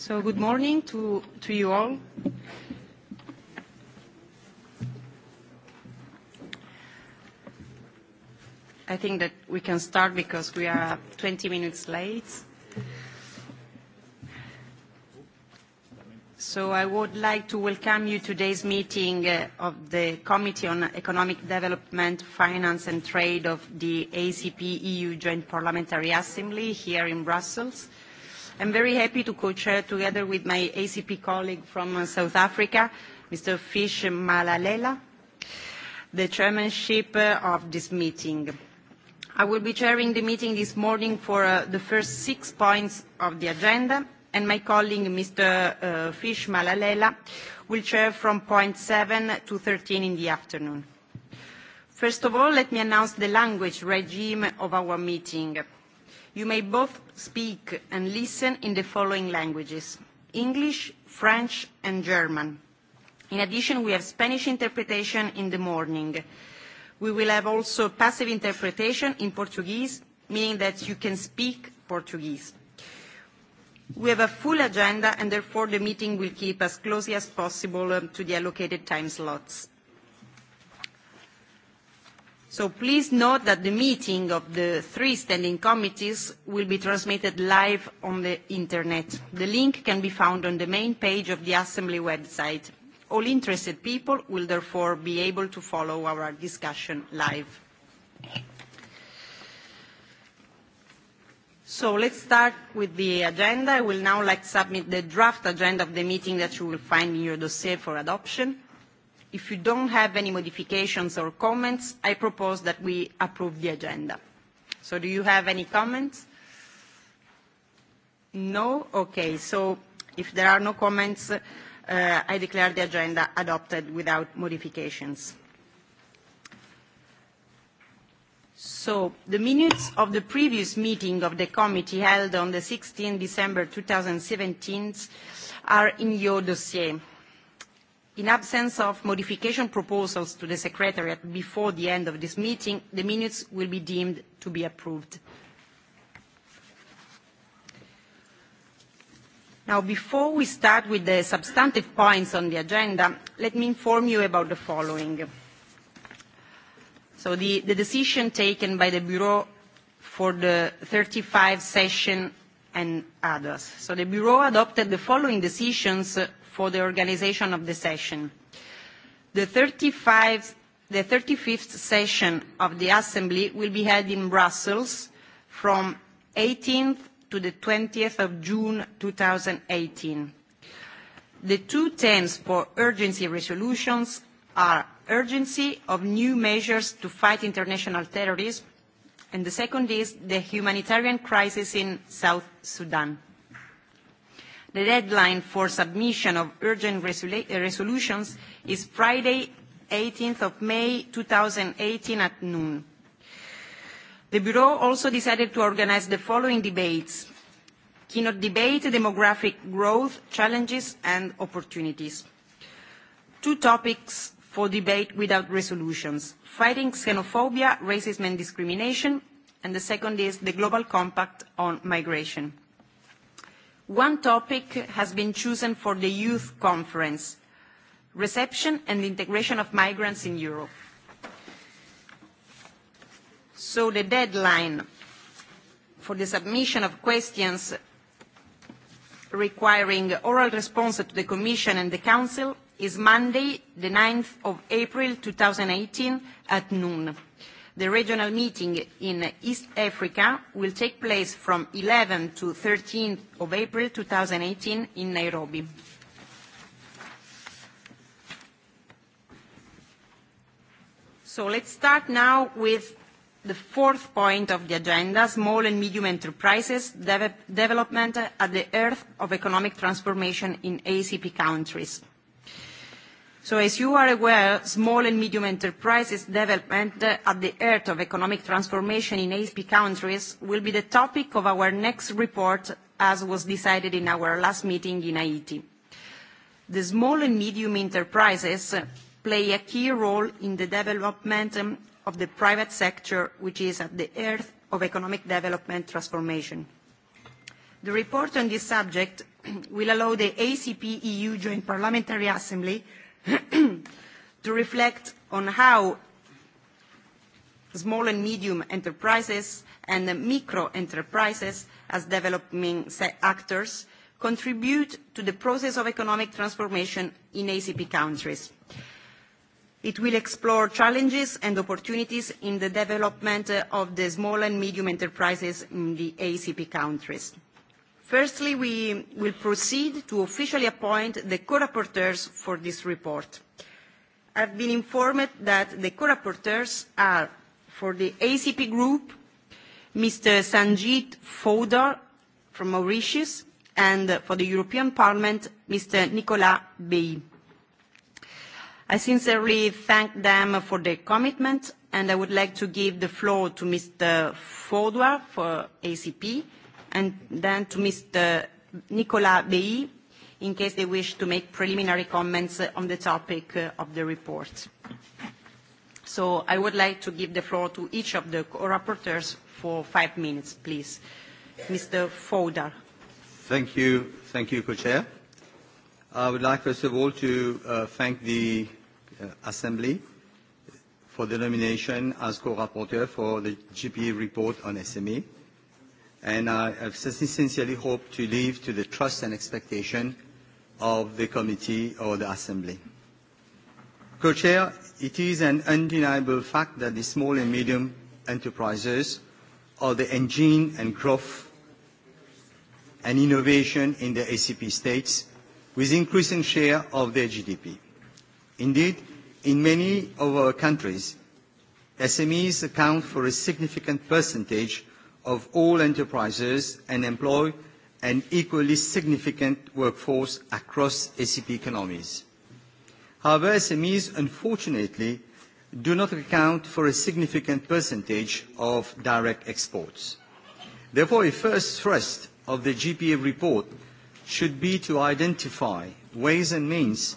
So good morning to to you all. I think that we can start because we are 20 minutes late. So I would like to welcome you to today's meeting of the Committee on Economic Development, Finance and Trade of the ACP EU Joint Parliamentary Assembly here in Brussels. I'm very happy to co-chair together with my ACP colleague from South Africa, Mr. Fish Malalela, the chairmanship of this meeting. I will be chairing the meeting this morning for the first six points of the agenda, and my colleague, Mr. Fish Malalela, will chair from point seven to 13 in the afternoon. First of all, let me announce the language regime of our meeting. You may both speak and listen in the following languages: English, French and German. In addition, we have Spanish interpretation in the morning. We will have also passive interpretation in Portuguese, meaning that you can speak Portuguese. We have a full agenda and therefore the meeting will keep as closely as possible to the allocated time slots. So please note that the meeting of the three standing committees will be transmitted live on the Internet. The link can be found on the main page of the Assembly website. All interested people will therefore be able to follow our discussion live. So let's start with the agenda. I will now like to submit the draft agenda of the meeting that you will find in your dossier for adoption. If you don't have any modifications or comments, I propose that we approve the agenda. So do you have any comments? No? Okay. So if there are no comments, I declare the agenda adopted without modifications. So the minutes of the previous meeting of the committee held on the 16 th December 2017 are in your dossier. In absence of modification proposals to the Secretariat before the end of this meeting, the minutes will be deemed to be approved. Now, before we start with the substantive points on the agenda, let me inform you about the following. So the decision taken by the Bureau for the 35 session and others. So the Bureau adopted the following decisions for the organisation of the session. The 35th session of the Assembly will be held in Brussels from 18th to the 20th of June 2018. The two themes for urgency resolutions are urgency of new measures to fight international terrorism and the second is the humanitarian crisis in South Sudan. The deadline for submission of urgent resolutions is Friday, 18th of May 2018 at noon. The Bureau also decided to organize the following debates. Keynote debate, demographic growth, challenges and opportunities. Two topics for debate without resolutions. Fighting xenophobia, racism and discrimination. And the second is the Global Compact on Migration. One topic has been chosen for the Youth Conference, Reception and Integration of Migrants in Europe. So the deadline for the submission of questions requiring oral response to the Commission and the Council is Monday, the 9th of April 2018 at noon. The regional meeting in East Africa will take place from 11 to 13 of April 2018 in Nairobi. So let's start now with the fourth point of the agenda, small and medium enterprises, development at the earth of economic transformation in ACP countries. So as you are aware, small and medium enterprises development at the heart of economic transformation in ASP countries will be the topic of our next report, as was decided in our last meeting in Haiti. The small and medium enterprises play a key role in the development of the private sector, which is at the heart of economic development transformation. The report on this subject will allow the ACP EU Joint Parliamentary Assembly to reflect on how small and medium enterprises and micro enterprises as developing actors contribute to the process of economic transformation in ACP countries. It will explore challenges and opportunities in the development of the small and medium enterprises in the ACP countries. Firstly, we will proceed to officially appoint the co-rapporteurs for this report. I have been informed that the co-rapporteurs are, for the ACP Group, Mr. Sanjit Fodor from Mauritius, and for the European Parliament, Mr. Nicolas Bey. I sincerely thank them for their commitment, and I would like to give the floor to Mr. Fodor for ACP and then to Mr. Nicolas Bay, in case they wish to make preliminary comments on the topic of the report. So I would like to give the floor to each of the co-rapporteurs for five minutes, please. Mr. Fodor. Thank you. Thank you, Co-Chair. I would like, first of all, to thank the Assembly for the nomination as co-rapporteur for the GPA report on SME and I sincerely hope to live to the trust and expectation of the committee or the assembly. Co-chair, it is an undeniable fact that the small and medium enterprises are the engine and growth and innovation in the ACP states with increasing share of their GDP. Indeed, in many of our countries, SMEs account for a significant percentage of all enterprises and employ an equally significant workforce across ACP economies. However, SMEs unfortunately do not account for a significant percentage of direct exports. Therefore, a first thrust of the GPA report should be to identify ways and means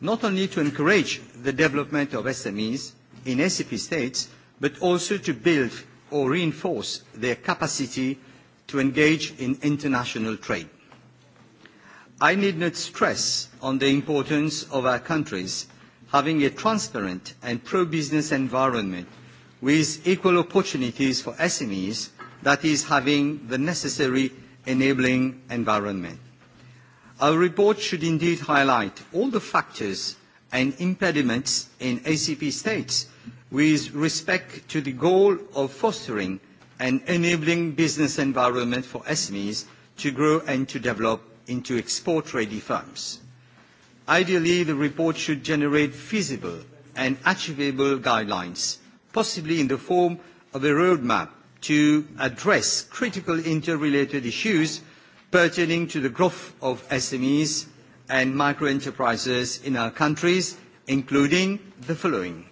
not only to encourage the development of SMEs in ACP states, but also to build or reinforce their capacity to engage in international trade. I need not stress on the importance of our countries having a transparent and pro-business environment with equal opportunities for SMEs that is having the necessary enabling environment. Our report should indeed highlight all the factors and impediments in ACP states with respect to the goal of fostering an enabling business environment for SMEs to grow and to develop into export-ready firms. Ideally, the report should generate feasible and achievable guidelines, possibly in the form of a roadmap to address critical interrelated issues pertaining to the growth of SMEs and micro enterprises in our countries, including the following.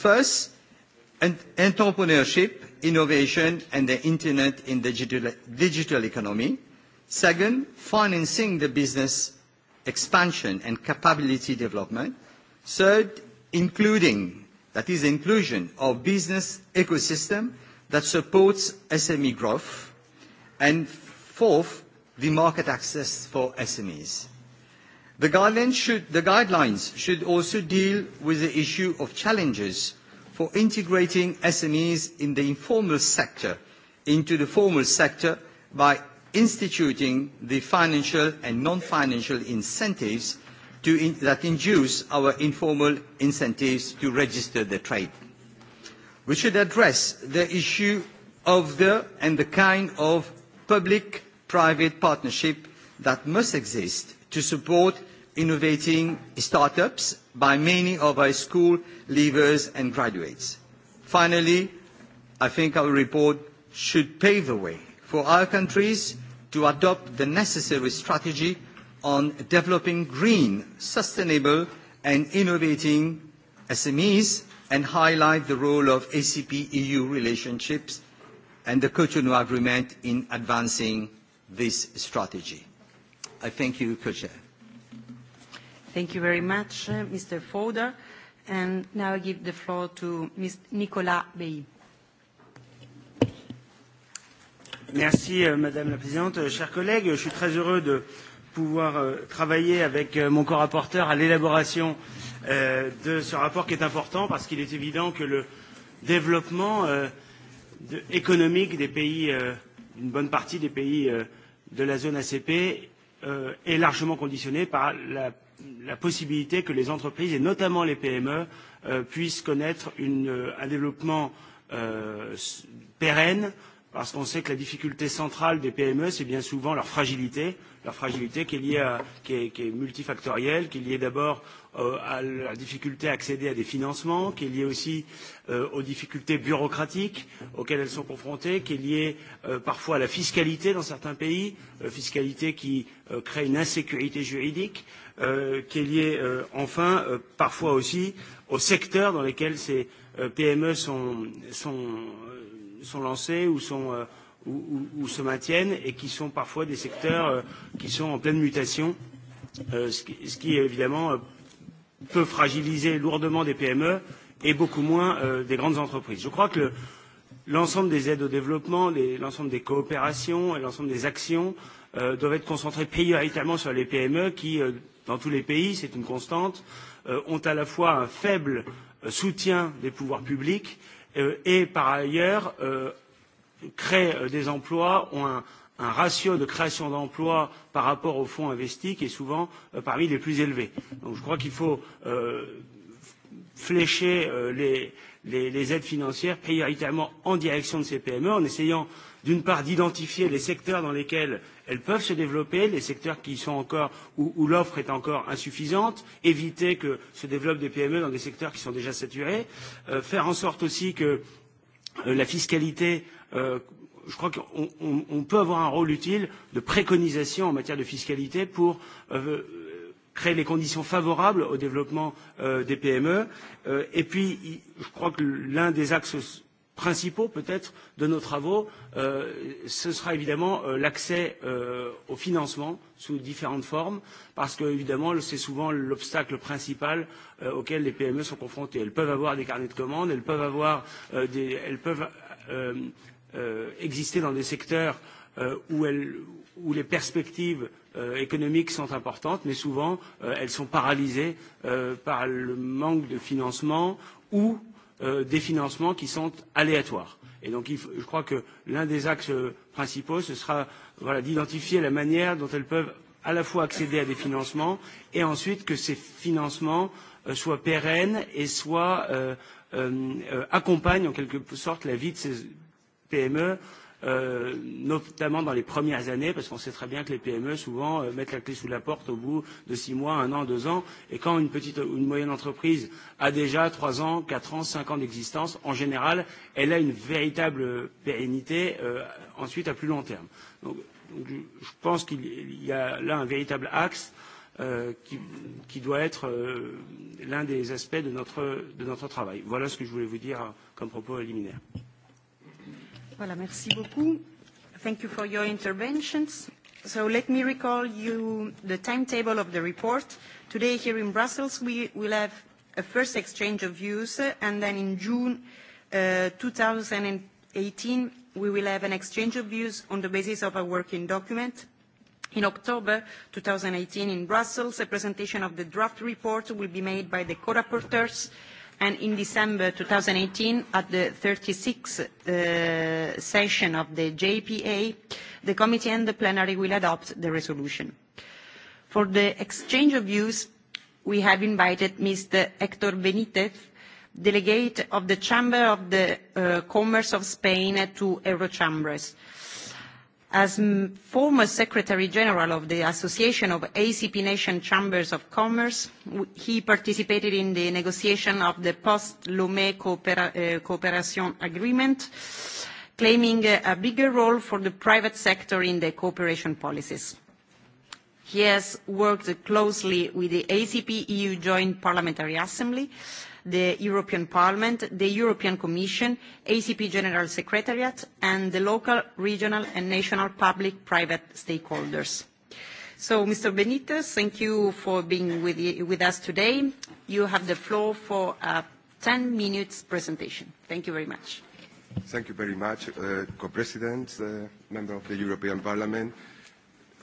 First, entrepreneurship, innovation and the internet in the digital economy. Second, financing the business expansion and capability development. Third, including, that is inclusion of business ecosystem that supports SME growth. And fourth, the market access for SMEs. The guidelines should also deal with the issue of challenges for integrating SMEs in the informal sector into the formal sector by instituting the financial and non-financial incentives that induce our informal incentives to register their trade. We should address the issue of the and the kind of public-private partnership that must exist to support innovating startups by many of our school leavers and graduates. Finally, I think our report should pave the way for our countries to adopt the necessary strategy on developing green, sustainable and innovating SMEs and highlight the role of ACP-EU relationships and the Cotonou Agreement in advancing this strategy. I thank you, Co-Chair. Thank you very much, Mr. Fodor. And now I give the floor to Ms. Nicolas Bey. Merci, Madame la Présidente. Chers collègues, je suis très heureux de pouvoir travailler avec mon co-rapporteur à l'élaboration de ce rapport qui est important parce qu'il est évident que le développement économique des pays, une bonne partie des pays de la zone ACP est largement conditionné par la possibilité que les entreprises, et notamment les PME, puissent connaître un développement pérenne, parce qu'on sait que la difficulté centrale des PME, c'est bien souvent leur fragilité, leur fragilité qui est liée à qui est multifactorielle, qui est liée d'abord à la difficulté à accéder à des financements, qui est liée aussi aux difficultés bureaucratiques auxquelles elles sont confrontées, qui est liée parfois à la fiscalité dans certains pays, fiscalité qui crée une insécurité juridique, qui est liée enfin parfois aussi aux secteurs dans lesquels ces PME sont lancées ou sont ou se maintiennent et qui sont parfois des secteurs qui sont en pleine mutation, ce qui évidemment peut fragiliser lourdement des PME et beaucoup moins des grandes entreprises. Je crois que l'ensemble des aides au développement, l'ensemble des coopérations et l'ensemble des actions doivent être concentrés prioritairement sur les PME qui, dans tous les pays, c'est une constante, ont à la fois un faible soutien des pouvoirs publics et, par ailleurs, créent des emplois, ont un ratio de création d'emplois par rapport aux fonds investis qui est souvent parmi les plus élevés. Donc je crois qu'il faut flécher les aides financières prioritairement en direction de ces PME en essayant d'une part d'identifier les secteurs dans lesquels elles peuvent se développer, les secteurs qui sont encore où l'offre est encore insuffisante, éviter que se développent des PME dans des secteurs qui sont déjà saturés, faire en sorte aussi que la fiscalité je crois qu'on peut avoir un rôle utile de préconisation en matière de fiscalité pour créer les conditions favorables au développement des PME. Et puis, je crois que l'un des axes principaux peut-être de nos travaux, ce sera évidemment l'accès au financement sous différentes formes, parce que évidemment c'est souvent l'obstacle principal auquel les PME sont confrontées. Elles peuvent avoir des carnets de commandes, elles peuvent avoir des, elles peuvent exister dans des secteurs où les perspectives économiques sont importantes, mais souvent elles sont paralysées par le manque de financement ou des financements qui sont aléatoires. Et donc je crois que l'un des axes principaux, ce sera d'identifier la manière dont elles peuvent à la fois accéder à des financements et ensuite que ces financements soient pérennes et soient accompagnent en quelque sorte la vie de ces PME, notamment dans les premières années, parce qu'on sait très bien que les PME, souvent, mettent la clé sous la porte au bout de six mois, un an, deux ans. Et quand une petite ou une moyenne entreprise a déjà trois ans, quatre ans, cinq ans d'existence, en général, elle a une véritable pérennité ensuite à plus long terme. Donc, je pense qu'il y a là un véritable axe qui doit être l'un des aspects de notre travail. Voilà ce que je voulais vous dire comme propos liminaire. Voilà, merci beaucoup. Thank you for your interventions. So let me recall you the timetable of the report. Today here in Brussels we will have a first exchange of views and then in June 2018 we will have an exchange of views on the basis of a working document. In October 2018 in Brussels a presentation of the draft report will be made by the co-rapporteurs and in December 2018, at the 36th session of the JPA, the Committee and the plenary will adopt the resolution. For the exchange of views, we have invited Mr. Hector Benitez, delegate of the Chamber of Commerce of Spain to Eurochambers As former Secretary General of the Association of ACP Nation Chambers of Commerce, he participated in the negotiation of the post-Lomé Cooperation Agreement, claiming a bigger role for the private sector in the cooperation policies. He has worked closely with the ACP EU Joint Parliamentary Assembly the European Parliament, the European Commission, ACP General Secretariat, and the local, regional, and national public-private stakeholders. So, Mr. Benitez, thank you for being with us today. You have the floor for a 10 minutes presentation. Thank you very much. Thank you very much, Co-President, Member of the European Parliament,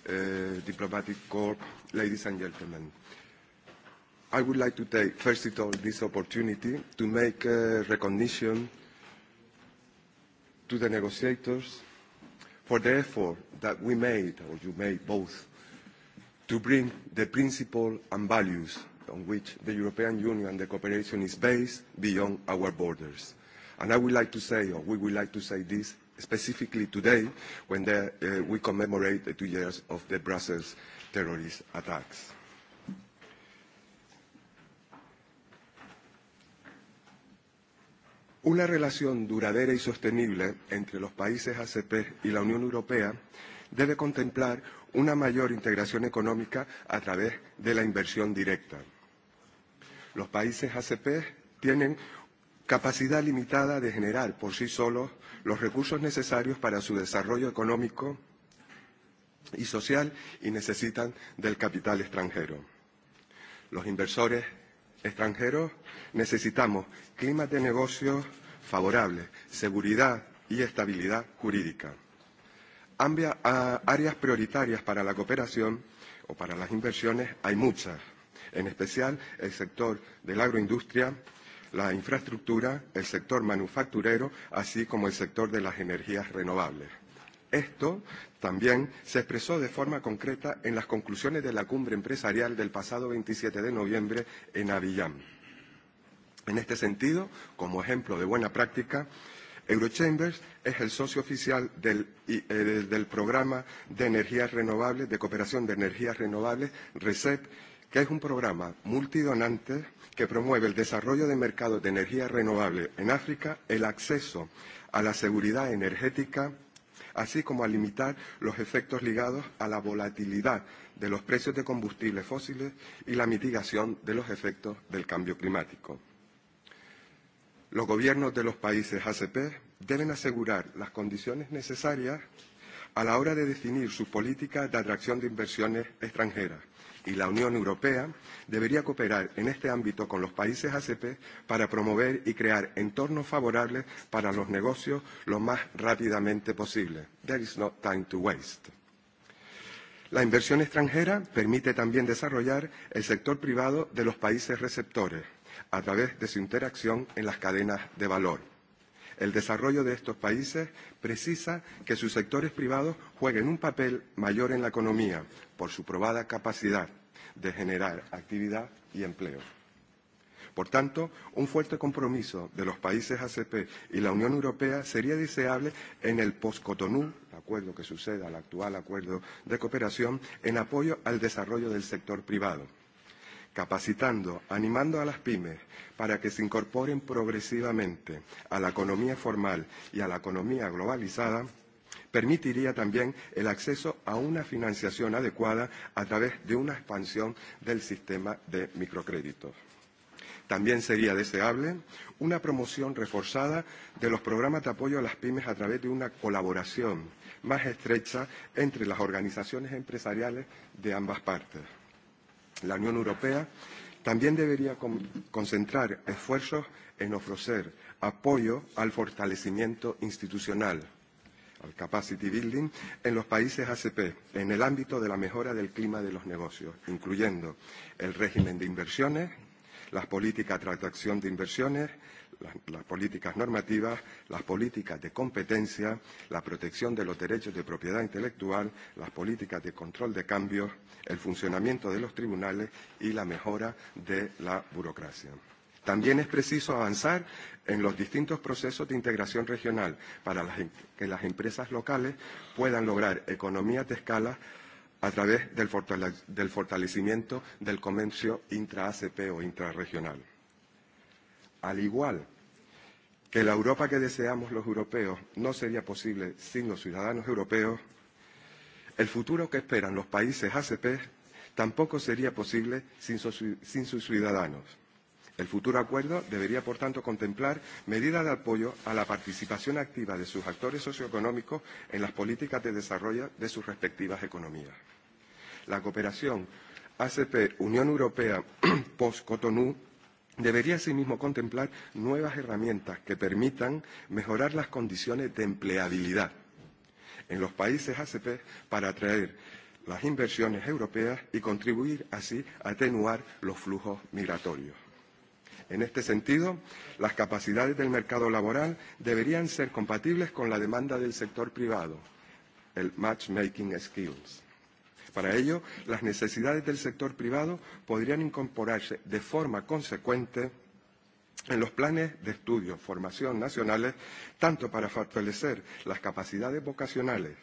Diplomatic Corps, ladies and gentlemen. I would like to take, first of all, this opportunity to make recognition to the negotiators for the effort that we made, or you made both, to bring the principles and values on which the European Union and the cooperation is based beyond our borders. And I would like to say, or we would like to say this specifically today, when we commemorate the two years of the Brussels terrorist attacks. Una relación duradera y sostenible entre los países ACP y la Unión Europea debe contemplar una mayor integración económica a través de la inversión directa. Los países ACP tienen capacidad limitada de generar por sí solos los recursos necesarios para su desarrollo económico y social y necesitan del capital extranjero. Los inversores extranjeros, necesitamos clima de negocio favorable, seguridad y estabilidad jurídica. a áreas prioritarias para la cooperación o para las inversiones hay muchas, en especial el sector de la agroindustria, la infraestructura, el sector manufacturero, así como el sector de las energías renovables. Esto también se expresó de forma concreta en las conclusiones de la cumbre empresarial del pasado 27 de noviembre en Avillán. En este sentido, como ejemplo de buena práctica, Eurochambers es el socio oficial del, del programa de energías renovables, de cooperación de energías renovables, RECEP, que es un programa multidonante que promueve el desarrollo de mercados de energía renovable en África, el acceso a la seguridad energética así como a limitar los efectos ligados a la volatilidad de los precios de combustibles fósiles y la mitigación de los efectos del cambio climático. Los gobiernos de los países ACP deben asegurar las condiciones necesarias a la hora de definir su política de atracción de inversiones extranjeras y la Unión Europea debería cooperar en este ámbito con los países ACP para promover y crear entornos favorables para los negocios lo más rápidamente posible. There is no time to waste. La inversión extranjera permite también desarrollar el sector privado de los países receptores a través de su interacción en las cadenas de valor. El desarrollo de estos países precisa que sus sectores privados jueguen un papel mayor en la economía por su probada capacidad de generar actividad y empleo. Por tanto, un fuerte compromiso de los países ACP y la Unión Europea sería deseable en el post-Cotonou, acuerdo que suceda al actual acuerdo de cooperación, en apoyo al desarrollo del sector privado capacitando, animando a las pymes para que se incorporen progresivamente a la economía formal y a la economía globalizada, permitiría también el acceso a una financiación adecuada a través de una expansión del sistema de microcréditos. También sería deseable una promoción reforzada de los programas de apoyo a las pymes a través de una colaboración más estrecha entre las organizaciones empresariales de ambas partes. La Unión Europea también debería concentrar esfuerzos en ofrecer apoyo al fortalecimiento institucional, al capacity building, en los países ACP, en el ámbito de la mejora del clima de los negocios, incluyendo el régimen de inversiones, las políticas de atracción de inversiones, las políticas normativas, las políticas de competencia, la protección de los derechos de propiedad intelectual, las políticas de control de cambios, el funcionamiento de los tribunales y la mejora de la burocracia. También es preciso avanzar en los distintos procesos de integración regional para que las empresas locales puedan lograr economías de escala a través del fortalecimiento del comercio intra-ACP o intrarregional. Al igual que la Europa que deseamos los europeos no sería posible sin los ciudadanos europeos, el futuro que esperan los países ACP tampoco sería posible sin sus ciudadanos. El futuro acuerdo debería, por tanto, contemplar medidas de apoyo a la participación activa de sus actores socioeconómicos en las políticas de desarrollo de sus respectivas economías. La cooperación ACP-Unión Europea post-Cotonou Debería asimismo contemplar nuevas herramientas que permitan mejorar las condiciones de empleabilidad en los países ACP para atraer las inversiones europeas y contribuir así a atenuar los flujos migratorios. En este sentido, las capacidades del mercado laboral deberían ser compatibles con la demanda del sector privado, el matchmaking skills Para ello, las necesidades del sector privado podrían incorporarse de forma consecuente en los planes de estudio, formación nacionales, tanto para fortalecer las capacidades vocacionales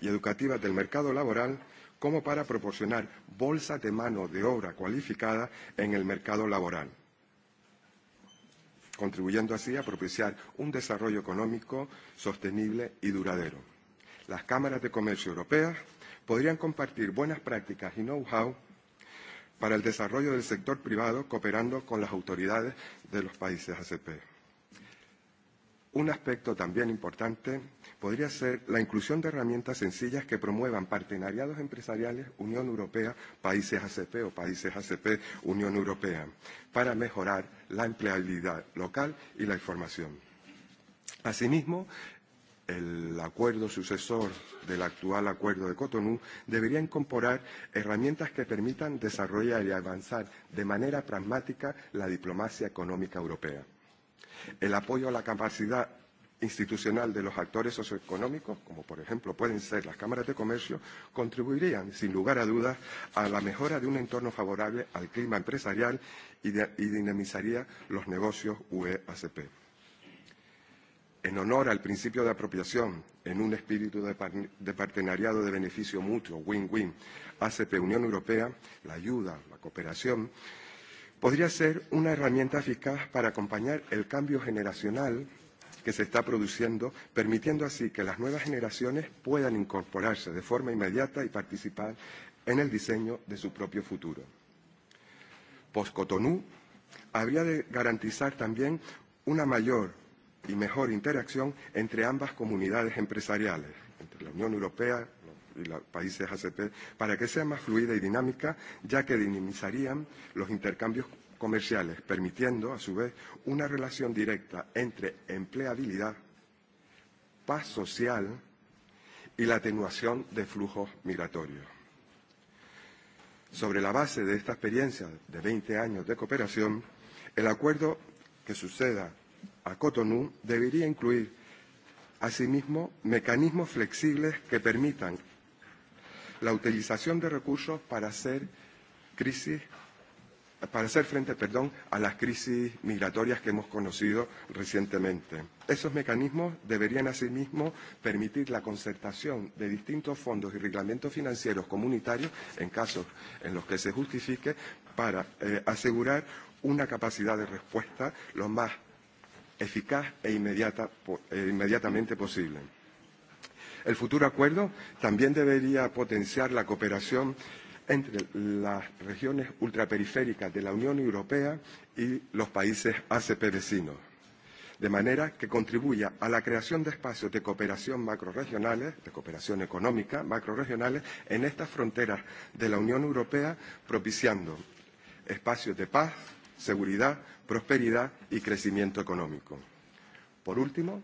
y educativas del mercado laboral, como para proporcionar bolsas de mano de obra cualificada en el mercado laboral, contribuyendo así a propiciar un desarrollo económico sostenible y duradero. Las cámaras de comercio europeas podrían compartir buenas prácticas y know-how para el desarrollo del sector privado cooperando con las autoridades de los países ACP. Un aspecto también importante podría ser la inclusión de herramientas sencillas que promuevan partenariados empresariales Unión Europea, países ACP o países ACP, Unión Europea, para mejorar la empleabilidad local y la información. Asimismo, el acuerdo sucesor del actual acuerdo de Cotonou debería incorporar herramientas que permitan desarrollar y avanzar de manera pragmática la diplomacia económica europea. El apoyo a la capacidad institucional de los actores socioeconómicos, como por ejemplo pueden ser las cámaras de comercio, contribuirían, sin lugar a dudas, a la mejora de un entorno favorable al clima empresarial y dinamizaría los negocios UE-ACP en honor al principio de apropiación, en un espíritu de partenariado de beneficio mutuo, win-win, ACP-Unión Europea, la ayuda, la cooperación, podría ser una herramienta eficaz para acompañar el cambio generacional que se está produciendo, permitiendo así que las nuevas generaciones puedan incorporarse de forma inmediata y participar en el diseño de su propio futuro. Post-Cotonou habría de garantizar también una mayor y mejor interacción entre ambas comunidades empresariales, entre la Unión Europea y los países ACP, para que sea más fluida y dinámica, ya que dinamizarían los intercambios comerciales, permitiendo, a su vez, una relación directa entre empleabilidad, paz social y la atenuación de flujos migratorios. Sobre la base de esta experiencia de 20 años de cooperación, el acuerdo que suceda a Cotonou debería incluir, asimismo, mecanismos flexibles que permitan la utilización de recursos para hacer crisis para hacer frente perdón, a las crisis migratorias que hemos conocido recientemente. Esos mecanismos deberían asimismo permitir la concertación de distintos fondos y reglamentos financieros comunitarios en casos en los que se justifique para asegurar una capacidad de respuesta lo más eficaz e inmediata, inmediatamente posible. El futuro acuerdo también debería potenciar la cooperación entre las regiones ultraperiféricas de la Unión Europea y los países ACP vecinos, de manera que contribuya a la creación de espacios de cooperación macrorregionales, de cooperación económica macroregionales en estas fronteras de la Unión Europea, propiciando espacios de paz, seguridad, prosperidad y crecimiento económico. Por último,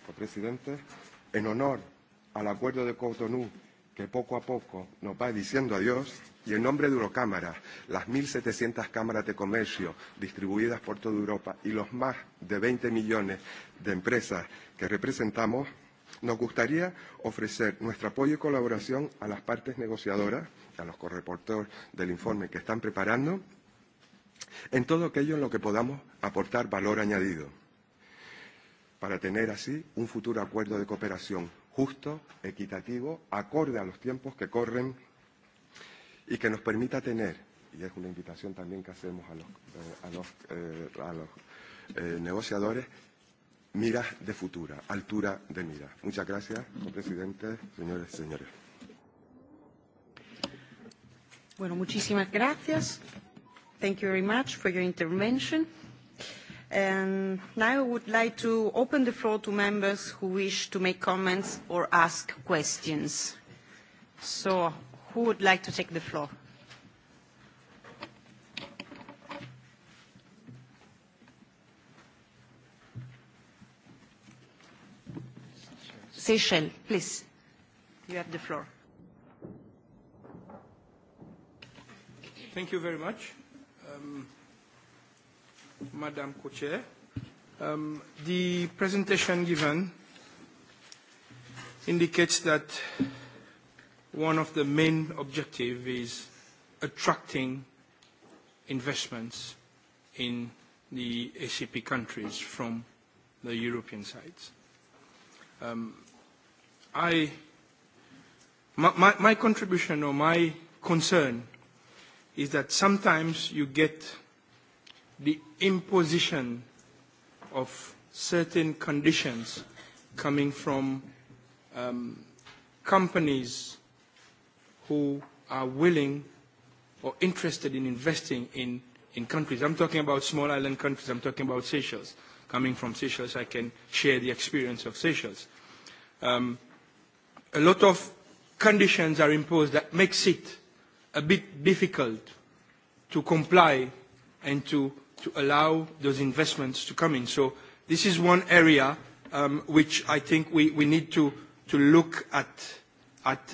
señor presidente, en honor al acuerdo de Cotonou que poco a poco nos va diciendo adiós, y en nombre de Eurocámara, las 1.700 cámaras de comercio distribuidas por toda Europa y los más de 20 millones de empresas que representamos, nos gustaría ofrecer nuestro apoyo y colaboración a las partes negociadoras, a los correportores del informe que están preparando, en todo aquello en lo que podamos aportar valor añadido, para tener así un futuro acuerdo de cooperación justo, equitativo, acorde a los tiempos que corren y que nos permita tener, y es una invitación también que hacemos a los, a los, a los negociadores, miras de futura, altura de mira Muchas gracias, presidente, señores y señores. Bueno, muchísimas gracias. Thank you very much for your intervention. And now I would like to open the floor to members who wish to make comments or ask questions. So who would like to take the floor? Seychelles, please. You have the floor. Thank you very much. Madam Co-Chair. The presentation given indicates that one of the main objectives is attracting investments in the ACP countries from the European sides. My contribution or my concern is that sometimes you get the imposition of certain conditions coming from companies who are willing or interested in investing in in countries. I'm talking about small island countries. I'm talking about Seychelles. Coming from Seychelles, I can share the experience of Seychelles. A lot of conditions are imposed that makes it a bit difficult to comply and to allow those investments to come in. So this is one area which I think we need to look at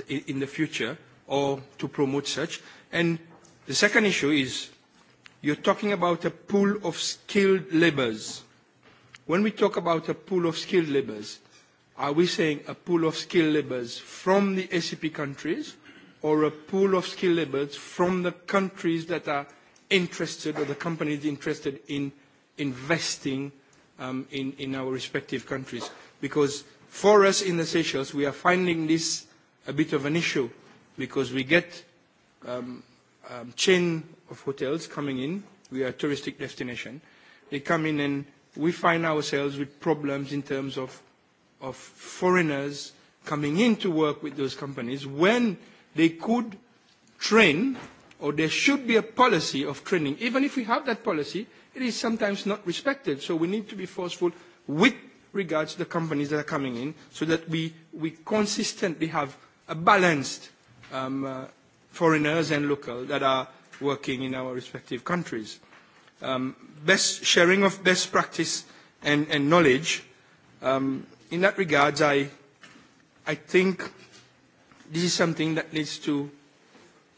in the future or to promote such. And the second issue is you're talking about a pool of skilled laborers. When we talk about a pool of skilled laborers, are we saying a pool of skilled laborers from the ACP countries or a pool of skilled labour from the countries that are interested or the companies interested in investing in our respective countries. Because for us in the Seychelles, we are finding this a bit of an issue because we get a chain of hotels coming in. We are a touristic destination. They come in and we find ourselves with problems in terms of foreigners coming in to work with those companies when they could train or there should be a policy of training. Even if we have that policy, it is sometimes not respected. So we need to be forceful with regards to the companies that are coming in so that we, consistently have a balanced foreigners and local that are working in our respective countries. best sharing of best practice and, knowledge. in that regard, I, I think this is something that needs to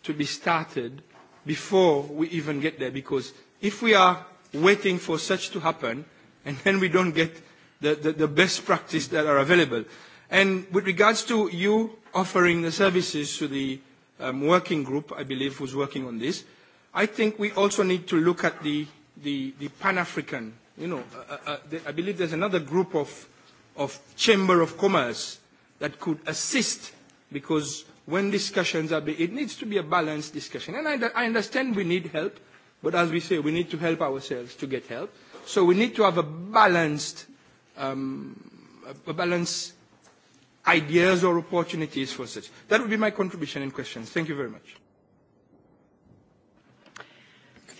to be started before we even get there because if we are waiting for such to happen and then we don't get the the best practice that are available and with regards to you offering the services to the working group i believe who's working on this i think we also need to look at the the the pan african you know i believe there's another group of of chamber of commerce that could assist because when discussions are, it needs to be a balanced discussion. And I, I understand we need help, but as we say, we need to help ourselves to get help. So we need to have a balanced, um, a balanced ideas or opportunities for such. That would be my contribution and questions. Thank you very much.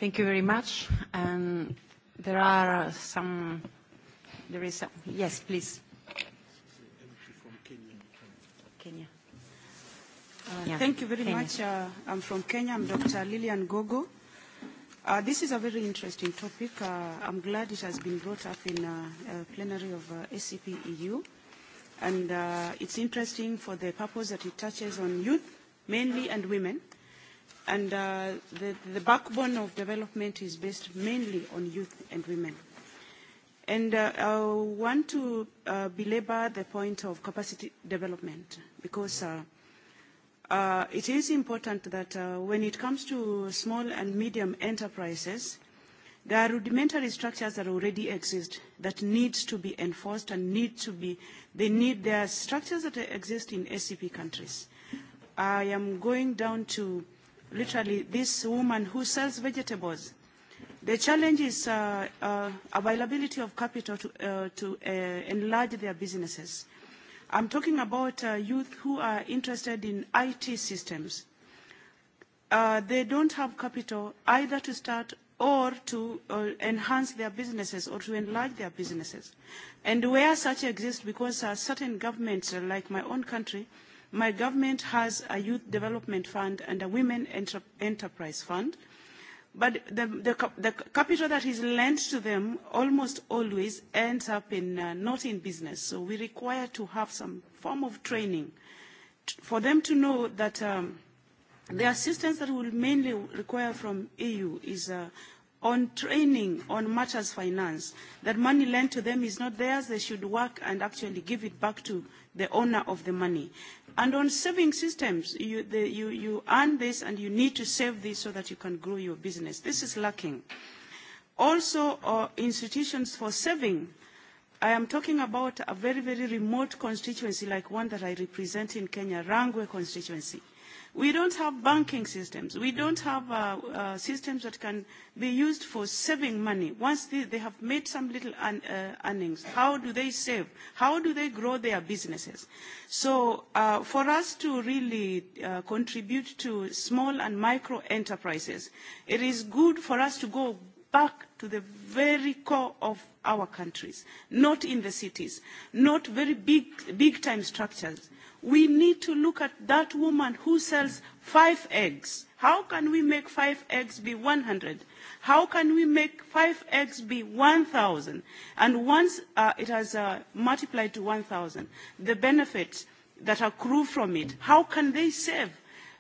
Thank you very much. And there are some, there is, yes, please. Thank you very much. I'm from Kenya. I'm Dr. Lillian Gogo. This is a very interesting topic. I'm glad it has been brought up in plenary of SCP EU. And it's interesting for the purpose that it touches on youth, mainly, and women. And the backbone of development is based mainly on youth and women. And I want to belabor the point of capacity development because It is important that when it comes to small and medium enterprises, there are rudimentary structures that already exist that need to be enforced and need to be, they need, there are structures that exist in SCP countries. I am going down to literally this woman who sells vegetables. The challenge is availability of capital to enlarge their businesses. I'm talking about youth who are interested in IT systems. They don't have capital either to start or to enhance their businesses or to enlarge their businesses. And where such exists, because certain governments, like my own country, my government has a youth development fund and a women enterprise fund But the capital that is lent to them almost always ends up in not in business. So we require to have some form of training for them to know that the assistance that we will mainly require from EU is on training on matters finance. That money lent to them is not theirs. They should work and actually give it back to the owner of the money. And on saving systems, you earn this and you need to save this so that you can grow your business. This is lacking. Also, institutions for saving. I am talking about a very, very remote constituency like one that I represent in Kenya, Rangwe constituency. We don't have banking systems. We don't have systems that can be used for saving money. Once they have made some little earnings, how do they save? How do they grow their businesses? So for us to really contribute to small and micro enterprises, it is good for us to go back to the very core of our countries, not in the cities, not very big time structures we need to look at that woman who sells five eggs. How can we make five eggs be 100? How can we make five eggs be 1,000? And once it has multiplied to 1,000, the benefits that accrue from it, how can they save?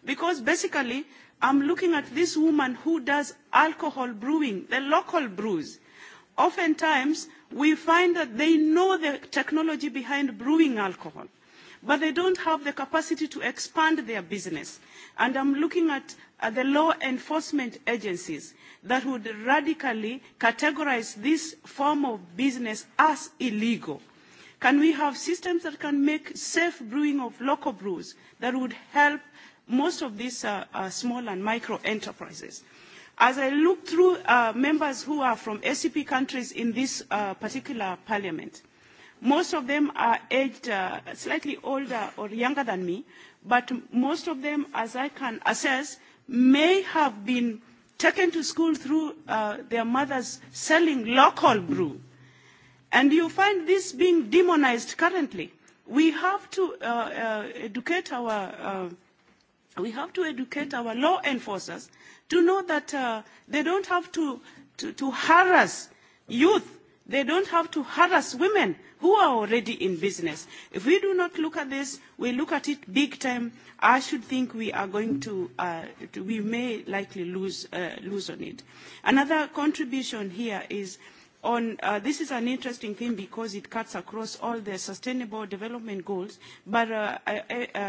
Because basically, I'm looking at this woman who does alcohol brewing, the local brews. Oftentimes, we find that they know the technology behind brewing alcohol but they don't have the capacity to expand their business. And I'm looking at the law enforcement agencies that would radically categorize this form of business as illegal. Can we have systems that can make safe brewing of local brews that would help most of these small and micro enterprises? As I look through members who are from SCP countries in this particular parliament, Most of them are aged slightly older or younger than me, but most of them, as I can assess, may have been taken to school through their mothers selling local brew. And you find this being demonized currently. We have to educate our we have to educate our law enforcers to know that they don't have to harass youth, they don't have to harass women who are already in business. If we do not look at this, we look at it big time, I should think we are going to, we may likely lose on it. Another contribution here is on this is an interesting thing because it cuts across all the sustainable development goals but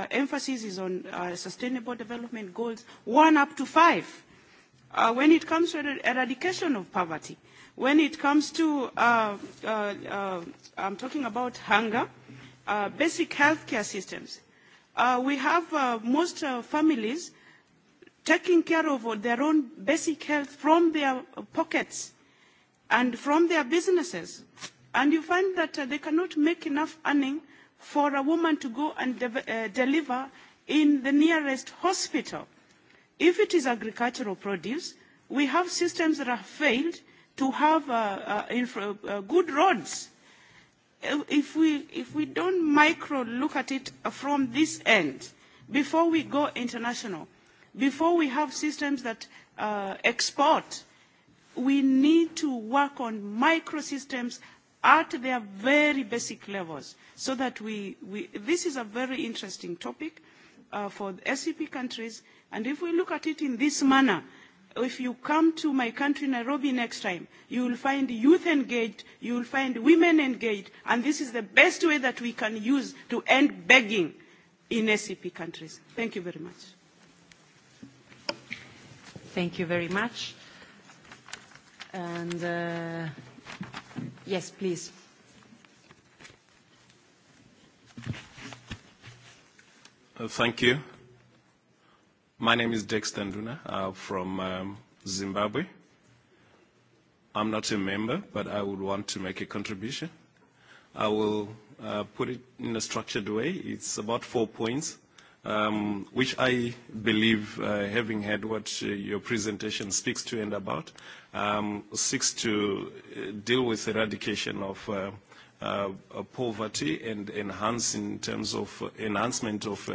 emphasis is on sustainable development goals one up to five when it comes to eradication of poverty When it comes to, I'm talking about hunger, basic health care systems. We have most families taking care of their own basic health from their pockets and from their businesses. And you find that they cannot make enough earning for a woman to go and deliver in the nearest hospital. If it is agricultural produce, we have systems that have failed to have good roads. If we if we don't micro look at it from this end, before we go international, before we have systems that export, we need to work on micro systems at their very basic levels, so that we this is a very interesting topic for SCP countries, and if we look at it in this manner if you come to my country, Nairobi, next time, you will find youth engaged, you will find women engaged, and this is the best way that we can use to end begging in SCP countries. Thank you very much. Thank you very much. And yes, please. Thank you. My name is Dex Tanduna from Zimbabwe. I'm not a member, but I would want to make a contribution. I will put it in a structured way. It's about four points, which I believe, having heard what your presentation speaks to and about, seeks to deal with eradication of poverty and enhance in terms of enhancement of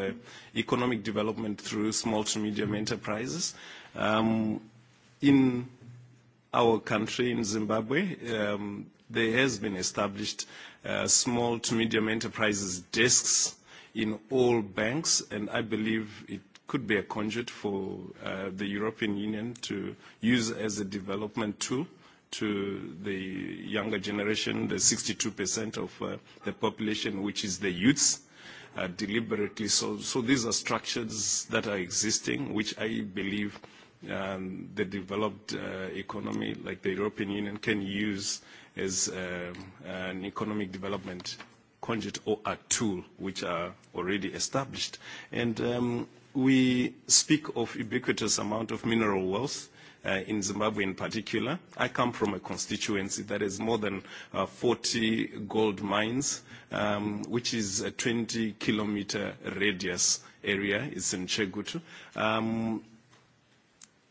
economic development through small to medium enterprises. In our country, in Zimbabwe, there has been established small to medium enterprises desks in all banks, and I believe it could be a conduit for the European Union to use as a development tool to the younger generation, the 62% of the population, which is the youths, deliberately. So these are structures that are existing, which I believe the developed economy, like the European Union, can use as an economic development conduit or a tool, which are already established. And we speak of ubiquitous amount of mineral wealth in Zimbabwe in particular. I come from a constituency that has more than 40 gold mines, which is a 20-kilometer radius area. It's in Chegutu.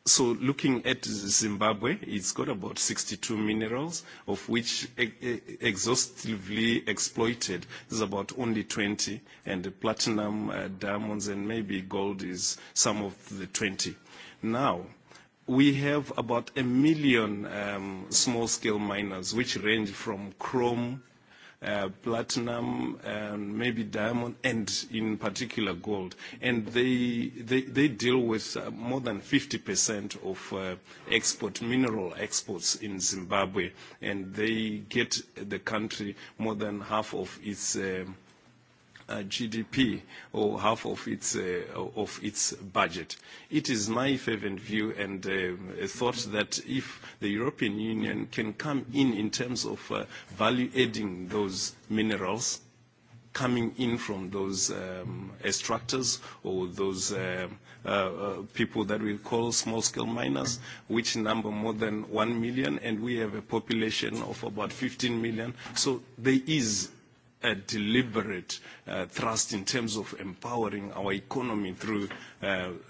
So looking at Zimbabwe, it's got about 62 minerals, of which exhaustively exploited is about only 20, and platinum, diamonds, and maybe gold is some of the 20. Now, we have about a million small-scale miners, which range from chrome, platinum, and maybe diamond, and in particular gold. And they they deal with more than 50% of export mineral exports in Zimbabwe, and they get the country more than half of its GDP or half of its of its budget. It is my fervent view and thought that if the European Union can come in in terms of value adding those minerals coming in from those extractors or those people that we call small-scale miners, which number more than 1 million, and we have a population of about 15 million. So there is a deliberate thrust in terms of empowering our economy through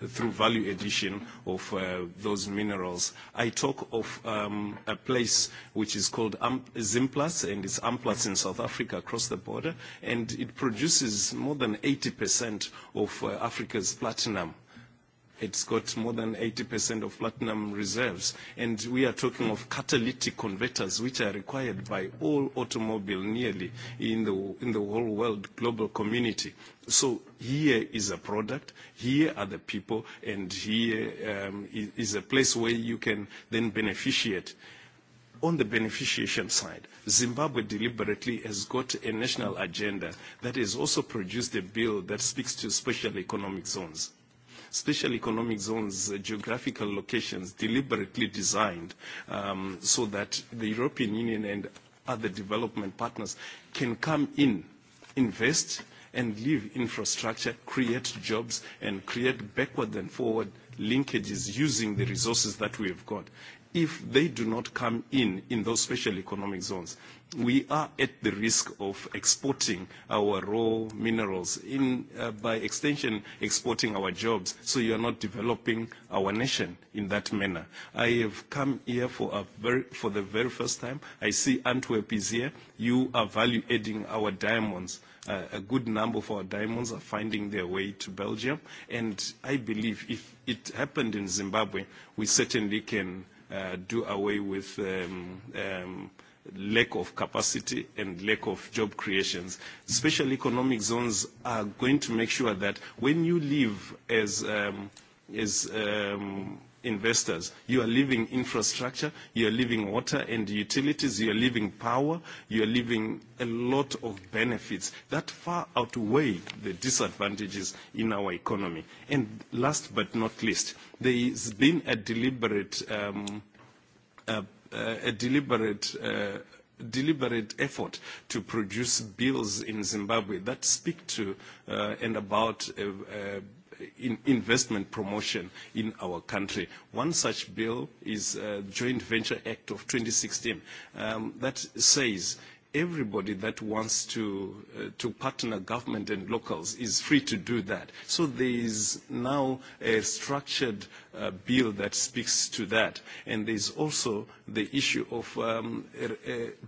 through value addition of those minerals. I talk of a place which is called Zimplas, and it's Amplas in South Africa across the border, and it produces more than 80% of Africa's platinum It's got more than 80% of platinum reserves. And we are talking of catalytic converters, which are required by all automobile nearly in the whole world global community. So here is a product, here are the people, and here is a place where you can then beneficiate. On the beneficiation side, Zimbabwe deliberately has got a national agenda that has also produced a bill that speaks to special economic zones special economic zones, geographical locations deliberately designed so that the European Union and other development partners can come in, invest and leave infrastructure, create jobs and create backward and forward linkages using the resources that we have got. If they do not come in in those special economic zones, we are at the risk of exporting our raw minerals, in by extension exporting our jobs, so you are not developing our nation in that manner. I have come here for the very first time. I see Antwerp is here. You are value adding our diamonds. A good number of our diamonds are finding their way to Belgium, and I believe if it happened in Zimbabwe, we certainly can do away with um lack of capacity and lack of job creations. Special economic zones are going to make sure that when you live as investors, you are leaving infrastructure, you are leaving water and utilities, you are leaving power, you are leaving a lot of benefits that far outweigh the disadvantages in our economy. And last but not least, there has been a deliberate a deliberate deliberate effort to produce bills in Zimbabwe that speak to and about investment promotion in our country. One such bill is the Joint Venture Act of 2016 that says everybody that wants to to partner government and locals is free to do that. So there is now a structured bill that speaks to that. And there is also the issue of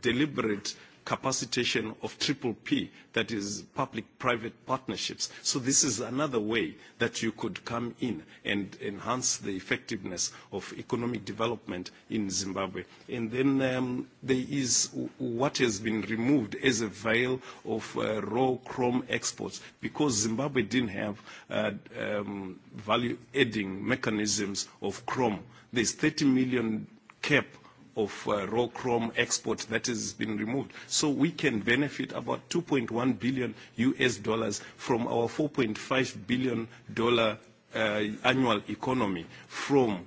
deliberate capacitation of triple P, that is public-private partnerships. So this is another way that you could come in and enhance the effectiveness of economic development in Zimbabwe. And then there is what has been removed as a veil of raw chrome exports, because Zimbabwe didn't have value-adding mechanisms of chrome. There's 30 million cap of raw chrome export that has been removed. So we can benefit about 2.1 billion US dollars from our 4.5 billion dollar annual economy from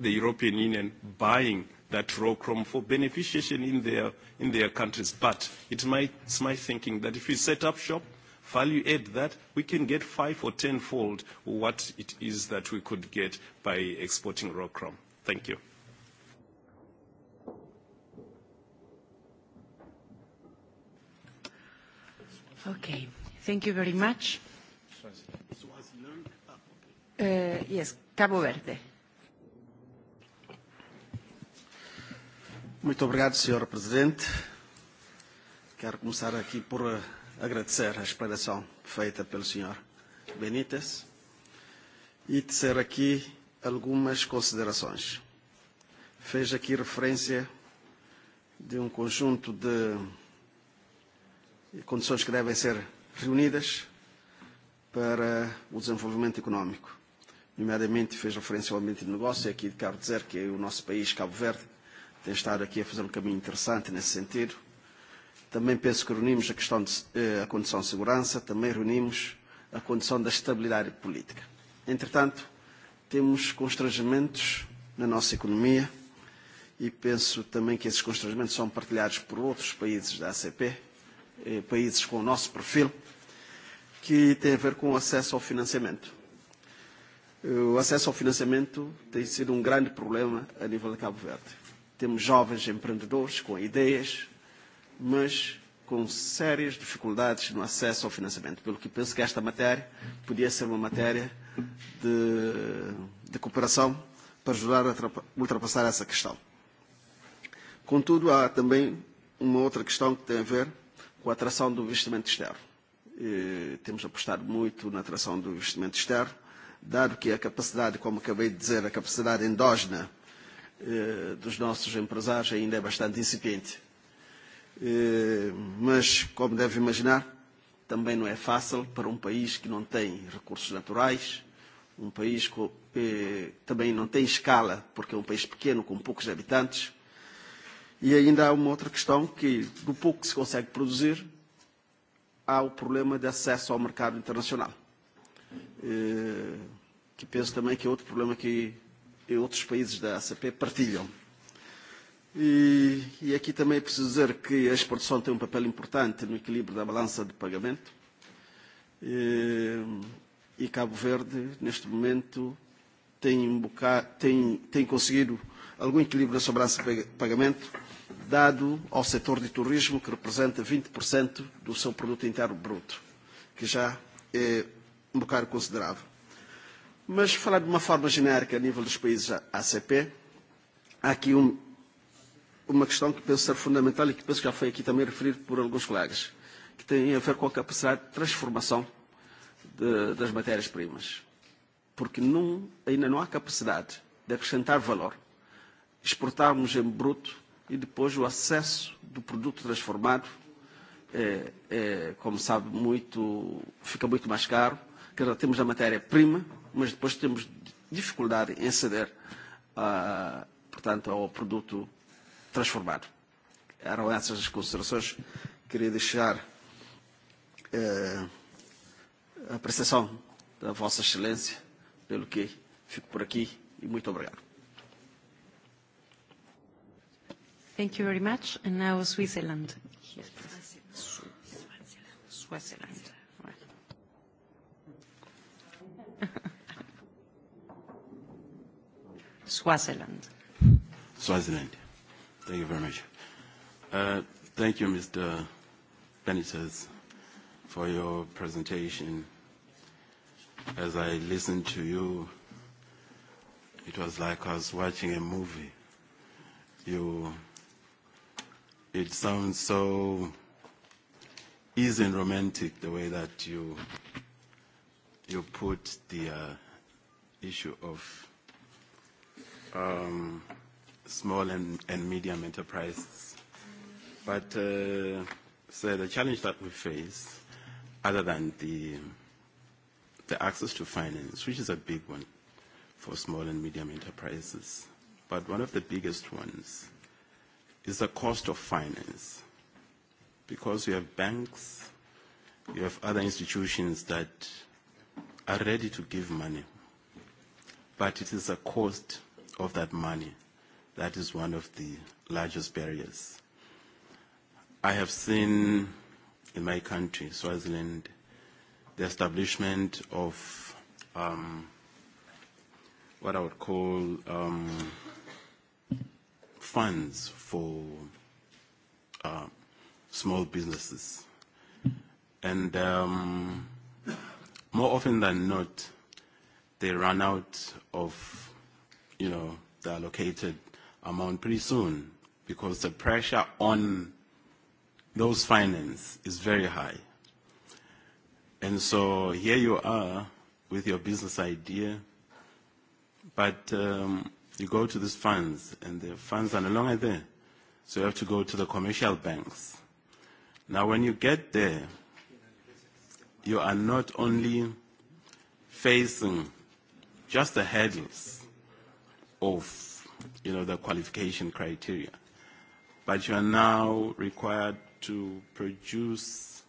the European Union buying that raw chrome for beneficiation in their in their countries. But it's my it's my thinking that if we set up shop, value add that, we can get five or tenfold what it is that we could get by exporting raw chrome. Thank you. Okay. Thank you very much. Yes, Cabo Verde. Muito obrigado, Sr. Presidente. Quero começar aqui por agradecer a explanação feita pelo Sr. Benítez e tecer aqui algumas considerações. Fez aqui referência de um conjunto de condições que devem ser reunidas para o desenvolvimento económico. Nomeadamente, fez referência ao ambiente de negócio, e aqui quero dizer que o nosso país, Cabo Verde, tem estado aqui a fazer um caminho interessante nesse sentido. Também penso que reunimos a questão da condição de segurança, também reunimos a condição da estabilidade política. Entretanto, temos constrangimentos na nossa economia e penso também que esses constrangimentos são partilhados por outros países da ACP países com o nosso perfil, que tem a ver com o acesso ao financiamento. O acesso ao financiamento tem sido um grande problema a nível de Cabo Verde. Temos jovens empreendedores com ideias, mas com sérias dificuldades no acesso ao financiamento, pelo que penso que esta matéria podia ser uma matéria de, de cooperação para ajudar a ultrapassar essa questão. Contudo, há também uma outra questão que tem a ver com a atração do investimento externo. Temos apostado muito na atração do investimento externo, dado que a capacidade, como acabei de dizer, a capacidade endógena dos nossos empresários ainda é bastante incipiente. Mas, como deve imaginar, também não é fácil para um país que não tem recursos naturais, um país que também não tem escala, porque é um país pequeno, com poucos habitantes, E ainda há uma outra questão que, do pouco que se consegue produzir, há o problema de acesso ao mercado internacional. Que penso também que é outro problema que outros países da ACP partilham. E aqui também preciso dizer que a exportação tem um papel importante no equilíbrio da balança de pagamento. E Cabo Verde, neste momento, tem conseguido algum equilíbrio sua balança de pagamento dado ao setor de turismo, que representa 20% do seu produto interno bruto, que já é um bocado considerável. Mas, falar de uma forma genérica a nível dos países ACP, há aqui uma questão que penso ser fundamental e que penso que já foi aqui também referido por alguns colegas, que tem a ver com a capacidade de transformação de, das matérias-primas. Porque não, ainda não há capacidade de acrescentar valor. Exportarmos em bruto e depois o acesso do produto transformado, como sabe, muito, fica muito mais caro, que já temos a matéria-prima, mas depois temos dificuldade em ceder portanto, ao produto transformado. Eram essas as considerações. Queria deixar a apreciação da Vossa Excelência, pelo que fico por aqui e muito obrigado. Thank you very much. And now Switzerland. Switzerland. Switzerland. Switzerland. Thank you very much. thank you, Mr. Benitez, for your presentation. As I listened to you, it was like I was watching a movie. You it sounds so easy and romantic the way that you you put the issue of um, small and, and medium enterprises. But uh, so the challenge that we face, other than the the access to finance, which is a big one for small and medium enterprises, but one of the biggest ones is the cost of finance, because you have banks, you have other institutions that are ready to give money, but it is the cost of that money that is one of the largest barriers. I have seen in my country, Swaziland, the establishment of um, what I would call um, funds for small businesses. And more often than not, they run out of, you know, the allocated amount pretty soon because the pressure on those finance is very high. And so here you are with your business idea, but um, You go to these funds, and the funds are no longer there. So you have to go to the commercial banks. Now, when you get there, you are not only facing just the hurdles of, you know, the qualification criteria, but you are now required to produce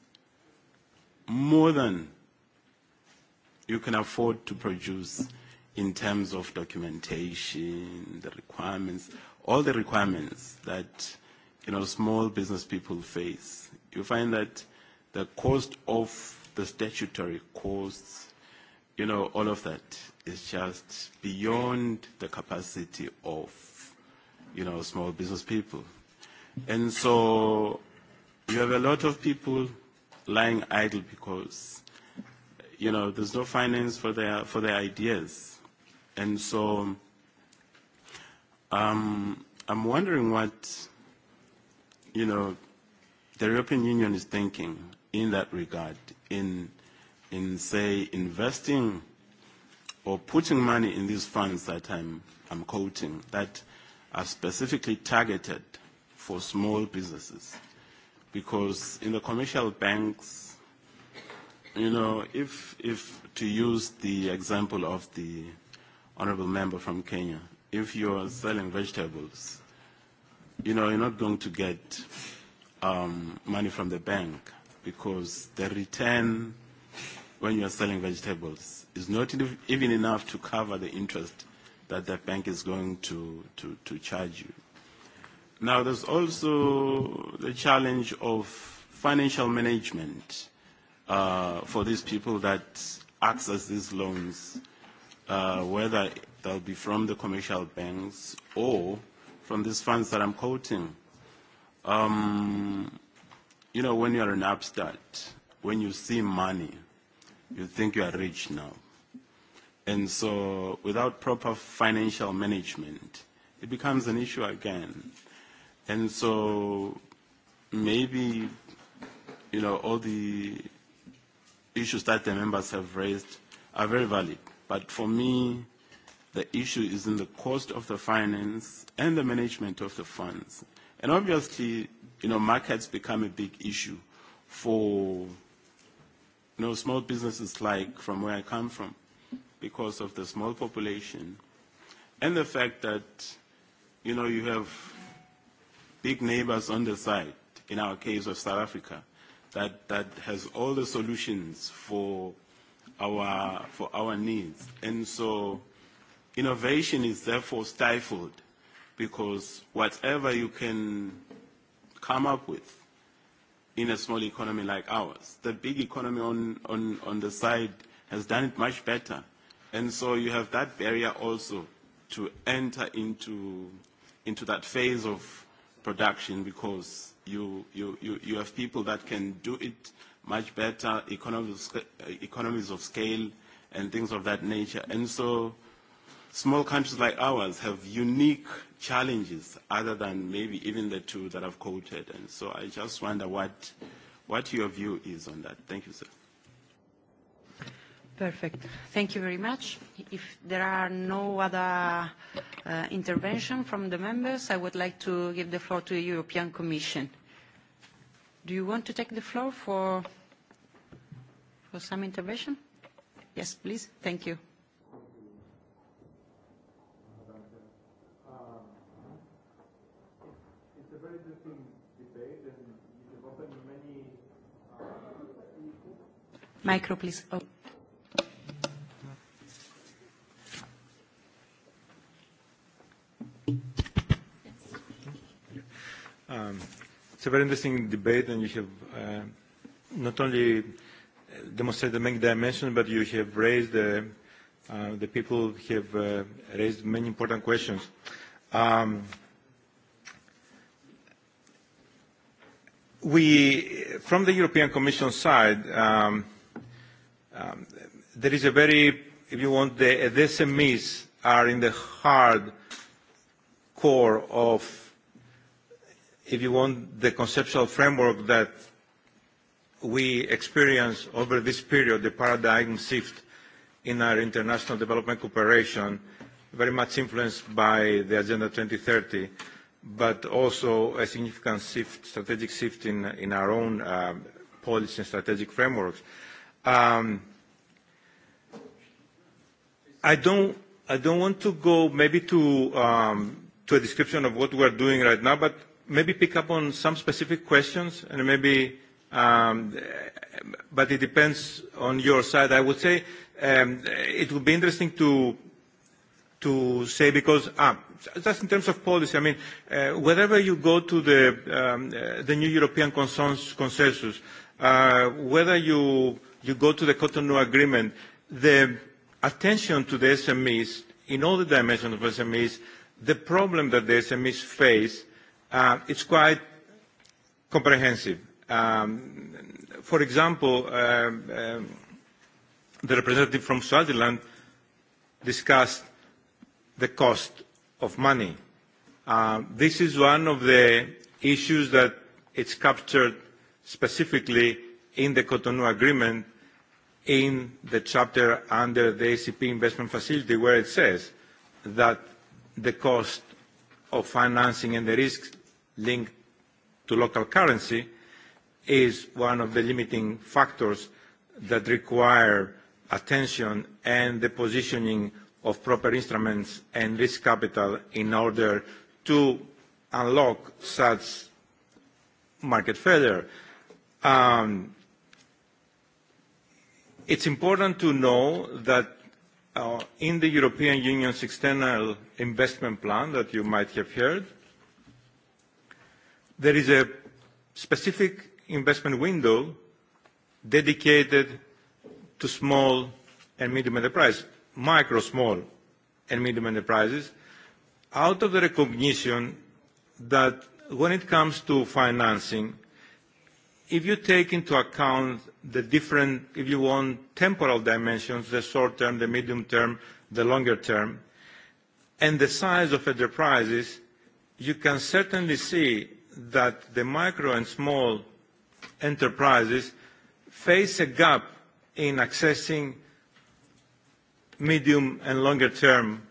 more than you can afford to produce in terms of documentation, the requirements, all the requirements that you know small business people face. You find that the cost of the statutory costs, you know, all of that is just beyond the capacity of you know small business people. And so you have a lot of people lying idle because you know there's no finance for their for their ideas And so um, I'm wondering what, you know, the European Union is thinking in that regard, in, in say, investing or putting money in these funds that I'm, I'm quoting, that are specifically targeted for small businesses. Because in the commercial banks, you know, if, if to use the example of the honorable member from Kenya, if you are selling vegetables, you know, you're not going to get um, money from the bank because the return when you are selling vegetables is not even enough to cover the interest that the bank is going to, to, to charge you. Now, there's also the challenge of financial management uh, for these people that access these loans whether they'll be from the commercial banks or from these funds that I'm quoting. Um, you know, when you are an upstart, when you see money, you think you are rich now. And so without proper financial management, it becomes an issue again. And so maybe, you know, all the issues that the members have raised are very valid. But for me, the issue is in the cost of the finance and the management of the funds. And obviously, you know, markets become a big issue for, you know, small businesses like from where I come from because of the small population and the fact that, you know, you have big neighbors on the side, in our case of South Africa, that, that has all the solutions for our, for our needs. And so innovation is therefore stifled because whatever you can come up with in a small economy like ours, the big economy on, on, on the side has done it much better. And so you have that barrier also to enter into, into that phase of production because you, you, you, you have people that can do it much better economies of scale and things of that nature. And so small countries like ours have unique challenges other than maybe even the two that I've quoted. And so I just wonder what, what your view is on that. Thank you, sir. Perfect. Thank you very much. If there are no other intervention from the members, I would like to give the floor to the European Commission. Do you want to take the floor for for some intervention? Yes, please. Thank you. It's a very debate, many. Micro, please. Um It's a very interesting debate, and you have not only demonstrated many dimensions, but you have raised the people have raised many important questions. We, from the European Commission side, there is a very, if you want, the SMEs are in the hard core of if you want, the conceptual framework that we experience over this period, the paradigm shift in our international development cooperation, very much influenced by the Agenda 2030, but also a significant shift, strategic shift in, in our own policy and strategic frameworks. I don't, I don't want to go maybe to, um, to a description of what we are doing right now, but maybe pick up on some specific questions and maybe, but it depends on your side. I would say it would be interesting to to say because just in terms of policy, I mean, wherever you go to the the new European consensus, whether you you go to the Cotonou Agreement, the attention to the SMEs in all the dimensions of SMEs, the problem that the SMEs face It's quite comprehensive. For example, the representative from Swaziland discussed the cost of money. This is one of the issues that it's captured specifically in the Cotonou Agreement in the chapter under the ACP investment facility where it says that the cost of financing and the risks linked to local currency is one of the limiting factors that require attention and the positioning of proper instruments and risk capital in order to unlock such market further. It's important to know that in the European Union's external investment plan that you might have heard, There is a specific investment window dedicated to small and medium enterprises, micro, small, and medium enterprises, out of the recognition that when it comes to financing, if you take into account the different, if you want, temporal dimensions, the short term, the medium term, the longer term, and the size of enterprises, you can certainly see that the micro and small enterprises face a gap in accessing medium and longer term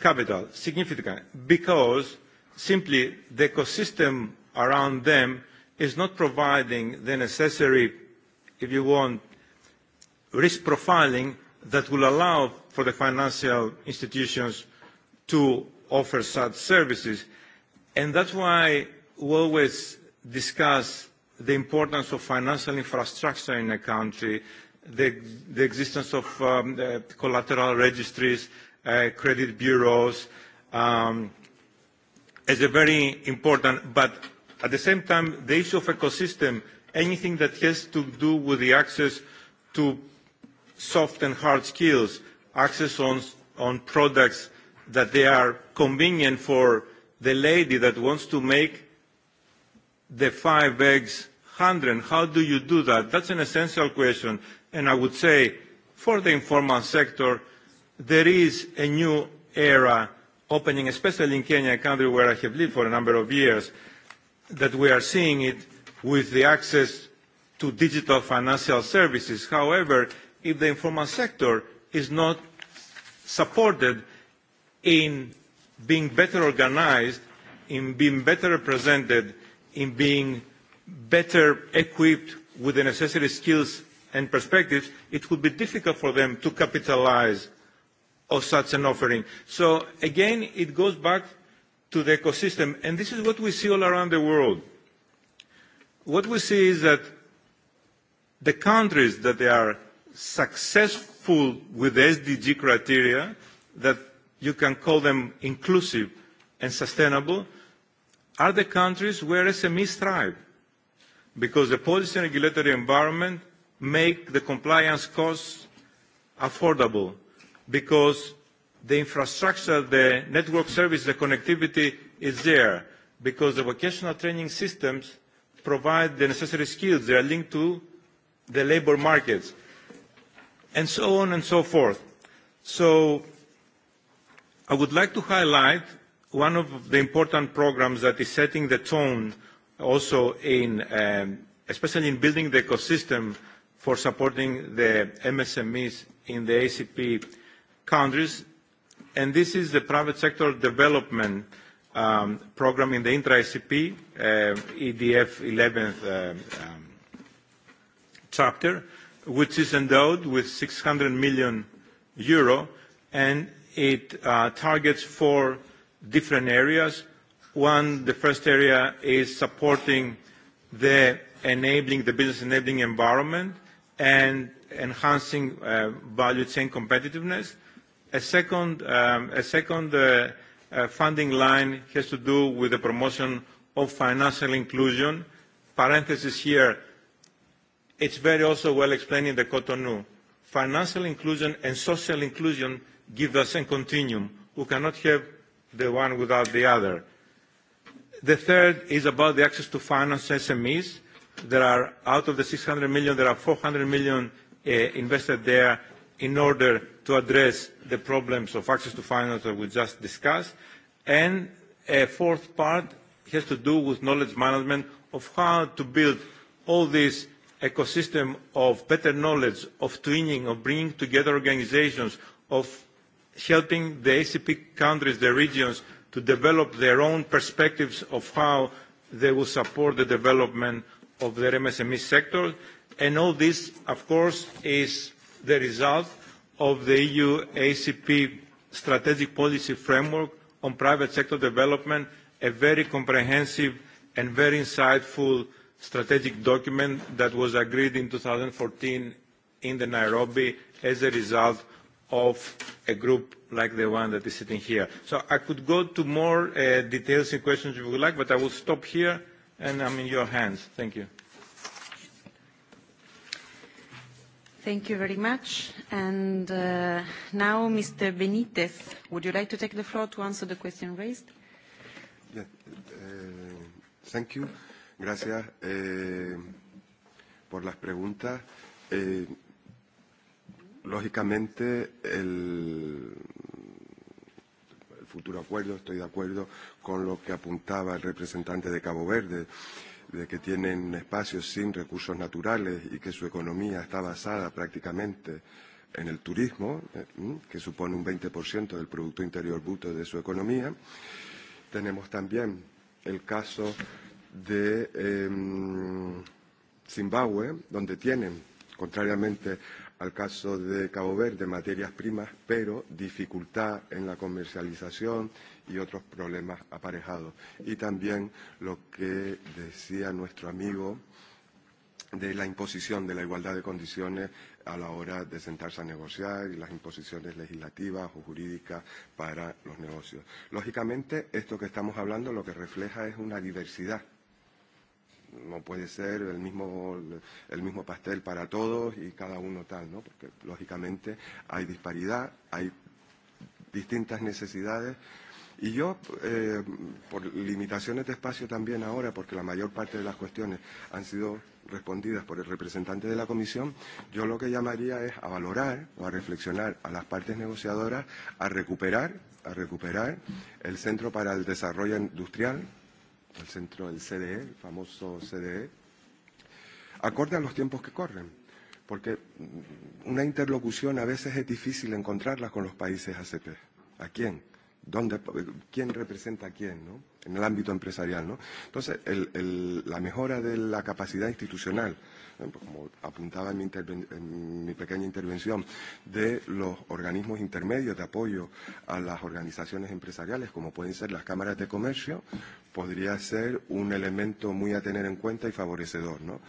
capital significant because simply the ecosystem around them is not providing the necessary, if you want, risk profiling that will allow for the financial institutions to offer such services. And that's why we always discuss the importance of financial infrastructure in a country, the existence of collateral registries, credit bureaus, as a very important, but at the same time, the issue of ecosystem, anything that has to do with the access to soft and hard skills, access on products that they are convenient for the lady that wants to make the five eggs hundred. How do you do that? That's an essential question. And I would say for the informal sector, there is a new era opening, especially in Kenya, a country where I have lived for a number of years, that we are seeing it with the access to digital financial services. However, if the informal sector is not supported in being better organized, in being better represented, in being better equipped with the necessary skills and perspectives, it would be difficult for them to capitalize on such an offering. So again, it goes back to the ecosystem, and this is what we see all around the world. What we see is that the countries that they are successful with SDG criteria, that you can call them inclusive and sustainable, are the countries where SMEs thrive, because the policy and regulatory environment make the compliance costs affordable, because the infrastructure, the network service, the connectivity is there, because the vocational training systems provide the necessary skills. They are linked to the labor markets, and so on and so forth. So I would like to highlight One of the important programs that is setting the tone also in, especially in building the ecosystem for supporting the MSMEs in the ACP countries, and this is the private sector development program in the intra-ACP, EDF 11th chapter, which is endowed with 600 million euro, and it targets for different areas. One, the first area is supporting the enabling, the business enabling environment and enhancing value chain competitiveness. A second, a second funding line has to do with the promotion of financial inclusion. Parenthesis here, it's very also well explained in the Cotonou. Financial inclusion and social inclusion give us a continuum. We cannot have the one without the other. The third is about the access to finance SMEs. There are, out of the 600 million, there are 400 million invested there in order to address the problems of access to finance that we just discussed. And a fourth part has to do with knowledge management of how to build all this ecosystem of better knowledge, of twinning, of bringing together organizations, of helping the ACP countries, the regions, to develop their own perspectives of how they will support the development of their MSME sector. And all this, of course, is the result of the EU ACP strategic policy framework on private sector development, a very comprehensive and very insightful strategic document that was agreed in 2014 in the Nairobi as a result of a group like the one that is sitting here. So I could go to more details and questions if you would like, but I will stop here, and I'm in your hands. Thank you. Thank you very much. And now, Mr. Benitez, would you like to take the floor to answer the question raised? Thank you. Gracias por las preguntas. Lógicamente, el, el futuro acuerdo, estoy de acuerdo con lo que apuntaba el representante de Cabo Verde, de que tienen espacios sin recursos naturales y que su economía está basada prácticamente en el turismo, que supone un 20% del Producto Interior Bruto de su economía. Tenemos también el caso de Zimbabue, donde tienen, contrariamente al caso de Cabo Verde, materias primas, pero dificultad en la comercialización y otros problemas aparejados. Y también lo que decía nuestro amigo de la imposición de la igualdad de condiciones a la hora de sentarse a negociar y las imposiciones legislativas o jurídicas para los negocios. Lógicamente, esto que estamos hablando lo que refleja es una diversidad no puede ser el mismo, el mismo pastel para todos y cada uno tal, ¿no? Porque lógicamente hay disparidad, hay distintas necesidades. Y yo, eh, por limitaciones de espacio también ahora, porque la mayor parte de las cuestiones han sido respondidas por el representante de la Comisión, yo lo que llamaría es a valorar o a reflexionar a las partes negociadoras, a recuperar, a recuperar el Centro para el Desarrollo Industrial, al centro del CDE, el famoso CDE, acorde a los tiempos que corren, porque una interlocución a veces es difícil encontrarla con los países ACP. ¿A quién? dónde, quién representa a quién, ¿no? En el ámbito empresarial, ¿no? Entonces, el, el, la mejora de la capacidad institucional, como apuntaba en mi, en mi pequeña intervención, de los organismos intermedios de apoyo a las organizaciones empresariales, como pueden ser las cámaras de comercio, podría ser un elemento muy a tener en cuenta y favorecedor, ¿no?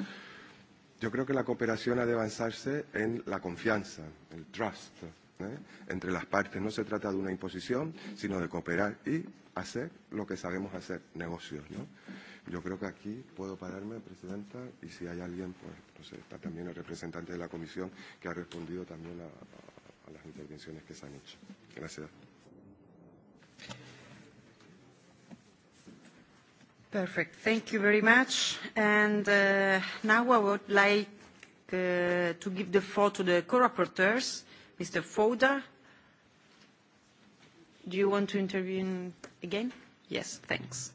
Yo creo que la cooperación ha de avanzarse en la confianza, el trust, ¿eh? entre las partes. No se trata de una imposición, sino de cooperar y hacer lo que sabemos hacer, negocios. ¿no? Yo creo que aquí puedo pararme, Presidenta, y si hay alguien, pues, no sé, está también el representante de la Comisión que ha respondido también a, las intervenciones que se han hecho. Gracias. Perfect. Thank you very much. And now I would like to give the floor to the co-rapporteurs. Mr. Foda, do you want to intervene again? Yes, thanks.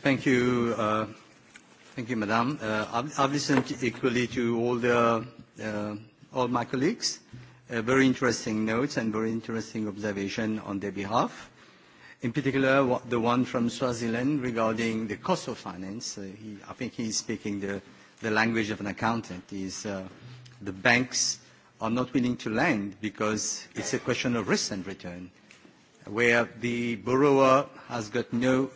Thank you. Thank you, Madam. I've listened equally to all the all my colleagues. Very interesting notes and very interesting observation on their behalf. In particular, the one from Swaziland regarding the cost of finance. I think he is speaking the language of an accountant. Is the banks are not willing to lend because it's a question of risk and return, where the borrower has got no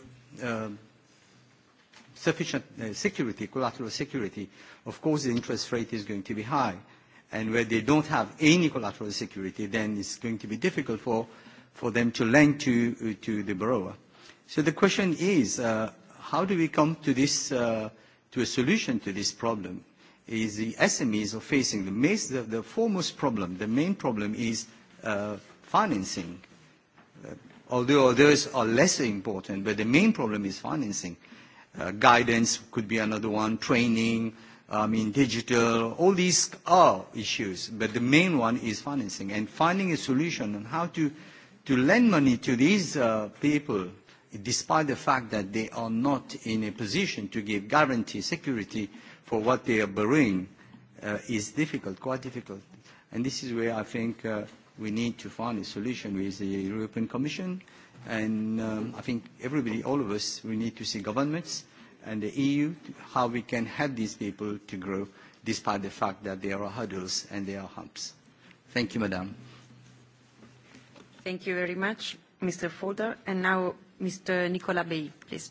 sufficient security, collateral security. Of course, the interest rate is going to be high. And where they don't have any collateral security, then it's going to be difficult for for them to lend to to the borrower. So the question is, how do we come to this to a solution to this problem? is the SMEs are facing. The the foremost problem, the main problem is financing. Although others are less important, but the main problem is financing. Guidance could be another one, training, I mean digital, all these are issues, but the main one is financing and finding a solution on how to to lend money to these people despite the fact that they are not in a position to give guarantee security for what they are uh, is difficult, quite difficult. And this is where I think we need to find a solution with the European Commission. And I think everybody, all of us, we need to see governments and the EU, how we can help these people to grow despite the fact that there are hurdles and there are humps. Thank you, Madam. Thank you very much, Mr. Folder. And now, Mr. Nicola Bay, please.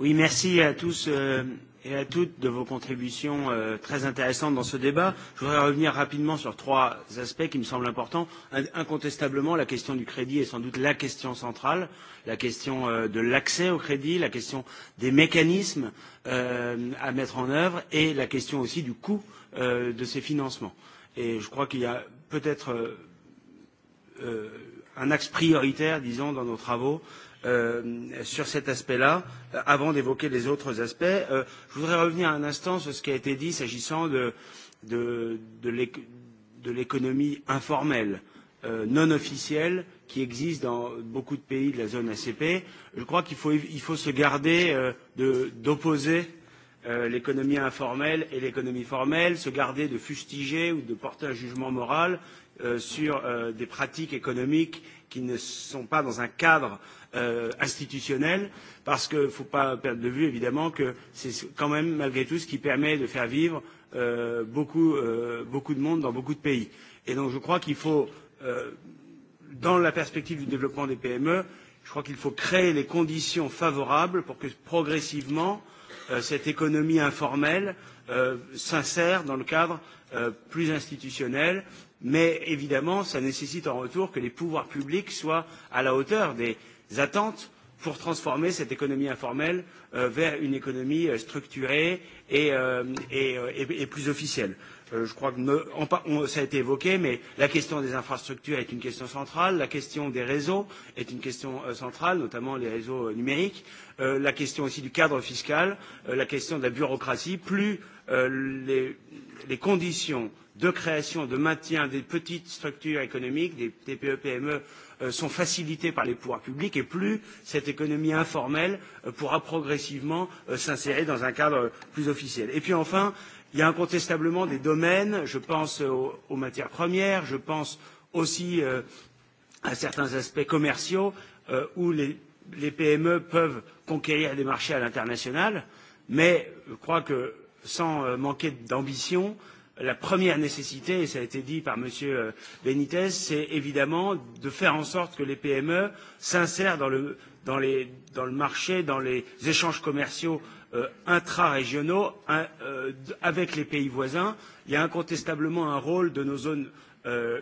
Oui, merci à tous et à toutes de vos contributions très intéressantes dans ce débat. Je voudrais revenir rapidement sur trois aspects qui me semblent importants. Incontestablement, la question du crédit est sans doute la question centrale, la question de l'accès au crédit, la question des mécanismes à mettre en œuvre et la question aussi du coût de ces financements. Et je crois qu'il y a peut-être un axe prioritaire, disons, dans nos travaux sur cet aspect-là, avant d'évoquer les autres aspects. Je voudrais revenir un instant sur ce qui a été dit s'agissant de de l'économie informelle, non officielle, qui existe dans beaucoup de pays de la zone ACP. Je crois qu'il faut se garder d'opposer l'économie informelle et l'économie formelle, se garder de fustiger ou de porter un jugement moral sur des pratiques économiques qui ne sont pas dans un cadre institutionnel, parce qu'il ne faut pas perdre de vue, évidemment, que c'est quand même, malgré tout, ce qui permet de faire vivre beaucoup de monde dans beaucoup de pays. Et donc, je crois qu'il faut, dans la perspective du développement des PME, je crois qu'il faut créer les conditions favorables pour que, progressivement, cette économie informelle s'insère dans le cadre plus institutionnel mais évidemment, cela nécessite en retour que les pouvoirs publics soient à la hauteur des attentes pour transformer cette économie informelle vers une économie structurée et plus officielle je crois que ça a été évoqué, mais la question des infrastructures est une question centrale, la question des réseaux est une question centrale, notamment les réseaux numériques, la question aussi du cadre fiscal, la question de la bureaucratie. Plus les conditions de création, de maintien des petites structures économiques, des TPE-PME, sont facilitées par les pouvoirs publics et plus cette économie informelle pourra progressivement s'insérer dans un cadre plus officiel. Et puis enfin, Il y a incontestablement des domaines, je pense aux matières premières, je pense aussi à certains aspects commerciaux où les PME peuvent conquérir des marchés à l'international, mais je crois que sans manquer d'ambition, la première nécessité, et ça a été dit par M. Benitez, c'est évidemment de faire en sorte que les PME s'insèrent dans le marché, dans les échanges commerciaux intra-régionaux avec les pays voisins. Il y a incontestablement un rôle de nos zones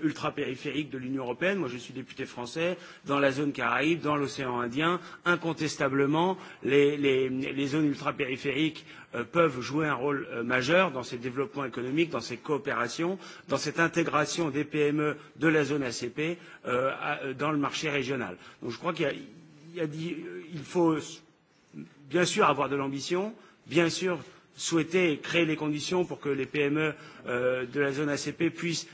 ultra-périphériques de l'Union européenne. Moi, je suis député français. Dans la zone Caraïbe, dans l'océan Indien, incontestablement, les zones ultra-périphériques ultrapériphériques peuvent jouer un rôle majeur dans ces développements économiques, dans ces coopérations, dans cette intégration des PME de la zone ACP dans le marché régional. Donc, je crois qu'il faut bien sûr avoir de l'ambition, bien sûr souhaiter créer les conditions pour que les PME de la zone ACP puissent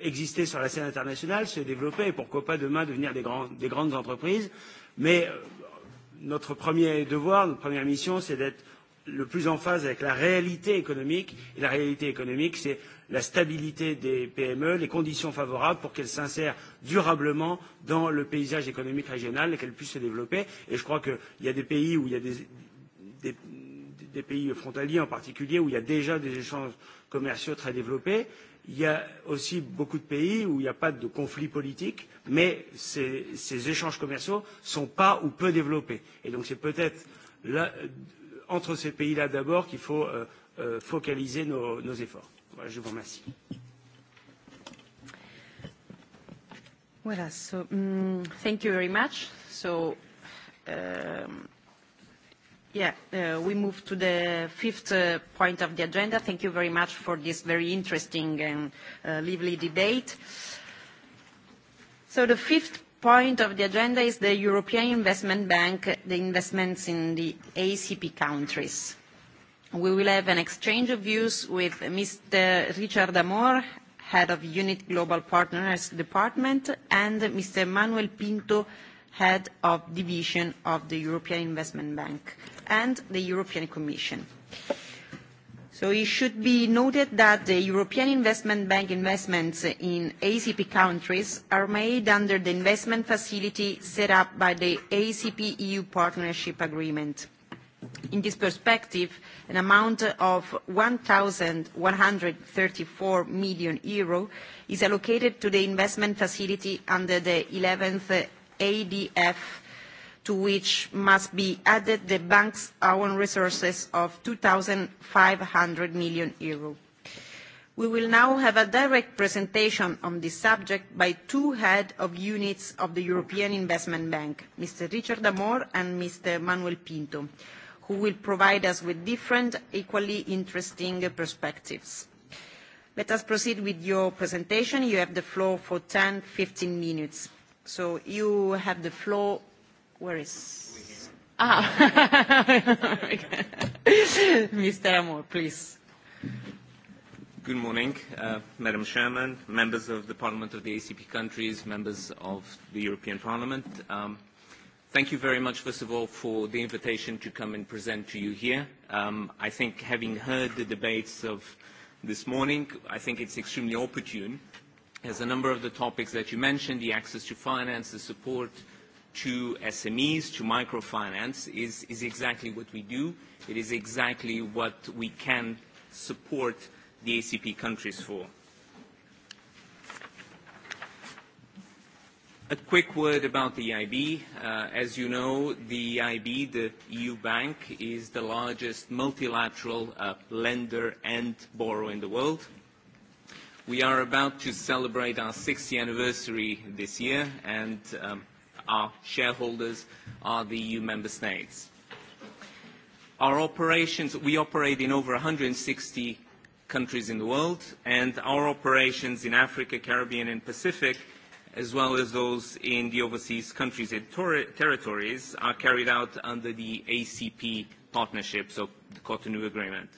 exister sur la scène internationale, se développer et pourquoi pas demain devenir des grandes entreprises. Mais notre premier devoir, notre première mission, c'est d'être le plus en phase avec la réalité économique. Et la réalité économique, c'est la stabilité des PME, les conditions favorables pour qu'elles s'insèrent durablement dans le paysage économique régional et qu'elles puissent se développer. Et je crois qu'il y a des pays où il y a des des pays frontaliers en particulier, où il y a déjà des échanges commerciaux très développés. Il y a aussi beaucoup de pays où il n'y a pas de conflit politique, mais ces échanges commerciaux ne sont pas ou peu développés. Et donc c'est peut-être entre ces pays-là d'abord qu'il faut focaliser nos efforts je vous remercie. Voilà, so thank you very much. So, yeah, we move to the fifth point of the agenda. Thank you very much for this very interesting and lively debate. So the fifth point of the agenda is the European Investment Bank, the investments in the ACP countries. We will have an exchange of views with Mr. Richard Amor, Head of Unit Global Partners Department, and Mr. Manuel Pinto, Head of Division of the European Investment Bank and the European Commission. So it should be noted that the European Investment Bank investments in ACP countries are made under the investment facility set up by the ACP-EU Partnership Agreement In this perspective, an amount of 1,134 million euro is allocated to the investment facility under the 11th ADF, to which must be added the bank's own resources of 2,500 million euro. We will now have a direct presentation on this subject by two heads of units of the European Investment Bank, Mr. Richard Amor and Mr. Manuel Pinto who will provide us with different, equally interesting perspectives. Let us proceed with your presentation. You have the floor for 10, 15 minutes. So you have the floor. Where is? Ah, Mr. Amor, please. Good morning, Madam Chairman, members of the Parliament of the ACP countries, members of the European Parliament. Thank you very much, first of all, for the invitation to come and present to you here. I think having heard the debates of this morning, I think it's extremely opportune, as a number of the topics that you mentioned, the access to finance, the support to SMEs, to microfinance, is, is exactly what we do. It is exactly what we can support the ACP countries for. A quick word about the EIB. As you know, the EIB, the EU bank, is the largest multilateral lender and borrower in the world. We are about to celebrate our 60th anniversary this year, and our shareholders are the EU member states. Our operations, we operate in over 160 countries in the world, and our operations in Africa, Caribbean, and Pacific as well as those in the overseas countries and territories, are carried out under the ACP partnership, so the Cotonou Agreement.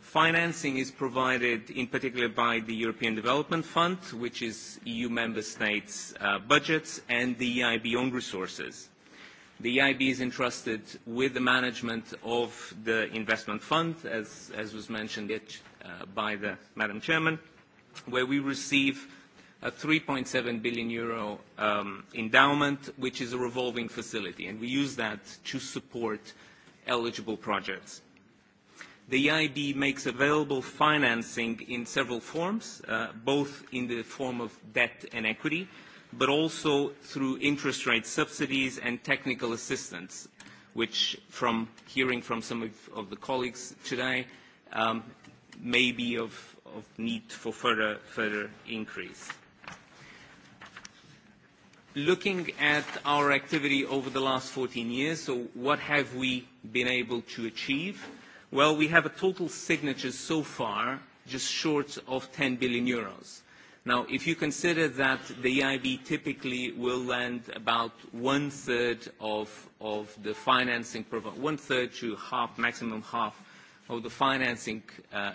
Financing is provided in particular by the European Development Fund, which is EU member states' budgets, and the EIB own resources. The EIB is entrusted with the management of the investment fund, as was mentioned by the Madam Chairman, where we receive a 3.7 billion euro endowment, which is a revolving facility, and we use that to support eligible projects. The EIB makes available financing in several forms, both in the form of debt and equity, but also through interest rate subsidies and technical assistance, which, from hearing from some of the colleagues today, may be of need for further increase. Looking at our activity over the last 14 years, so what have we been able to achieve? Well, we have a total signature so far just short of 10 billion euros. Now, if you consider that the EIB typically will lend about one-third of the financing, one-third to half, maximum half of the financing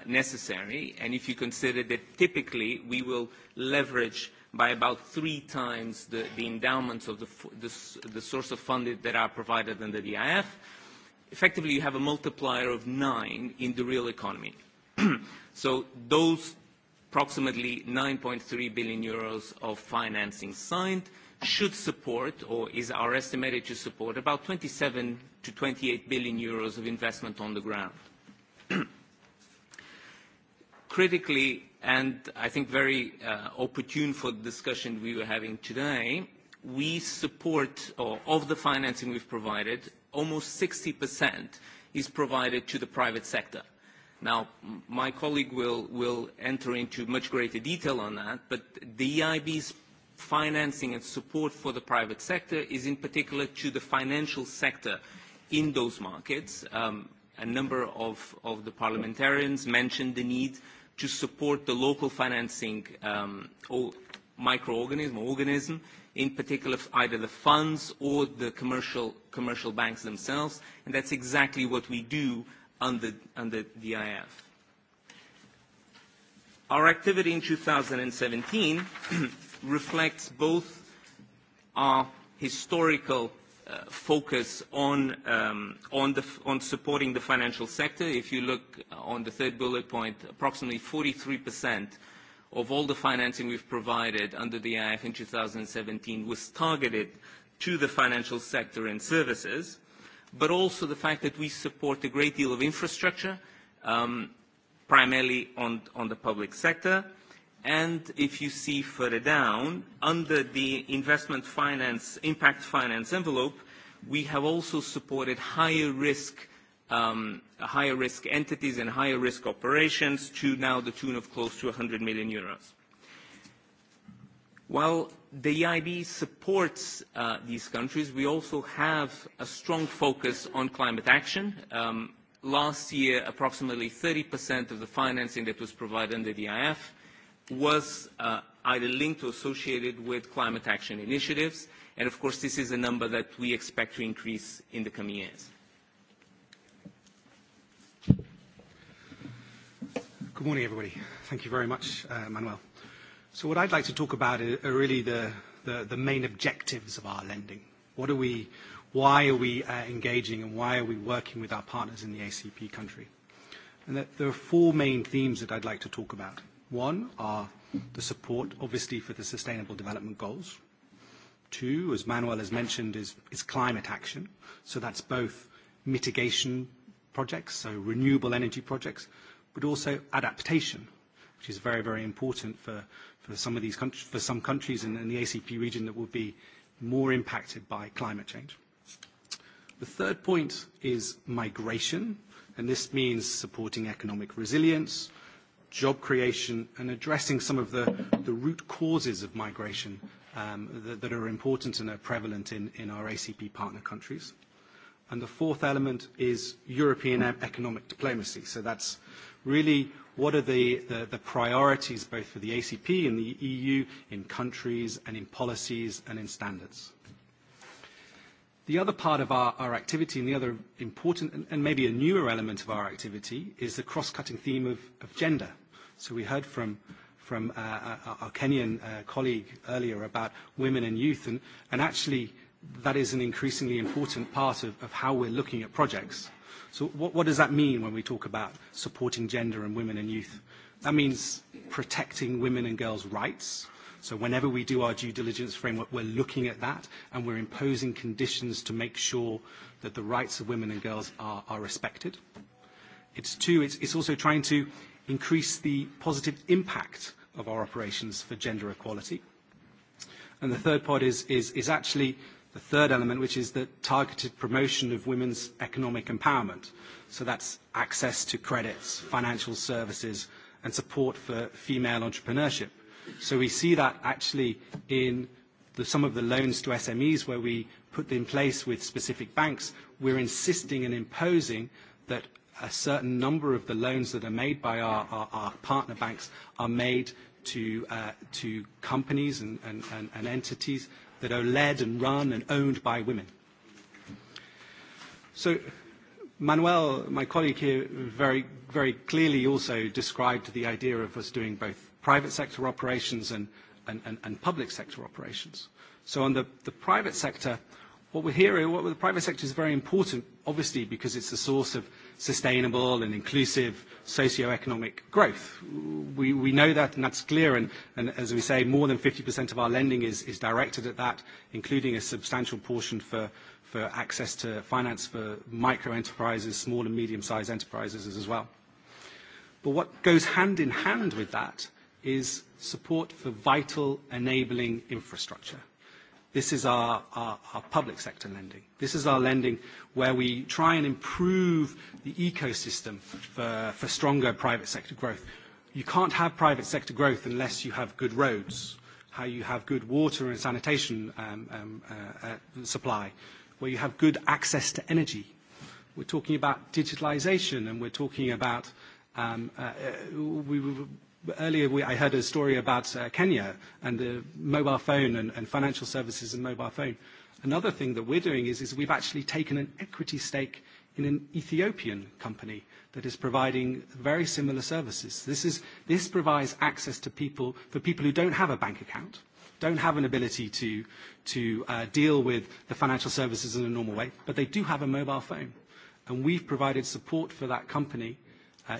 necessary, and if you consider that typically we will leverage by about three times the endowments of the source of funding that are provided under the IF. Effectively, you have a multiplier of nine in the real economy. So those approximately 9.3 billion euros of financing signed should support, or is are estimated to support, about 27 to 28 billion euros of investment on the ground. Critically, and I think very opportune for the discussion we were having today, we support, or of the financing we've provided, almost 60% is provided to the private sector. Now, my colleague will enter into much greater detail on that, but the EIB's financing and support for the private sector is in particular to the financial sector in those markets. A number of the parliamentarians mentioned the need to support the local financing microorganism organism, in particular either the funds or the commercial banks themselves, and that's exactly what we do under the IF. Our activity in 2017 reflects both our historical focus on supporting the financial sector. If you look on the third bullet point, approximately 43% of all the financing we've provided under the IF in 2017 was targeted to the financial sector and services, but also the fact that we support a great deal of infrastructure, primarily on the public sector. And if you see further down, under the investment finance, impact finance envelope, we have also supported higher risk higher risk entities and higher risk operations to now the tune of close to 100 million euros. While the EIB supports these countries, we also have a strong focus on climate action. Last year, approximately 30% of the financing that was provided under the IF was either linked or associated with climate action initiatives. And of course, this is a number that we expect to increase in the coming years. Good morning, everybody. Thank you very much, Manuel. So what I'd like to talk about are really the the main objectives of our lending. What are we, why are we engaging and why are we working with our partners in the ACP country? And there are four main themes that I'd like to talk about. One are the support, obviously, for the Sustainable Development Goals. Two, as Manuel has mentioned, is climate action. So that's both mitigation projects, so renewable energy projects, but also adaptation, which is very, very important for some of these countries, for some countries in the ACP region that will be more impacted by climate change. The third point is migration, and this means supporting economic resilience, job creation, and addressing some of the root causes of migration that are important and are prevalent in our ACP partner countries. And the fourth element is European economic diplomacy. So that's really what are the priorities both for the ACP and the EU in countries and in policies and in standards. The other part of our activity and the other important and maybe a newer element of our activity is the cross-cutting theme of gender So we heard from from our Kenyan colleague earlier about women and youth, and actually that is an increasingly important part of how we're looking at projects. So what does that mean when we talk about supporting gender and women and youth? That means protecting women and girls' rights. So whenever we do our due diligence framework, we're looking at that and we're imposing conditions to make sure that the rights of women and girls are respected. It's two, it's also trying to increase the positive impact of our operations for gender equality. And the third part is actually the third element, which is the targeted promotion of women's economic empowerment. So that's access to credits, financial services, and support for female entrepreneurship. So we see that actually in some of the loans to SMEs where we put them in place with specific banks, we're insisting and imposing that a certain number of the loans that are made by our partner banks are made to companies and entities that are led and run and owned by women. So Manuel, my colleague here, very very clearly also described the idea of us doing both private sector operations and public sector operations. So on the private sector, what we're hearing, what the private sector is very important, obviously, because it's the source of sustainable and inclusive socio-economic growth. We, know that, and that's clear. And, as we say, more than 50% of our lending is, directed at that, including a substantial portion for access to finance for micro enterprises, small and medium-sized enterprises as well. But what goes hand in hand with that is support for vital enabling infrastructure This is our public sector lending. This is our lending where we try and improve the ecosystem for stronger private sector growth. You can't have private sector growth unless you have good roads, how you have good water and sanitation supply, where you have good access to energy. We're talking about digitalization, and we're talking about Earlier, I heard a story about Kenya and the mobile phone and financial services and mobile phone. Another thing that we're doing is we've actually taken an equity stake in an Ethiopian company that is providing very similar services. This provides access to people, for people who don't have a bank account, don't have an ability to deal with the financial services in a normal way, but they do have a mobile phone. And we've provided support for that company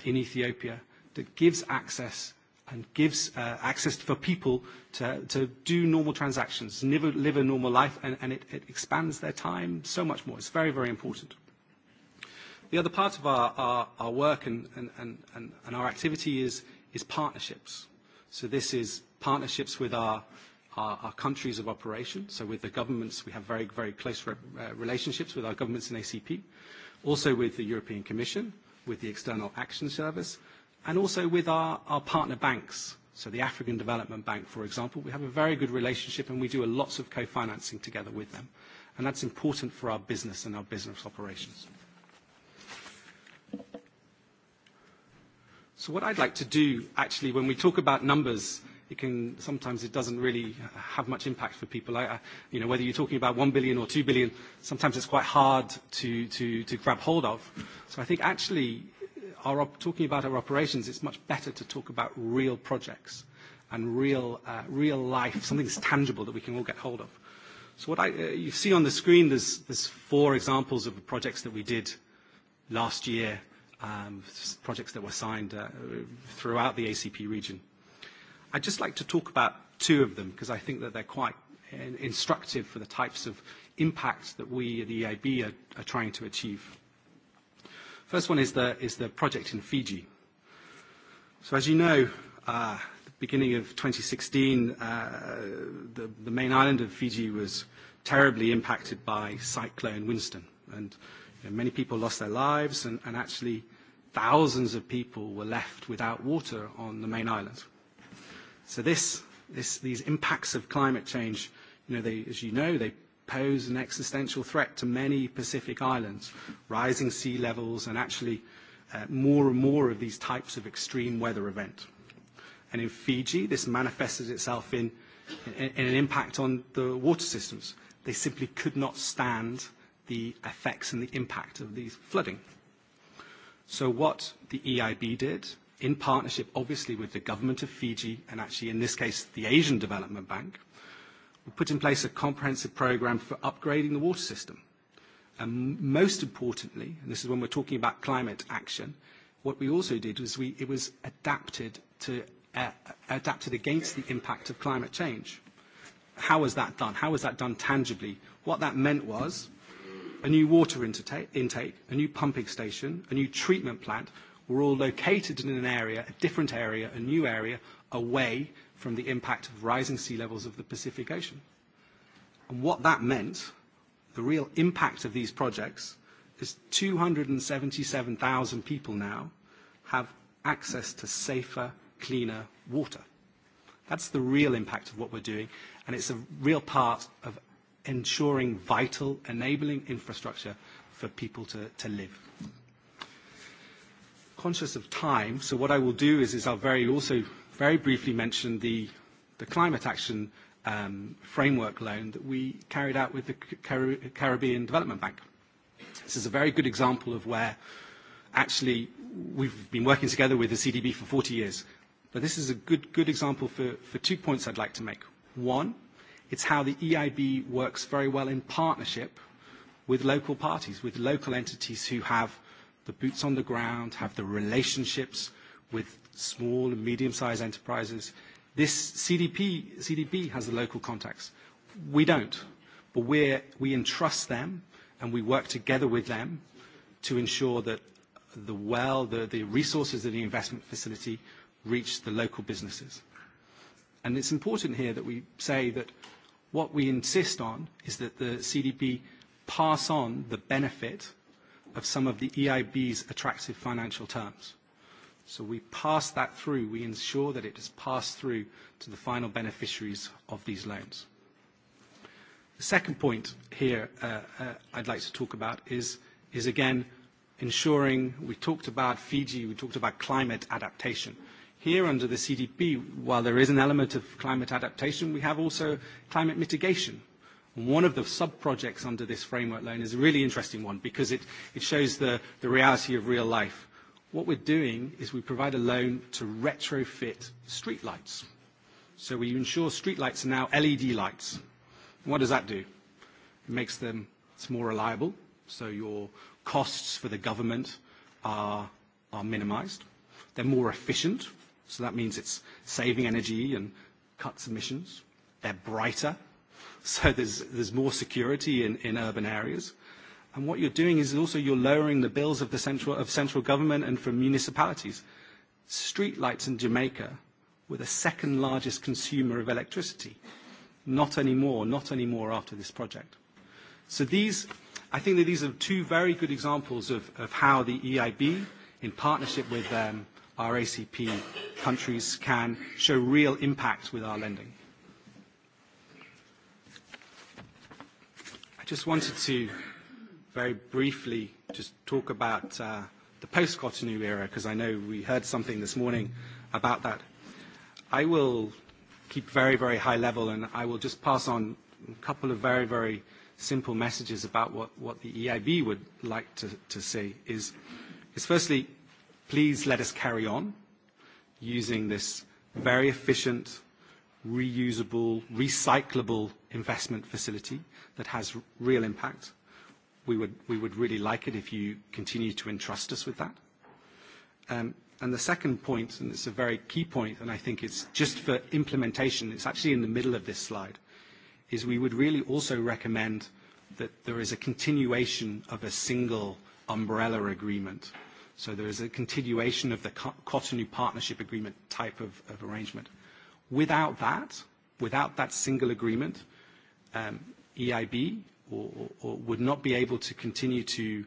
in Ethiopia that gives access and gives access for people to do normal transactions, live a normal life, and it expands their time so much more. It's very, very important. The other part of our work and our activity is partnerships. So this is partnerships with our countries of operation. So with the governments, we have very, very close relationships with our governments in ACP, also with the European Commission, with the External Action Service, and also with our partner banks. So the African Development Bank, for example, we have a very good relationship and we do lots of co-financing together with them. And that's important for our business and our business operations. So what I'd like to do, actually, when we talk about numbers, it can sometimes it doesn't really have much impact for people. I, you know, whether you're talking about 1 billion or 2 billion, sometimes it's quite hard to, to, to grab hold of. So I think actually talking about our operations, it's much better to talk about real projects and real real life, something that's tangible that we can all get hold of. So what I you see on the screen, there's there's four examples of the projects that we did last year, projects that were signed throughout the ACP region. I'd just like to talk about two of them because I think that they're quite instructive for the types of impact that we, the EIB, are trying to achieve. First one is the project in Fiji. So as you know, at the beginning of 2016, the main island of Fiji was terribly impacted by Cyclone Winston. And many people lost their lives, and actually thousands of people were left without water on the main island. So these impacts of climate change, as you know, they pose an existential threat to many Pacific islands, rising sea levels, and actually more and more of these types of extreme weather event. And in Fiji, this manifested itself in an impact on the water systems. They simply could not stand the effects and the impact of these flooding. So what the EIB did, in partnership obviously with the government of Fiji, and actually in this case the Asian Development Bank, We put in place a comprehensive program for upgrading the water system. And most importantly, and this is when we're talking about climate action, what we also did was we, it was adapted, to, adapted against the impact of climate change. How was that done? How was that done tangibly? What that meant was a new water intake, a new pumping station, a new treatment plant were all located in an area, a different area, a new area, away from the impact of rising sea levels of the Pacific Ocean. And what that meant, the real impact of these projects, is 277,000 people now have access to safer, cleaner water. That's the real impact of what we're doing, and it's a real part of ensuring vital, enabling infrastructure for people to live. Conscious of time, so what I will do is I'll very also very briefly mention the the climate action framework loan that we carried out with the Caribbean Development Bank. This is a very good example of where actually we've been working together with the CDB for 40 years. But this is a good good example for for two points I'd like to make. One, it's how the EIB works very well in partnership with local parties, with local entities who have the boots on the ground, have the relationships with small and medium-sized enterprises. This CDP, has the local contacts. We don't, but we entrust them and we work together with them to ensure that the well, the, the resources of the investment facility reach the local businesses. And it's important here that we say that what we insist on is that the CDP pass on the benefit of some of the EIB's attractive financial terms. So we pass that through. We ensure that it is passed through to the final beneficiaries of these loans. The second point here I'd like to talk about is, again, ensuring we talked about Fiji, we talked about climate adaptation. Here under the CDP, while there is an element of climate adaptation, we have also climate mitigation. One of the sub-projects under this framework loan is a really interesting one because it shows the reality of real life What we're doing is we provide a loan to retrofit streetlights. So we ensure streetlights are now LED lights. What does that do? It makes them more reliable, so your costs for the government are minimized. They're more efficient, so that means it's saving energy and cuts emissions. They're brighter, so there's more security in urban areas. And what you're doing is also you're lowering the bills of the central of central government and from municipalities. Streetlights in Jamaica were the second largest consumer of electricity. Not anymore, not anymore after this project. So these, I think that these are two very good examples of, of how the EIB, in partnership with our ACP countries, can show real impact with our lending. I just wanted to very briefly just talk about the post-Cotonou era, because I know we heard something this morning about that. I will keep very, very high level, and I will just pass on a couple of very, very simple messages about what, what the EIB would like to, to say is, is firstly, please let us carry on using this very efficient, reusable, recyclable investment facility that has real impact we would really like it if you continue to entrust us with that. And the second point, and it's a very key point, and I think it's just for implementation, it's actually in the middle of this slide, is we would really also recommend that there is a continuation of a single umbrella agreement. So there is a continuation of the Cotonou Partnership Agreement type of arrangement. Without that, without that single agreement, EIB or would not be able to continue to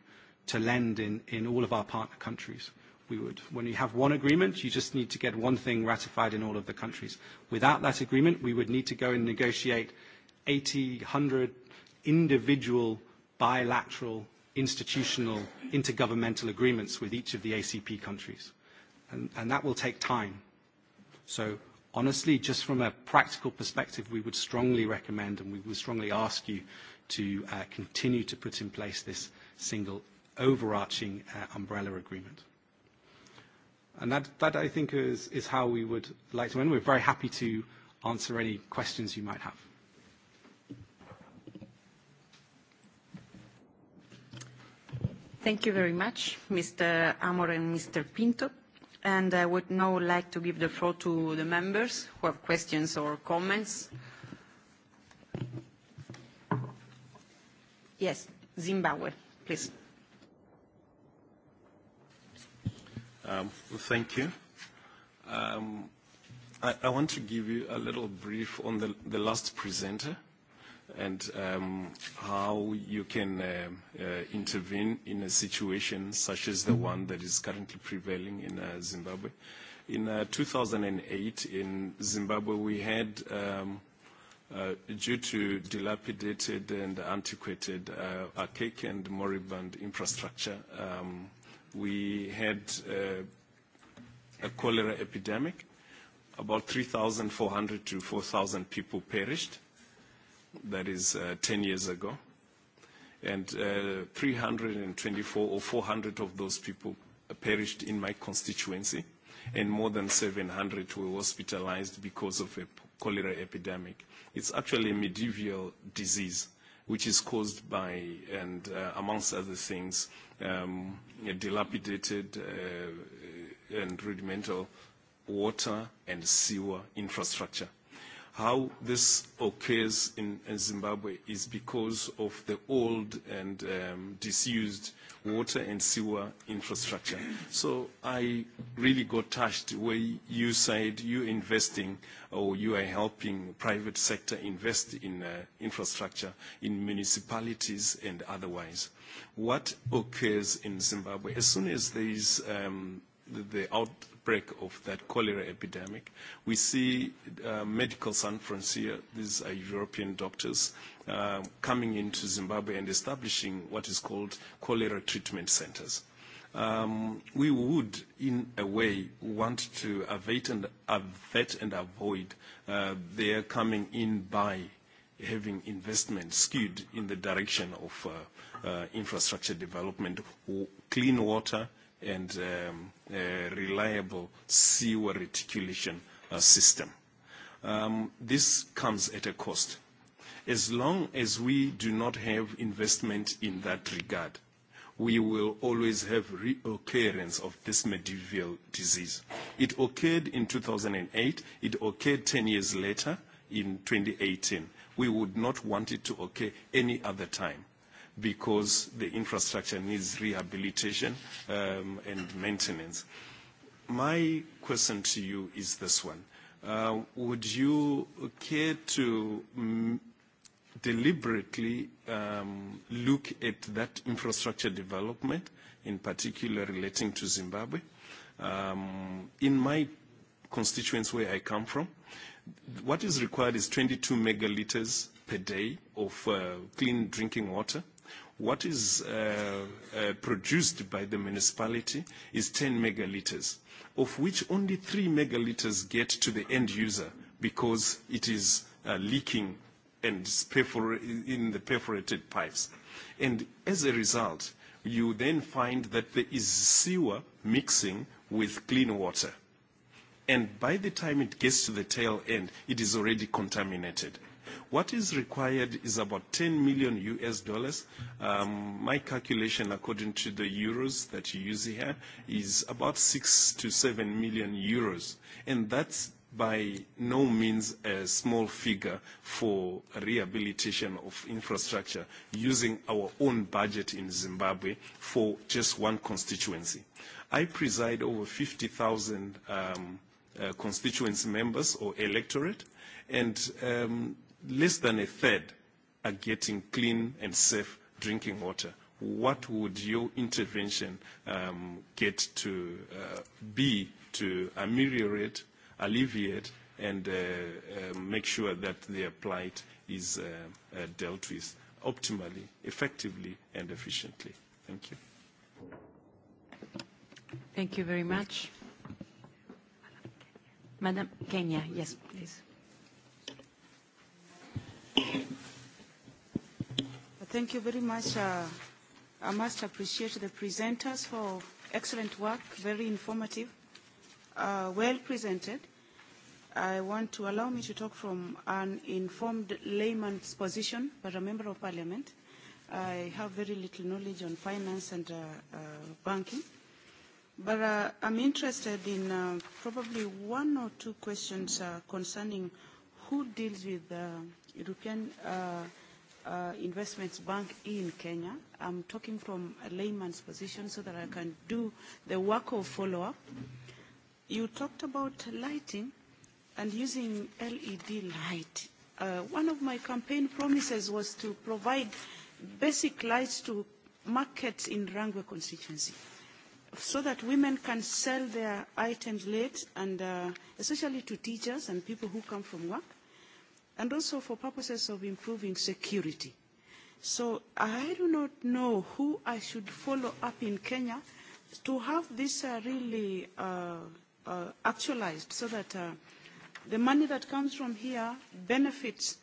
lend in all of our partner countries. We would. When you have one agreement, you just need to get one thing ratified in all of the countries. Without that agreement, we would need to go and negotiate 80, 100 individual bilateral institutional intergovernmental agreements with each of the ACP countries. And that will take time. So honestly, just from a practical perspective, we would strongly recommend and we would strongly ask you to continue to put in place this single overarching umbrella agreement. And that, I think, is how we would like to end. We're very happy to answer any questions you might have. Thank you very much, Mr. Amor and Mr. Pinto. And I would now like to give the floor to the members who have questions or comments. Yes, Zimbabwe, please. Thank you. I want to give you a little brief on the last presenter and how you can intervene in a situation such as the one that is currently prevailing in Zimbabwe. In 2008 in Zimbabwe, we had due to dilapidated and antiquated, archaic and moribund infrastructure. We had a cholera epidemic. About 3,400 to 4,000 people perished. That is 10 years ago. And 324 or 400 of those people perished in my constituency, and more than 700 were hospitalized because of a cholera epidemic. It's actually a medieval disease which is caused by, and amongst other things, dilapidated and rudimental water and sewer infrastructure How this occurs in Zimbabwe is because of the old and disused water and sewer infrastructure. So I really got touched where you said you're investing or you are helping private sector invest in infrastructure in municipalities and otherwise. What occurs in Zimbabwe? As soon as there is the out outbreak of that cholera epidemic. We see Medical San Francisco, these are European doctors, coming into Zimbabwe and establishing what is called cholera treatment centers. We would, in a way, want to avert and avoid their coming in by having investment skewed in the direction of infrastructure development, clean water, and a reliable sewer reticulation system. This comes at a cost. As long as we do not have investment in that regard, we will always have reoccurrence of this medieval disease. It occurred in 2008. It occurred 10 years later in 2018. We would not want it to occur any other time because the infrastructure needs rehabilitation and maintenance. My question to you is this one. Would you care to deliberately look at that infrastructure development, in particular relating to Zimbabwe? In my constituents where I come from, what is required is 22 megaliters per day of clean drinking water What is produced by the municipality is 10 megaliters, of which only 3 megaliters get to the end user because it is leaking and in the perforated pipes. And as a result, you then find that there is sewer mixing with clean water. And by the time it gets to the tail end, it is already contaminated. What is required is about 10 million US dollars. My calculation, according to the euros that you use here, is about 6 to 7 million euros. And that's by no means a small figure for rehabilitation of infrastructure using our own budget in Zimbabwe for just one constituency. I preside over 50,000 constituency members or electorate, and less than a third are getting clean and safe drinking water. What would your intervention get to be to ameliorate, alleviate, and make sure that the plight is dealt with optimally, effectively, and efficiently? Thank you. Thank you very much. Madam Kenya, yes, please. Thank you very much. I must appreciate the presenters for excellent work, very informative, uh well presented. I want to allow me to talk from an informed layman's position, but a member of parliament. I have very little knowledge on finance and uh banking. But I'm interested in probably one or two questions concerning who deals with European Investments Bank in Kenya. I'm talking from a layman's position so that I can do the work of follow-up. You talked about lighting and using LED light. One of my campaign promises was to provide basic lights to markets in Rangwe constituency so that women can sell their items late and especially to teachers and people who come from work and also for purposes of improving security. So I do not know who I should follow up in Kenya to have this really actualized so that the money that comes from here benefits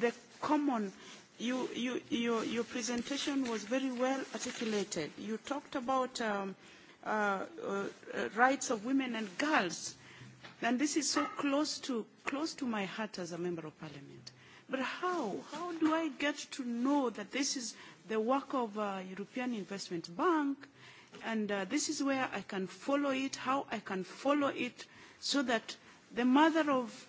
the common. Your presentation was very well articulated. You talked about rights of women and girls And this is so close to close to my heart as a member of parliament. But how? How do I get to know that this is the work of the European Investment Bank and this is where I can follow it, how I can follow it so that the mother of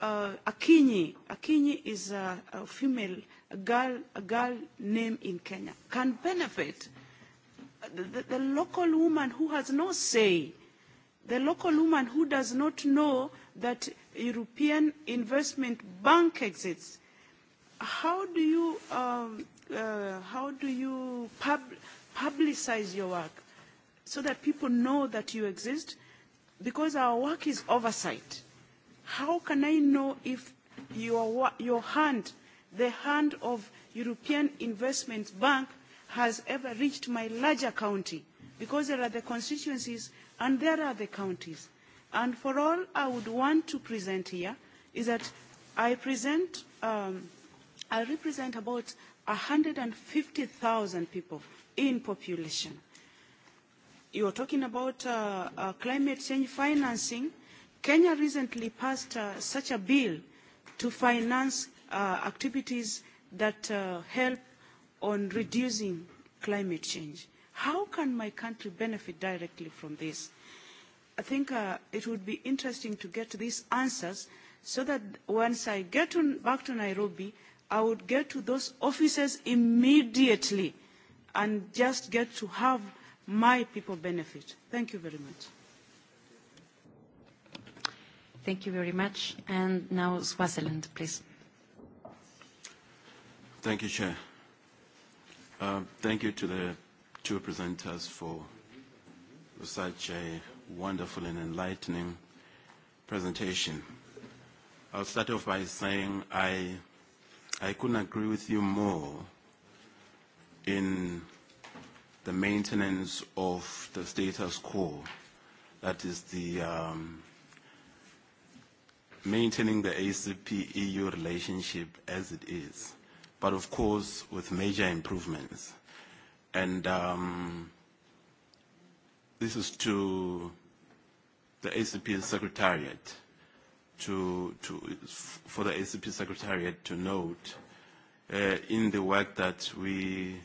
Akinyi, Akinyi is a female, a girl, a girl name in Kenya, can benefit the local woman who has no say the local woman who does not know that European Investment Bank exists, how do you how do you publicize your work so that people know that you exist? Because our work is oversight. How can I know if your your hand, the hand of European Investment Bank, has ever reached my larger county? Because there are the constituencies and there are the counties. And for all I would want to present here is that I present, I represent about 150,000 people in population. You are talking about climate change financing. Kenya recently passed such a bill to finance activities that help on reducing climate change. How can my country benefit directly from this? I think it would be interesting to get these answers so that once I get back to Nairobi, I would get to those offices immediately and just get to have my people benefit. Thank you very much. Thank you very much. And now Swaziland, please. Thank you, Chair. Thank you to the two presenters for such a wonderful and enlightening presentation. I'll start off by saying I, I couldn't agree with you more in the maintenance of the status quo. That is the um, maintaining the ACP-EU relationship as it is, but of course with major improvements. And um, this is to the ACP Secretariat, to, to, for the ACP Secretariat to note in the work that we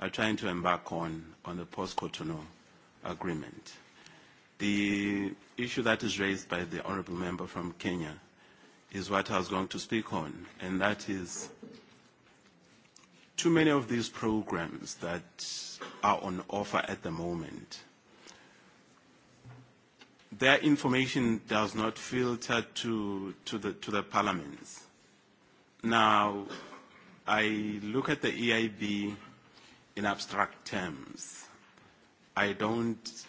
are trying to embark on, on the post-Cotonou agreement. The issue that is raised by the honorable member from Kenya is what I was going to speak on, and that is too many of these programs that are on offer at the moment, their information does not filter to, to, the, to the parliaments. Now, I look at the EIB in abstract terms. I don't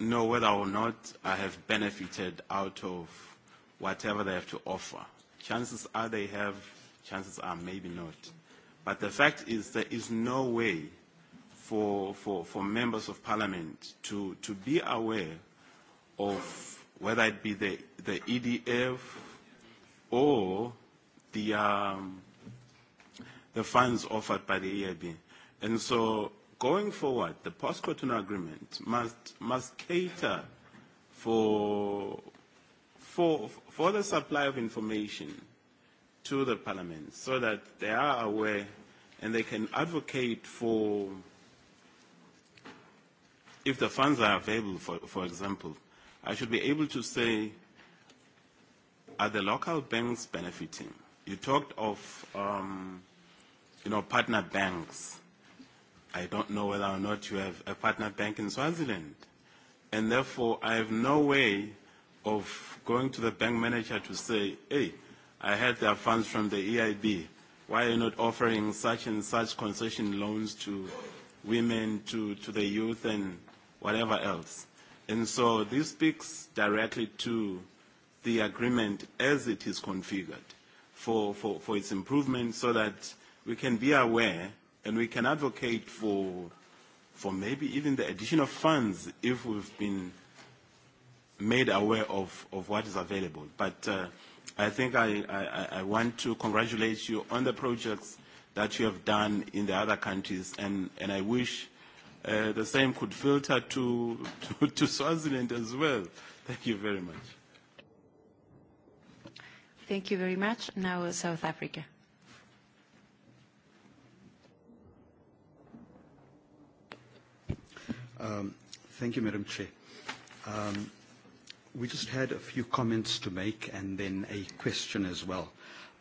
know whether or not I have benefited out of whatever they have to offer. Chances are they have, chances are maybe not. But the fact is there is no way for, for, for members of parliament to, be aware of whether it be the, EDF or the, funds offered by the EIB. And so going forward, the post-Cotonou agreement must, must cater for, for the supply of information to the parliament so that they are aware and they can advocate for if the funds are available for for example i should be able to say are the local banks benefiting you talked of um you know partner banks i don't know whether or not you have a partner bank in swaziland and therefore i have no way of going to the bank manager to say hey I had their funds from the EIB. Why are you not offering such and such concession loans to women, to, to the youth, and whatever else? And so this speaks directly to the agreement as it is configured for, for, for its improvement so that we can be aware and we can advocate for, for maybe even the addition of funds if we've been made aware of, of what is available. But I think I, I, I want to congratulate you on the projects that you have done in the other countries, and, I wish the same could filter to, to, Swaziland as well. Thank you very much. Thank you very much. Now South Africa. Um, thank you, Madam Chair. Um, we just had a few comments to make and then a question as well.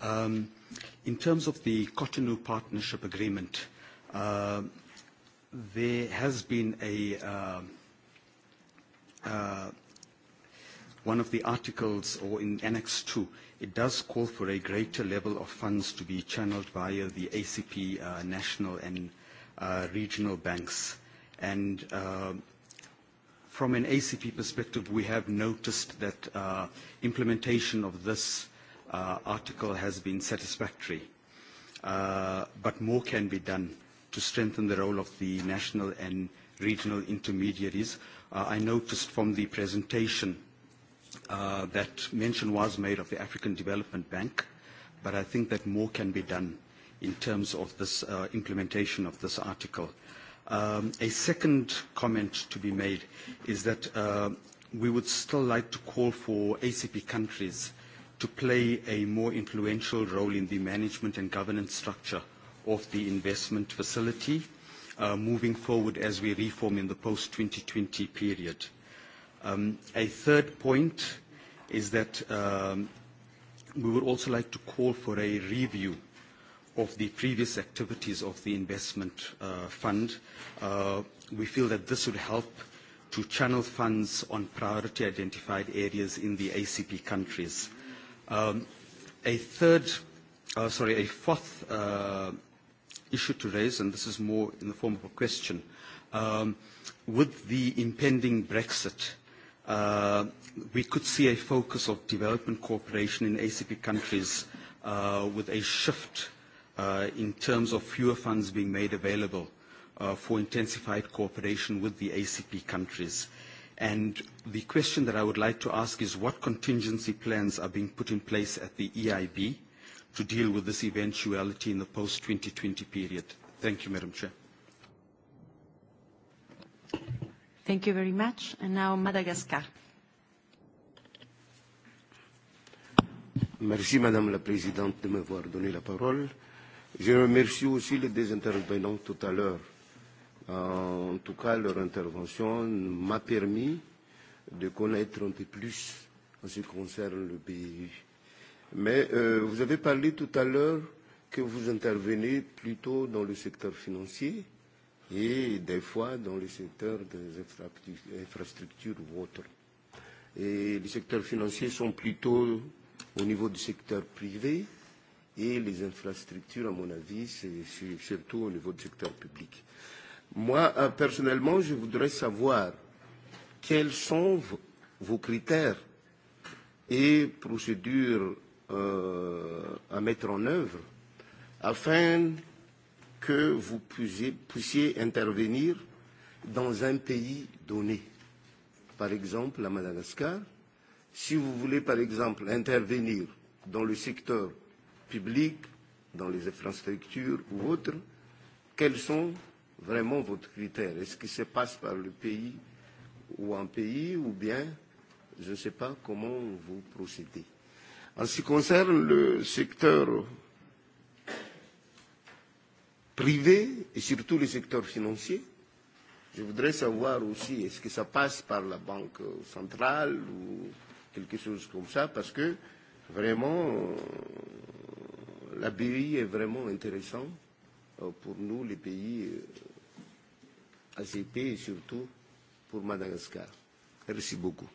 In terms of the Cotonou Partnership Agreement, there has been a one of the articles or in Annex 2, it does call for a greater level of funds to be channeled via the ACP national and regional banks. And From an ACP perspective, we have noticed that implementation of this article has been satisfactory, but more can be done to strengthen the role of the national and regional intermediaries. I noticed from the presentation that mention was made of the African Development Bank, but I think that more can be done in terms of this implementation of this article. A second comment to be made is that we would still like to call for ACP countries to play a more influential role in the management and governance structure of the investment facility moving forward as we reform in the post-2020 period. A third point is that we would also like to call for a review of the previous activities of the investment fund. We feel that this would help to channel funds on priority identified areas in the ACP countries. A third, sorry, a fourth issue to raise, and this is more in the form of a question, with the impending Brexit, we could see a focus of development cooperation in ACP countries with a shift in terms of fewer funds being made available for intensified cooperation with the ACP countries. And the question that I would like to ask is what contingency plans are being put in place at the EIB to deal with this eventuality in the post-2020 period? Thank you, Madam Chair. Thank you very much. And now Madagascar. Merci, Madame la Présidente, de m'avoir donné la parole. Je remercie aussi les deux intervenants tout à l'heure. En tout cas, leur intervention m'a permis de connaître un peu plus en ce qui concerne le BIU. Mais vous avez parlé tout à l'heure que vous intervenez plutôt dans le secteur financier et des fois dans le secteur des infrastructures ou autres. Et les secteurs financiers sont plutôt au niveau du secteur privé et les infrastructures, à mon avis, c'est surtout au niveau du secteur public. Moi, personnellement, je voudrais savoir quels sont vos critères et procédures à mettre en œuvre afin que vous puissiez intervenir dans un pays donné. Par exemple, à Madagascar, si vous voulez, par exemple, intervenir dans le secteur publiques, dans les infrastructures ou autres, quels sont vraiment vos critères Est-ce qu'il se passe par le pays ou un pays ou bien, je ne sais pas comment vous procédez. En ce qui concerne le secteur privé et surtout le secteur financier, je voudrais savoir aussi est-ce que ça passe par la Banque centrale ou quelque chose comme ça, parce que vraiment, la BEI est vraiment intéressant pour nous, les pays ACP et surtout pour Madagascar. Merci beaucoup.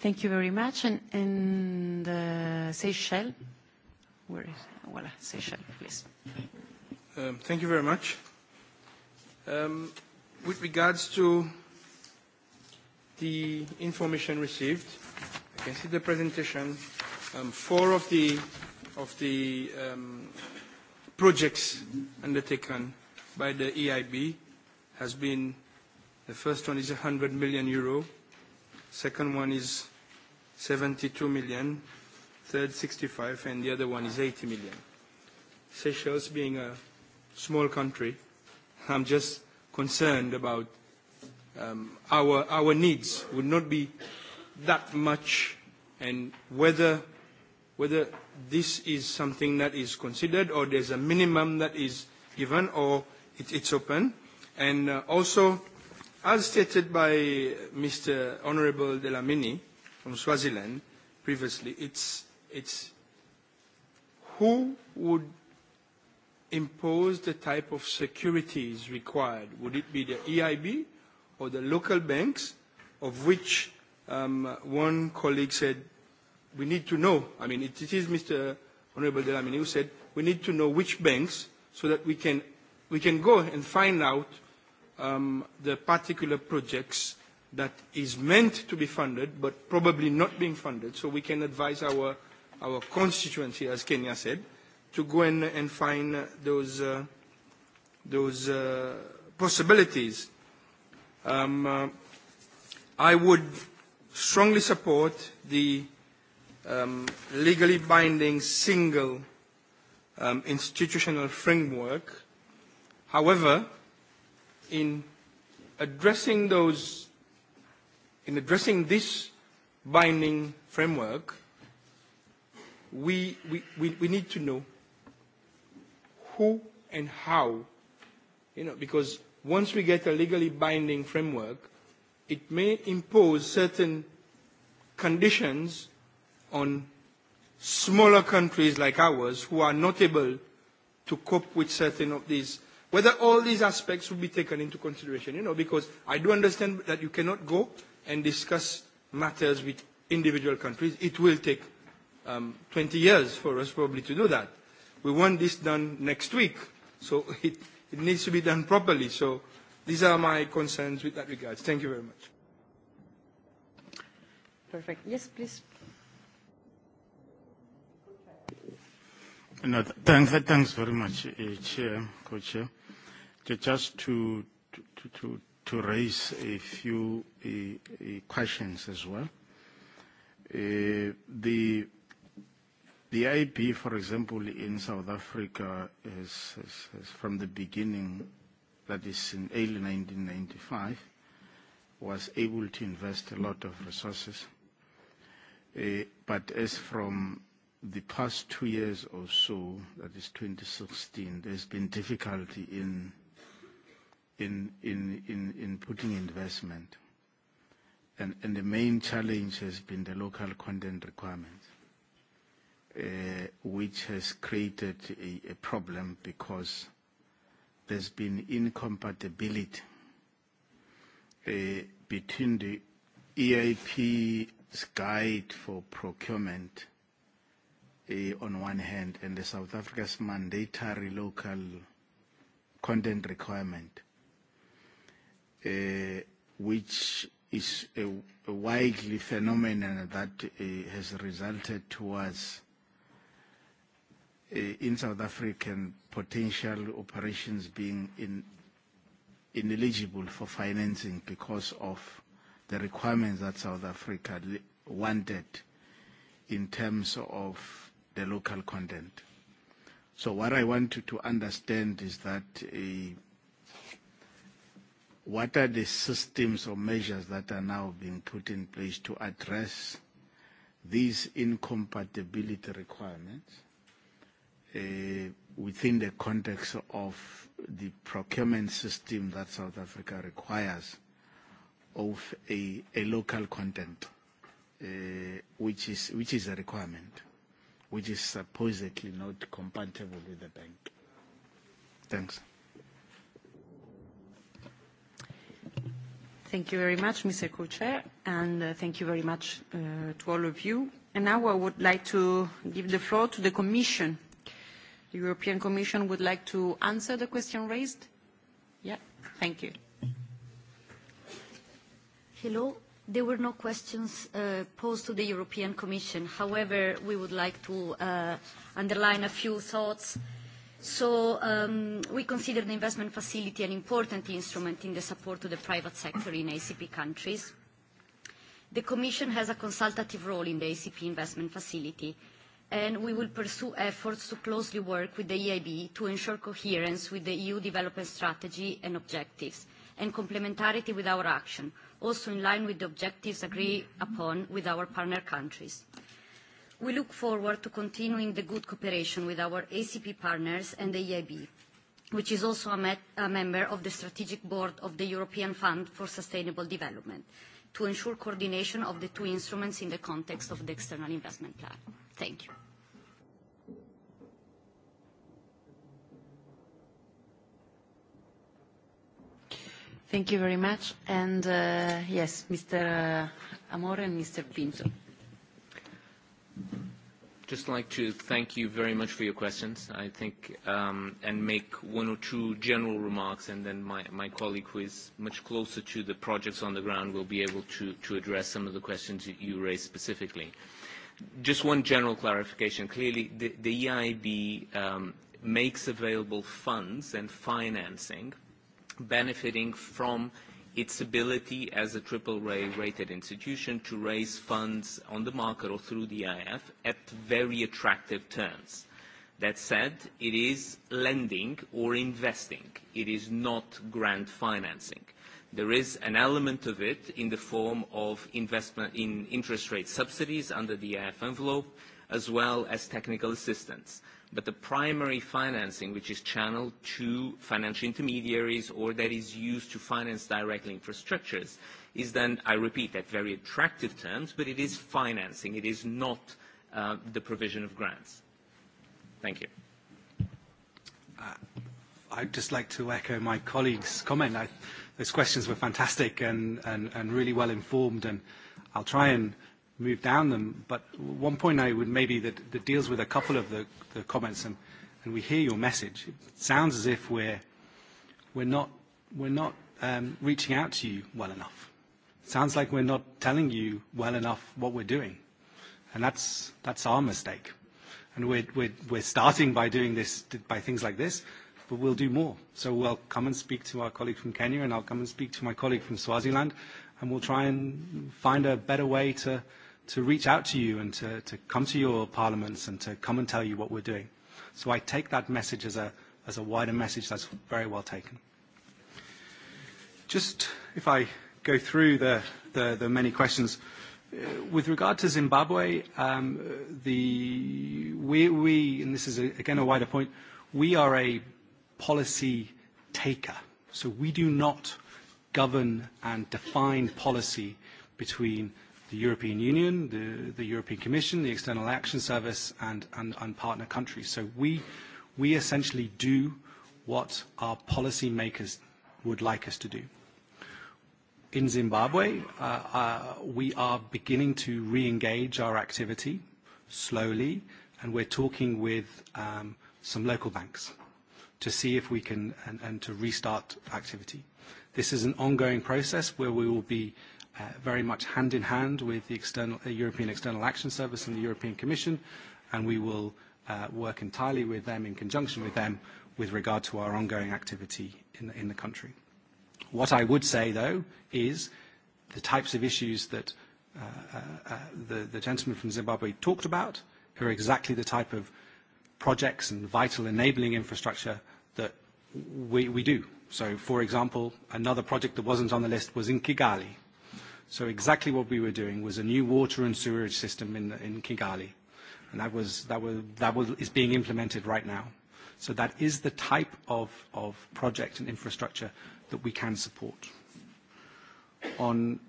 Thank you very much. And, and uh, Seychelles, where is it? Voilà, Seychelles, please. Um, thank you very much. Um, with regards to the information received, I can see the presentation four of the of the projects undertaken by the EIB has been the first one is 100 million euro, second one is 72 million, third 65, and the other one is 80 million. Seychelles being a small country, I'm just concerned about our our needs would not be that much and whether whether this is something that is considered or there's a minimum that is given or it's open. And also, as stated by Mr. Honorable Delamini from Swaziland previously, it's it's who would impose the type of securities required? Would it be the EIB or the local banks, of which one colleague said we need to know, I mean, it, is Mr. Honorable Delamini who said, we need to know which banks so that we can, we can go and find out the particular projects that is meant to be funded but probably not being funded. So we can advise our, our constituency, as Kenya said, to go and, and find those, those possibilities. I would strongly support the legally binding single institutional framework. However, in addressing those, in addressing this binding framework, we we need to know who and how, you know, because once we get a legally binding framework, it may impose certain conditions on smaller countries like ours who are not able to cope with certain of these, whether all these aspects will be taken into consideration, you know, because I do understand that you cannot go and discuss matters with individual countries. It will take 20 years for us probably to do that. We want this done next week, so it needs to be done properly. So these are my concerns with that regard. Thank you very much. Perfect. Yes, please. No, thanks very much, Chair, Co-Chair. Just to to to raise a few questions as well. The the IB, for example, in South Africa is from the beginning, that is in early 1995, was able to invest a lot of resources. But as from the past two years or so, that is 2016, there's been difficulty in in in in in putting investment. And and the main challenge has been the local content requirements, which has created a problem because there's been incompatibility between the EIP's guide for procurement on one hand and the South Africa's mandatory local content requirement, which is a widely phenomenon that has resulted towards in South African potential operations being ineligible for financing because of the requirements that South Africa wanted in terms of the local content. So what I want you to understand is that what are the systems or measures that are now being put in place to address these incompatibility requirements within the context of the procurement system that South Africa requires of a local content, which is which is a requirement which is supposedly not compatible with the bank. Thanks. Thank you very much, Mr. Co-Chair, and thank you very much to all of you. And now I would like to give the floor to the Commission. The European Commission would like to answer the question raised. Yeah, thank you. Hello, There were no questions posed to the European Commission. However, we would like to underline a few thoughts. So we consider the investment facility an important instrument in the support to the private sector in ACP countries. The Commission has a consultative role in the ACP investment facility, and we will pursue efforts to closely work with the EIB to ensure coherence with the EU development strategy and objectives, and complementarity with our action also in line with the objectives agreed upon with our partner countries. We look forward to continuing the good cooperation with our ACP partners and the EIB, which is also a member of the Strategic Board of the European Fund for Sustainable Development, to ensure coordination of the two instruments in the context of the External Investment Plan. Thank you. Thank you very much. And yes, Mr. Amor and Mr. Pinto. Just like to thank you very much for your questions, I think, and make one or two general remarks, and then my colleague who is much closer to the projects on the ground will be able to address some of the questions that you raised specifically. Just one general clarification. Clearly, the EIB makes available funds and financing benefiting from its ability as a AAA-rated institution to raise funds on the market or through the IF at very attractive terms. That said, it is lending or investing. It is not grant financing. There is an element of it in the form of investment in interest rate subsidies under the IF envelope, as well as technical assistance but the primary financing which is channeled to financial intermediaries or that is used to finance directly infrastructures is then, I repeat, at very attractive terms, but it is financing. It is not the provision of grants. Thank you. I'd just like to echo my colleague's comment. Those questions were fantastic and really well informed, and I'll try and move down them. But one point I would maybe that deals with a couple of the comments, and we hear your message. It sounds as if we're not reaching out to you well enough. It sounds like we're not telling you well enough what we're doing. And that's our mistake. And we're starting by doing this, by things like this, but we'll do more. So we'll come and speak to our colleague from Kenya, and I'll come and speak to my colleague from Swaziland, and we'll try and find a better way to to reach out to you and to, to come to your parliaments and to come and tell you what we're doing. So I take that message as a, as a wider message that's very well taken. Just if I go through the, the, the many questions, with regard to Zimbabwe, the, we, we, and this is again a wider point, we are a policy taker. So we do not govern and define policy between the European Union, the European Commission, the External Action Service, and partner countries. So we we essentially do what our policymakers would like us to do. In Zimbabwe, we are beginning to re-engage our activity slowly, and we're talking with some local banks to see if we can and to restart activity. This is an ongoing process where we will be very much hand in hand with the European External Action Service and the European Commission, and we will work entirely with them in conjunction with them with regard to our ongoing activity in the country. What I would say, though, is the types of issues that the gentleman from Zimbabwe talked about are exactly the type of projects and vital enabling infrastructure that we do. So, for example, another project that wasn't on the list was in Kigali So exactly what we were doing was a new water and sewerage system in Kigali, and that was that was that was is being implemented right now. So that is the type of project and infrastructure that we can support. On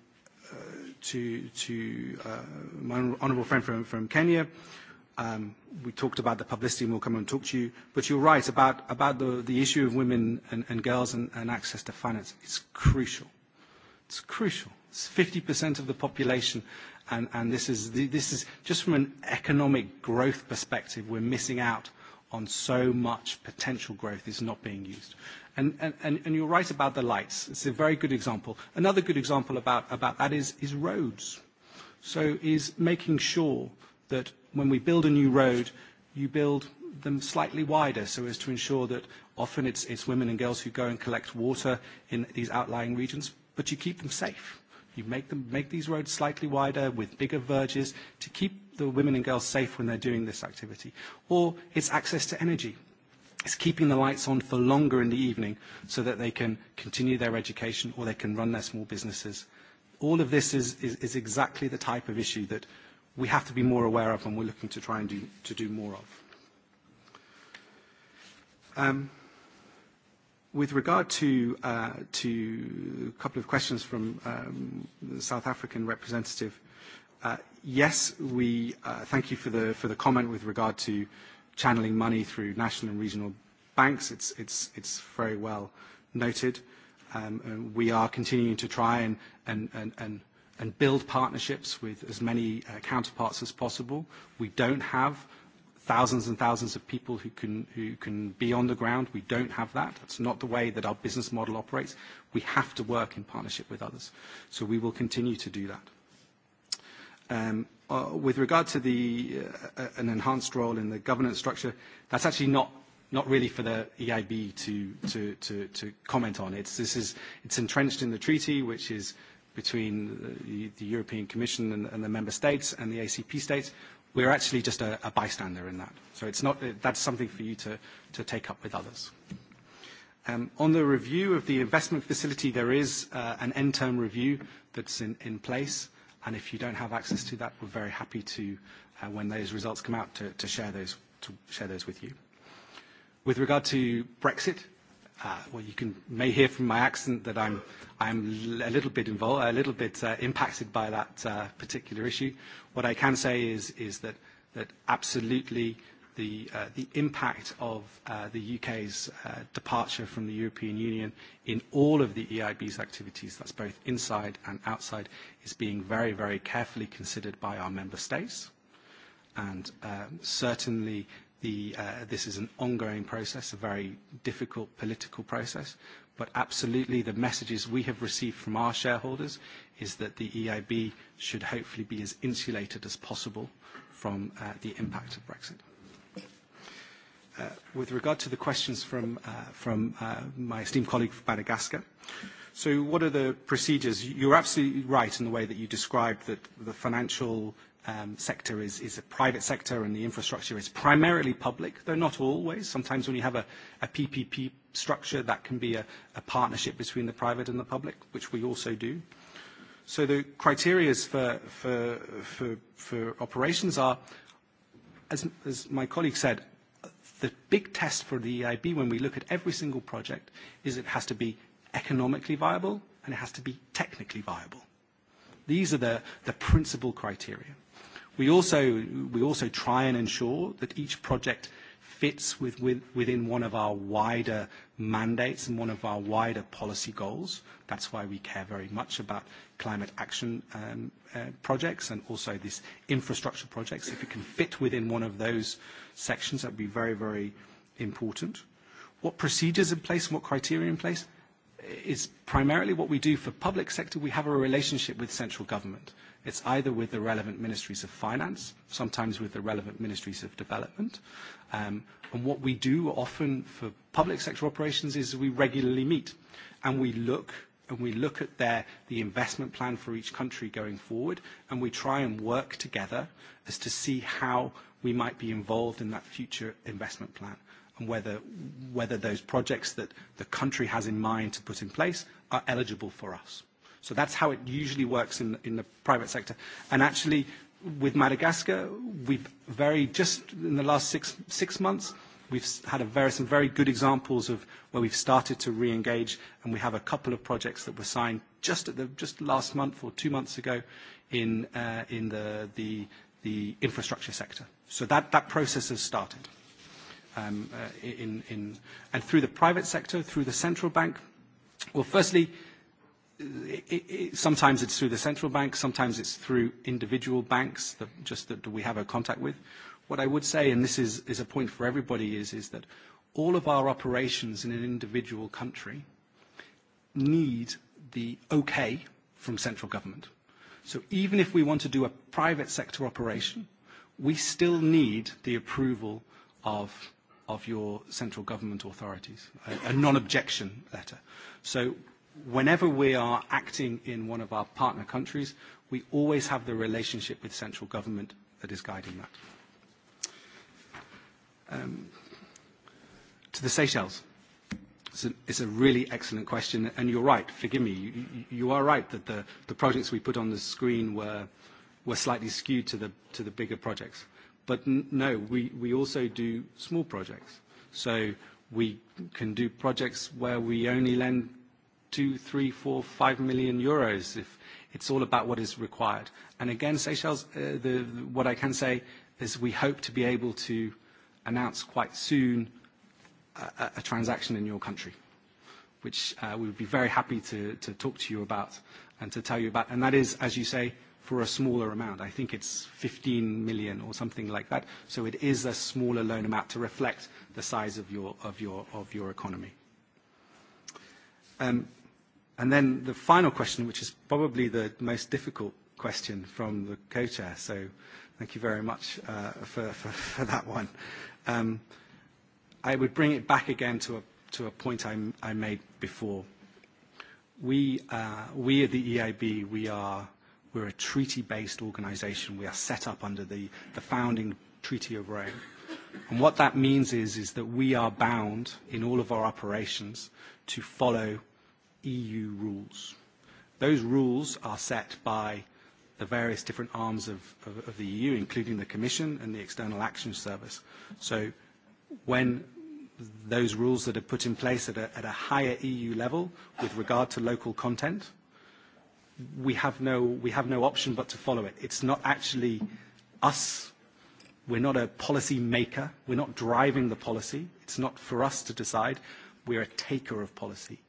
to to my honourable friend from from Kenya, we talked about the publicity and we'll come and talk to you. But you're right about about the issue of women and girls and access to finance. It's crucial. It's crucial 50% of the population, and this is just from an economic growth perspective, we're missing out on so much potential growth is not being used. And you're right about the lights. It's a very good example. Another good example about that is roads. So is making sure that when we build a new road, you build them slightly wider so as to ensure that often it's women and girls who go and collect water in these outlying regions, but you keep them safe. You make them make these roads slightly wider with bigger verges to keep the women and girls safe when they're doing this activity. Or it's access to energy. It's keeping the lights on for longer in the evening so that they can continue their education or they can run their small businesses. All of this is is exactly the type of issue that we have to be more aware of and we're looking to try and do to do more of. With regard to a couple of questions from the South African representative, yes, we thank you for the comment with regard to channeling money through national and regional banks. It's very well noted. We are continuing to try and build partnerships with as many counterparts as possible. We don't have thousands and thousands of people who can who can be on the ground. We don't have that. That's not the way that our business model operates. We have to work in partnership with others. So we will continue to do that. With regard to an enhanced role in the governance structure, that's actually not really for the EIB to comment on. is it's entrenched in the treaty, which is between the European Commission and the member states and the ACP states we're actually just a bystander in that. So it's not that's something for you to to take up with others. On the review of the investment facility, there is an end-term review that's in place, and if you don't have access to that, we're very happy to, when those results come out, to to share those with you. With regard to Brexit, Well, you can may hear from my accent that I'm I'm a little bit involved, a little bit impacted by that particular issue. What I can say is is that that absolutely the the impact of the UK's departure from the European Union in all of the EIB's activities, that's both inside and outside, is being very, very carefully considered by our member states. And certainly This is an ongoing process, a very difficult political process, but absolutely the messages we have received from our shareholders is that the EIB should hopefully be as insulated as possible from the impact of Brexit. With regard to the questions from my esteemed colleague from Madagascar, so what are the procedures? You're absolutely right in the way that you described that the financial sector is, a private sector and the infrastructure is primarily public, though not always. Sometimes when you have a, PPP structure, that can be a, partnership between the private and the public, which we also do. So the criteria for, operations are, as, my colleague said, the big test for the EIB when we look at every single project is it has to be economically viable and it has to be technically viable. These are the principal criteria. We also try and ensure that each project fits within one of our wider mandates and one of our wider policy goals. That's why we care very much about climate action projects and also these infrastructure projects. If it can fit within one of those sections, that would be very, very important. What procedures in place and what criteria in place is primarily what we do for public sector. We have a relationship with central government. It's either with the relevant ministries of finance, sometimes with the relevant ministries of development. And what we do often for public sector operations is we regularly meet and we look at the investment plan for each country going forward and we try and work together as to see how we might be involved in that future investment plan and whether those projects that the country has in mind to put in place are eligible for us. So that's how it usually works in, the private sector. And actually, with Madagascar, we've very just in the last six, six months, we've had a some very good examples of where we've started to re-engage, and we have a couple of projects that were signed just at the just last month or two months ago in uh, in the, the the infrastructure sector. So that that process has started. in, in, and through the private sector, through the central bank, well, firstly, sometimes it's through the central bank, sometimes it's through individual banks that just that we have a contact with. What I would say, and this is, is a point for everybody, is, is that all of our operations in an individual country need the okay from central government. So even if we want to do a private sector operation, we still need the approval of of your central government authorities, a non-objection letter. So whenever we are acting in one of our partner countries, we always have the relationship with central government that is guiding that. To the Seychelles. It's a really excellent question, and you're right. Forgive me. You are right that the projects we put on the screen were slightly skewed to the bigger projects. But no, we also do small projects. So we can do projects where we only lend two, three, four, five million euros. If it's all about what is required. And again, Seychelles, what I can say is we hope to be able to announce quite soon a transaction in your country, which we would be very happy to to talk to you about and to tell you about. And that is, as you say, for a smaller amount. I think it's 15 million or something like that. So it is a smaller loan amount to reflect the size of your economy. And then the final question, which is probably the most difficult question from the co-chair, so thank you very much for for that one. I would bring it back again to a to a point I made before. We we at the EIB we are we're a treaty-based organization. We are set up under the the founding Treaty of Rome, and what that means is is that we are bound in all of our operations to follow EU rules. Those rules are set by the various different arms of the EU, including the Commission and the External Action Service. So when those rules that are put in place at a higher EU level with regard to local content, we have no option but to follow it. It's not actually us. We're not a policy maker. We're not driving the policy. It's not for us to decide. We're a taker of policy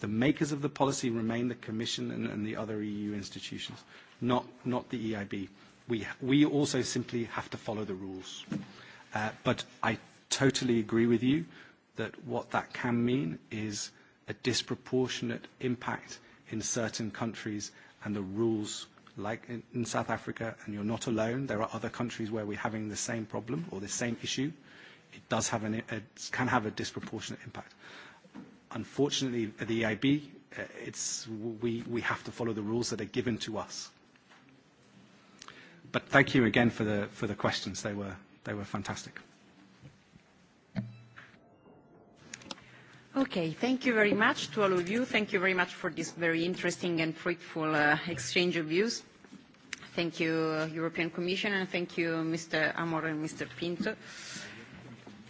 the makers of the policy remain the Commission and the other EU institutions, not the EIB. We also simply have to follow the rules. But I totally agree with you that what that can mean is a disproportionate impact in certain countries and the rules like in South Africa, and you're not alone. There are other countries where we're having the same problem or the same issue. It does have an, it can have a disproportionate impact. Unfortunately, at the EIB, it's, we, have to follow the rules that are given to us. But thank you again for the, for the questions. They were, they were fantastic. Okay, thank you very much to all of you. Thank you very much for this very interesting and fruitful exchange of views. Thank you, European Commission, and thank you, Mr. Amor and Mr. Pinto.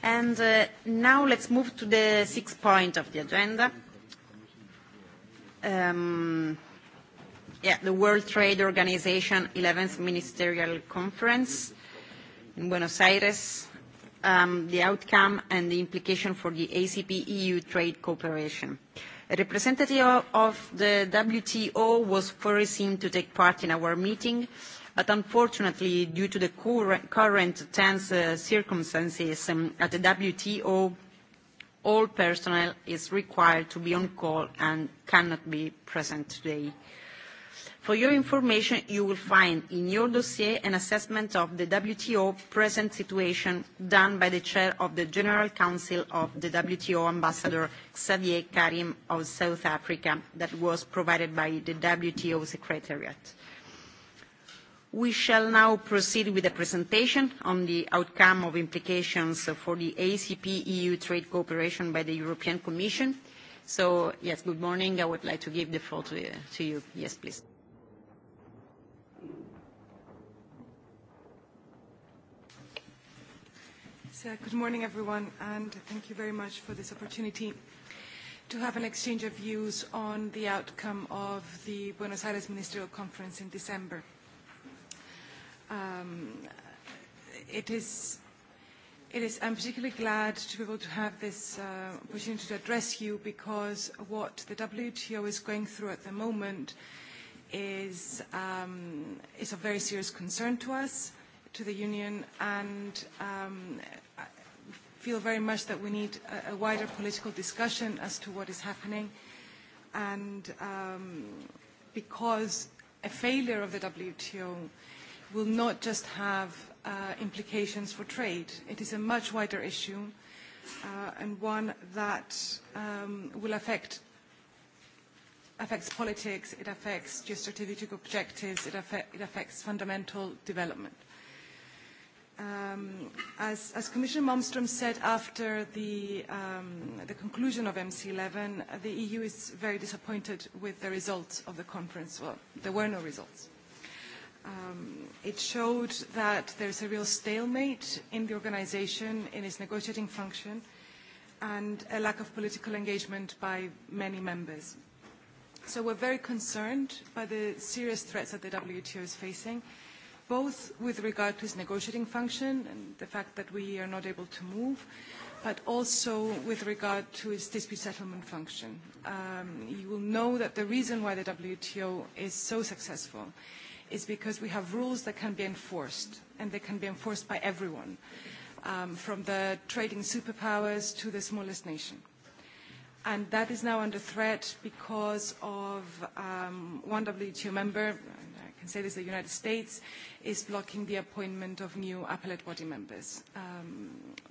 And now let's move to the sixth point of the agenda. Yeah, the World Trade Organization 11th Ministerial Conference in Buenos Aires, the outcome and the implication for the ACP-EU trade cooperation. A representative of the WTO was foreseen to take part in our meeting, but unfortunately, due to the current tense circumstances at the WTO, all personnel is required to be on call and cannot be present today. For your information, you will find in your dossier an assessment of the WTO present situation done by the Chair of the General Council of the WTO Ambassador Xavier Karim of South Africa that was provided by the WTO Secretariat. We shall now proceed with the presentation on the outcome of implications for the ACP-EU trade cooperation by the European Commission. So, yes, good morning. I would like to give the floor to you. Yes, please. Good morning, everyone, and thank you very much for this opportunity to have an exchange of views on the outcome of the Buenos Aires Ministerial Conference in December. It is I'm particularly glad to be able to have this opportunity to address you because what the WTO is going through at the moment is a very serious concern to us, to the Union, and I feel very much that we need a wider political discussion as to what is happening. And because a failure of the WTO will not just have implications for trade. It is a much wider issue and one that will affect affects politics, it affects geostrategic objectives, it affects fundamental development. As Commissioner Malmström said after the conclusion of MC11, the EU is very disappointed with the results of the conference. Well, there were no results. It showed that there's a real stalemate in the organization, in its negotiating function, and a lack of political engagement by many members. So we're very concerned by the serious threats that the WTO is facing, both with regard to its negotiating function and the fact that we are not able to move, but also with regard to its dispute settlement function. You will know that the reason why the WTO is so successful is because we have rules that can be enforced, and they can be enforced by everyone, from the trading superpowers to the smallest nation. And that is now under threat because of one WTO member, I can say this, the United States, is blocking the appointment of new appellate body members.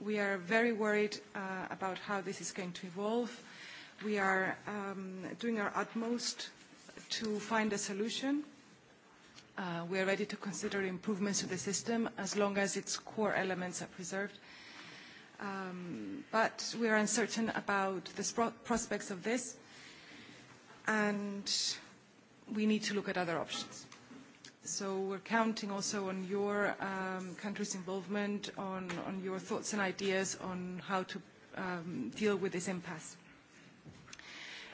We are very worried about how this is going to evolve. We are doing our utmost to find a solution We are ready to consider improvements to the system as long as its core elements are preserved. But we are uncertain about the prospects of this, and we need to look at other options. So we're counting also on your country's involvement, on your thoughts and ideas on how to deal with this impasse.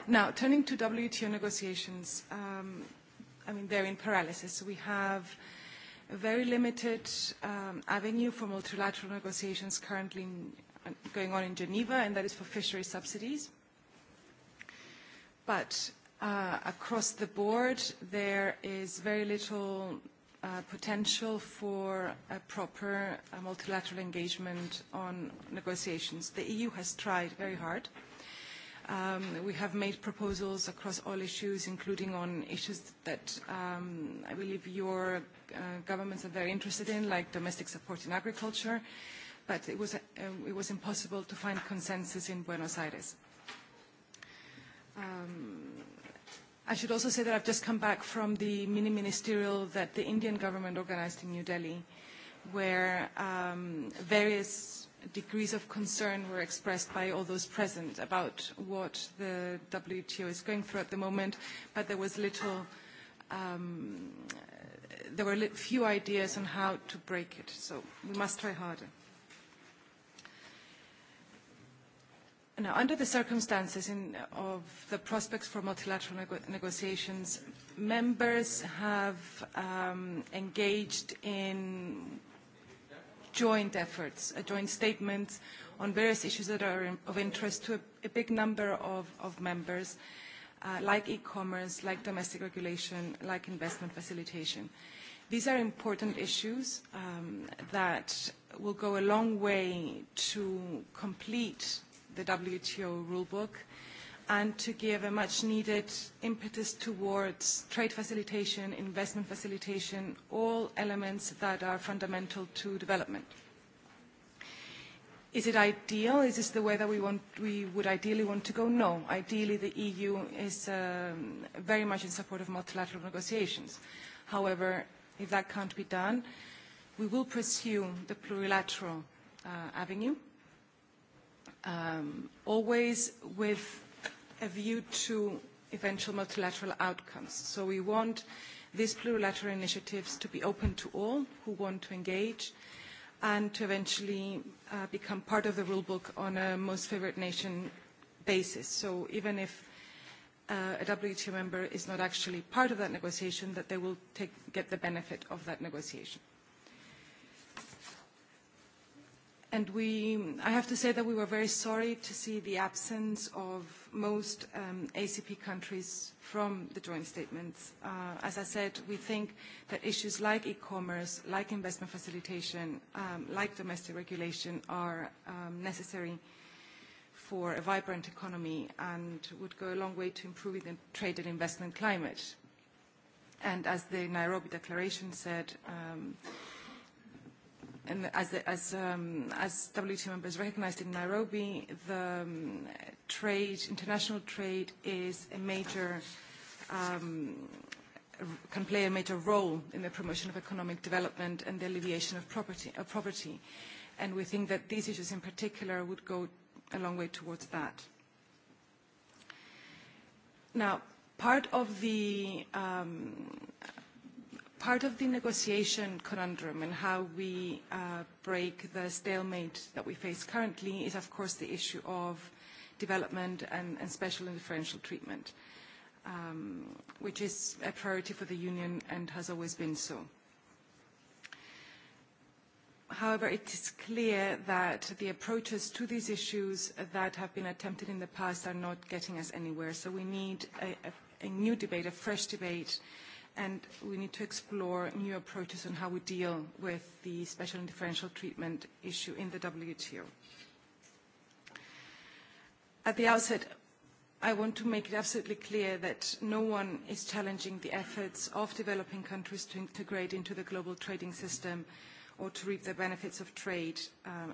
Now, turning to WTO negotiations, I mean, they're in paralysis. We have a very limited avenue for multilateral negotiations currently going on in Geneva, and that is for fishery subsidies. But across the board, there is very little potential for a proper multilateral engagement on negotiations. The EU has tried very hard We have made proposals across all issues, including on issues that I believe your governments are very interested in, like domestic support in agriculture, but it was impossible to find consensus in Buenos Aires. I should also say that I've just come back from the mini-ministerial that the Indian government organized in New Delhi, where various degrees of concern were expressed by all those present about what the WTO is going through at the moment, but there was little, there were few ideas on how to break it. So we must try harder. Now, under the circumstances of the prospects for multilateral negotiations, members have engaged in joint efforts, a joint statement on various issues that are of interest to a big number of members, like e-commerce, like domestic regulation, like investment facilitation. These are important issues that will go a long way to complete the WTO rulebook and to give a much needed impetus towards trade facilitation, investment facilitation, all elements that are fundamental to development. Is it ideal? Is this the way that we want we would ideally want to go? No. Ideally the EU is very much in support of multilateral negotiations. However, if that can't be done, we will pursue the plurilateral avenue, always with a view to eventual multilateral outcomes. So we want these plurilateral initiatives to be open to all who want to engage and to eventually become part of the rule book on a most favoured nation basis. So even if a WTO member is not actually part of that negotiation, that they will get the benefit of that negotiation. And we, I have to say that we were very sorry to see the absence of most ACP countries from the joint statements. As I said, we think that issues like e-commerce, like investment facilitation, like domestic regulation are necessary for a vibrant economy and would go a long way to improving the trade and investment climate. And as the Nairobi Declaration said, and as, WTO members recognized in Nairobi, the trade, international trade is a major, can play a major role in the promotion of economic development and the alleviation of poverty. And we think that these issues in particular would go a long way towards that. Now, part of the part of the negotiation conundrum and how we break the stalemate that we face currently is, of course, the issue of development and special and differential treatment, which is a priority for the Union and has always been so. However, it is clear that the approaches to these issues that have been attempted in the past are not getting us anywhere. So we need a new debate, a fresh debate and we need to explore new approaches on how we deal with the special and differential treatment issue in the WTO. At the outset, I want to make it absolutely clear that no one is challenging the efforts of developing countries to integrate into the global trading system or to reap the benefits of trade.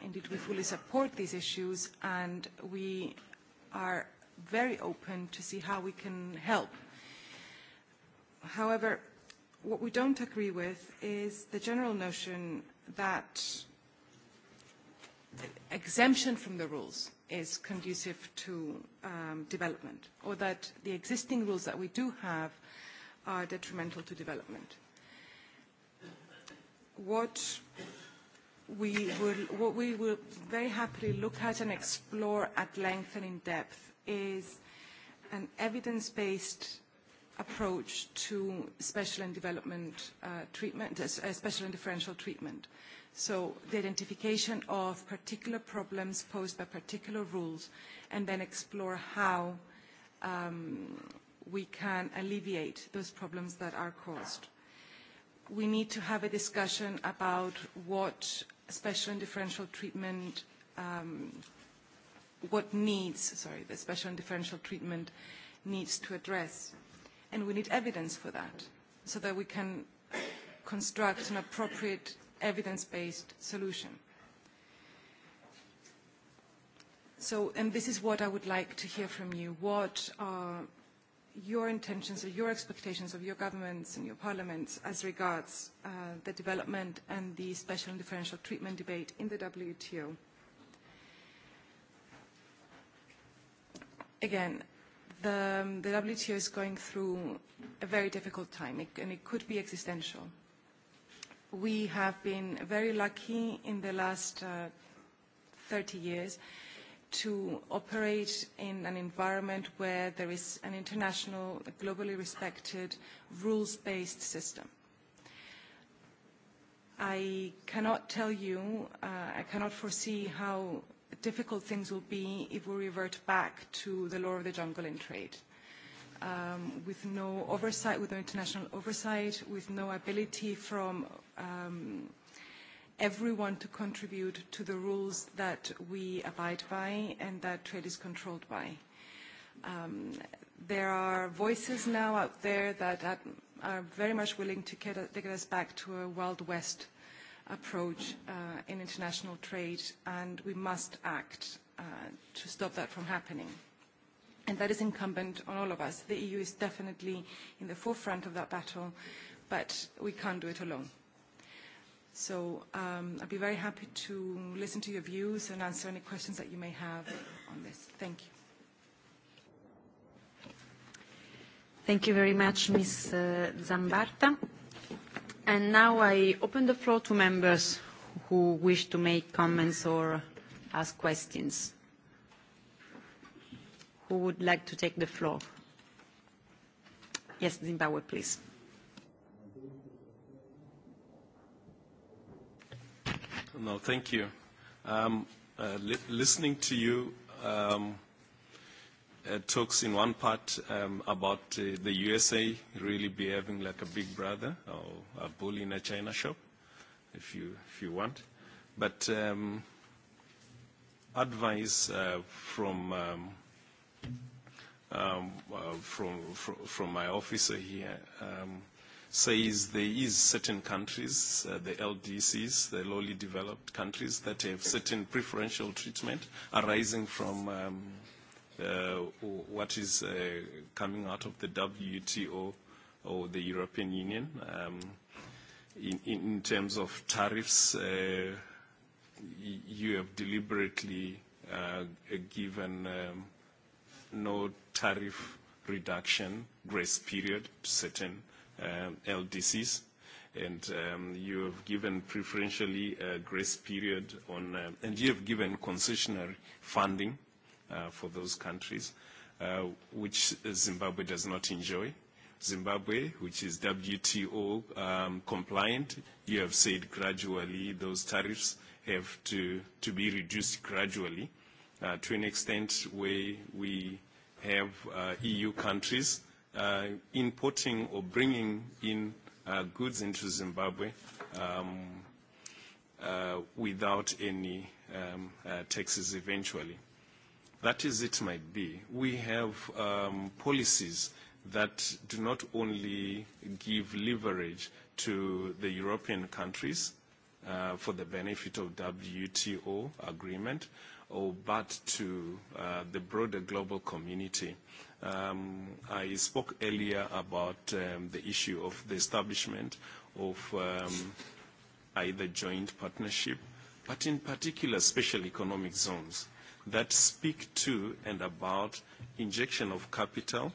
Indeed, we fully support these issues, and we are very open to see how we can help However, what we don't agree with is the general notion that exemption from the rules is conducive to development, or that the existing rules that we do have are detrimental to development. What we will very happily look at and explore at length and in depth is an evidence-based approach to special and development treatment, special and differential treatment. So the identification of particular problems posed by particular rules and then explore how we can alleviate those problems that are caused. We need to have a discussion about what special and differential treatment, what needs, sorry, the special and differential treatment needs to address and we need evidence for that so that we can construct an appropriate evidence-based solution. So, and this is what I would like to hear from you. What are your intentions or your expectations of your governments and your parliaments as regards the development and the special and differential treatment debate in the WTO? Again, the WTO is going through a very difficult time, and it could be existential. We have been very lucky in the last 30 years to operate in an environment where there is an international, globally respected, rules-based system. I cannot tell you, I cannot foresee how difficult things will be if we revert back to the law of the jungle in trade. With no oversight, with no international oversight, with no ability from everyone to contribute to the rules that we abide by and that trade is controlled by. There are voices now out there that are very much willing to get us back to a Wild West approach in international trade, and we must act to stop that from happening. And that is incumbent on all of us. The EU is definitely in the forefront of that battle, but we can't do it alone. So I'd be very happy to listen to your views and answer any questions that you may have on this. Thank you. Thank you very much, Ms. Zambarta. And now I open the floor to members who wish to make comments or ask questions. Who would like to take the floor? Yes, Zimbabwe, please. No, thank you. Listening to you, talks in one part about the USA really behaving like a big brother or a bull in a china shop, if you if you want. But advice from from from my officer here says there is certain countries, the LDCs, the lowly developed countries, that have certain preferential treatment arising from what is coming out of the WTO or the European Union in terms of tariffs. You have deliberately given no tariff reduction grace period to certain LDCs, and you have given preferentially a grace period on, and you have given concessionary funding for those countries, which Zimbabwe does not enjoy. Zimbabwe, which is WTO compliant, you have said gradually those tariffs have to be reduced gradually to an extent where we have EU countries importing or bringing in goods into Zimbabwe without any taxes eventually that is it might be, we have policies that do not only give leverage to the European countries for the benefit of WTO agreement, but to the broader global community. I spoke earlier about the issue of the establishment of either joint partnership, but in particular special economic zones that speak to and about injection of capital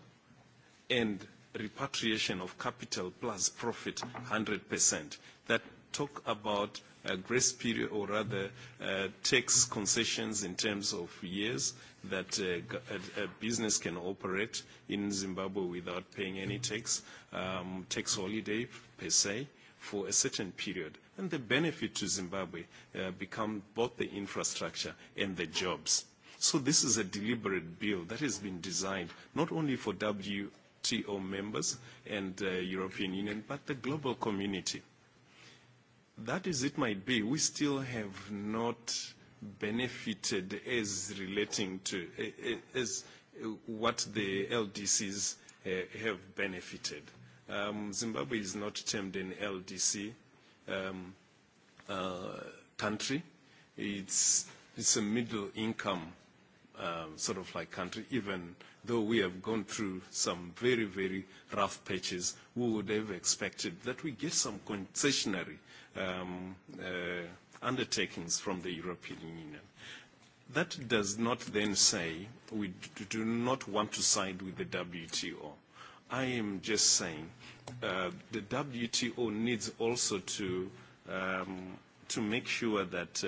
and repatriation of capital plus profit 100%, that talk about a grace period or rather tax concessions in terms of years that a business can operate in Zimbabwe without paying any tax, tax holiday per se, for a certain period and the benefit to Zimbabwe become both the infrastructure and the jobs. So this is a deliberate bill that has been designed not only for WTO members and European Union, but the global community. That is it might be. We still have not benefited as relating to as what the LDCs have benefited. Zimbabwe is not termed an LDC country. It's it's a middle income sort of like country, even though we have gone through some very, very rough patches, we would have expected that we get some concessionary undertakings from the European Union. That does not then say we do not want to side with the WTO. I am just saying the WTO needs also to to make sure that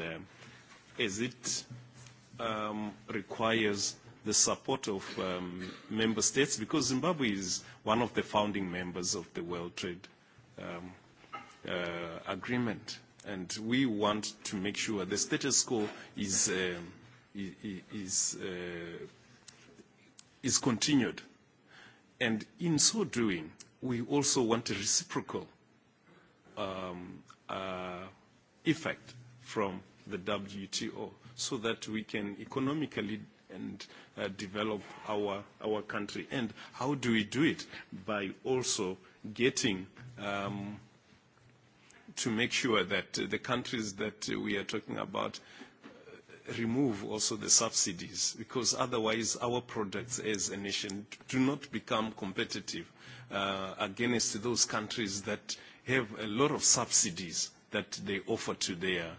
as it requires the support of member states, because Zimbabwe is one of the founding members of the World Trade Agreement, and we want to make sure the status quo is is is continued, and in so doing we also want a reciprocal effect from the WTO so that we can economically and develop our our country. And how do we do it? By also getting to make sure that the countries that we are talking about remove also the subsidies, because otherwise our products as a nation do not become competitive against those countries that have a lot of subsidies that they offer to their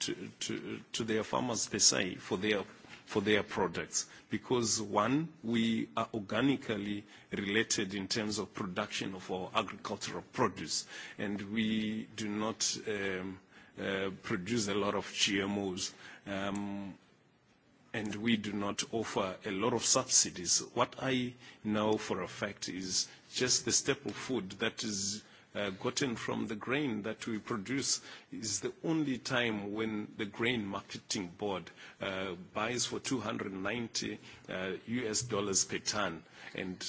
to their farmers per se for their for their products because one we are organically related in terms of production of our agricultural produce and we do not produce a lot of GMOs and we do not offer a lot of subsidies. What I know for a fact is just the staple food that is gotten from the grain that we produce is the only time when the grain marketing board buys for 290 US dollars per ton and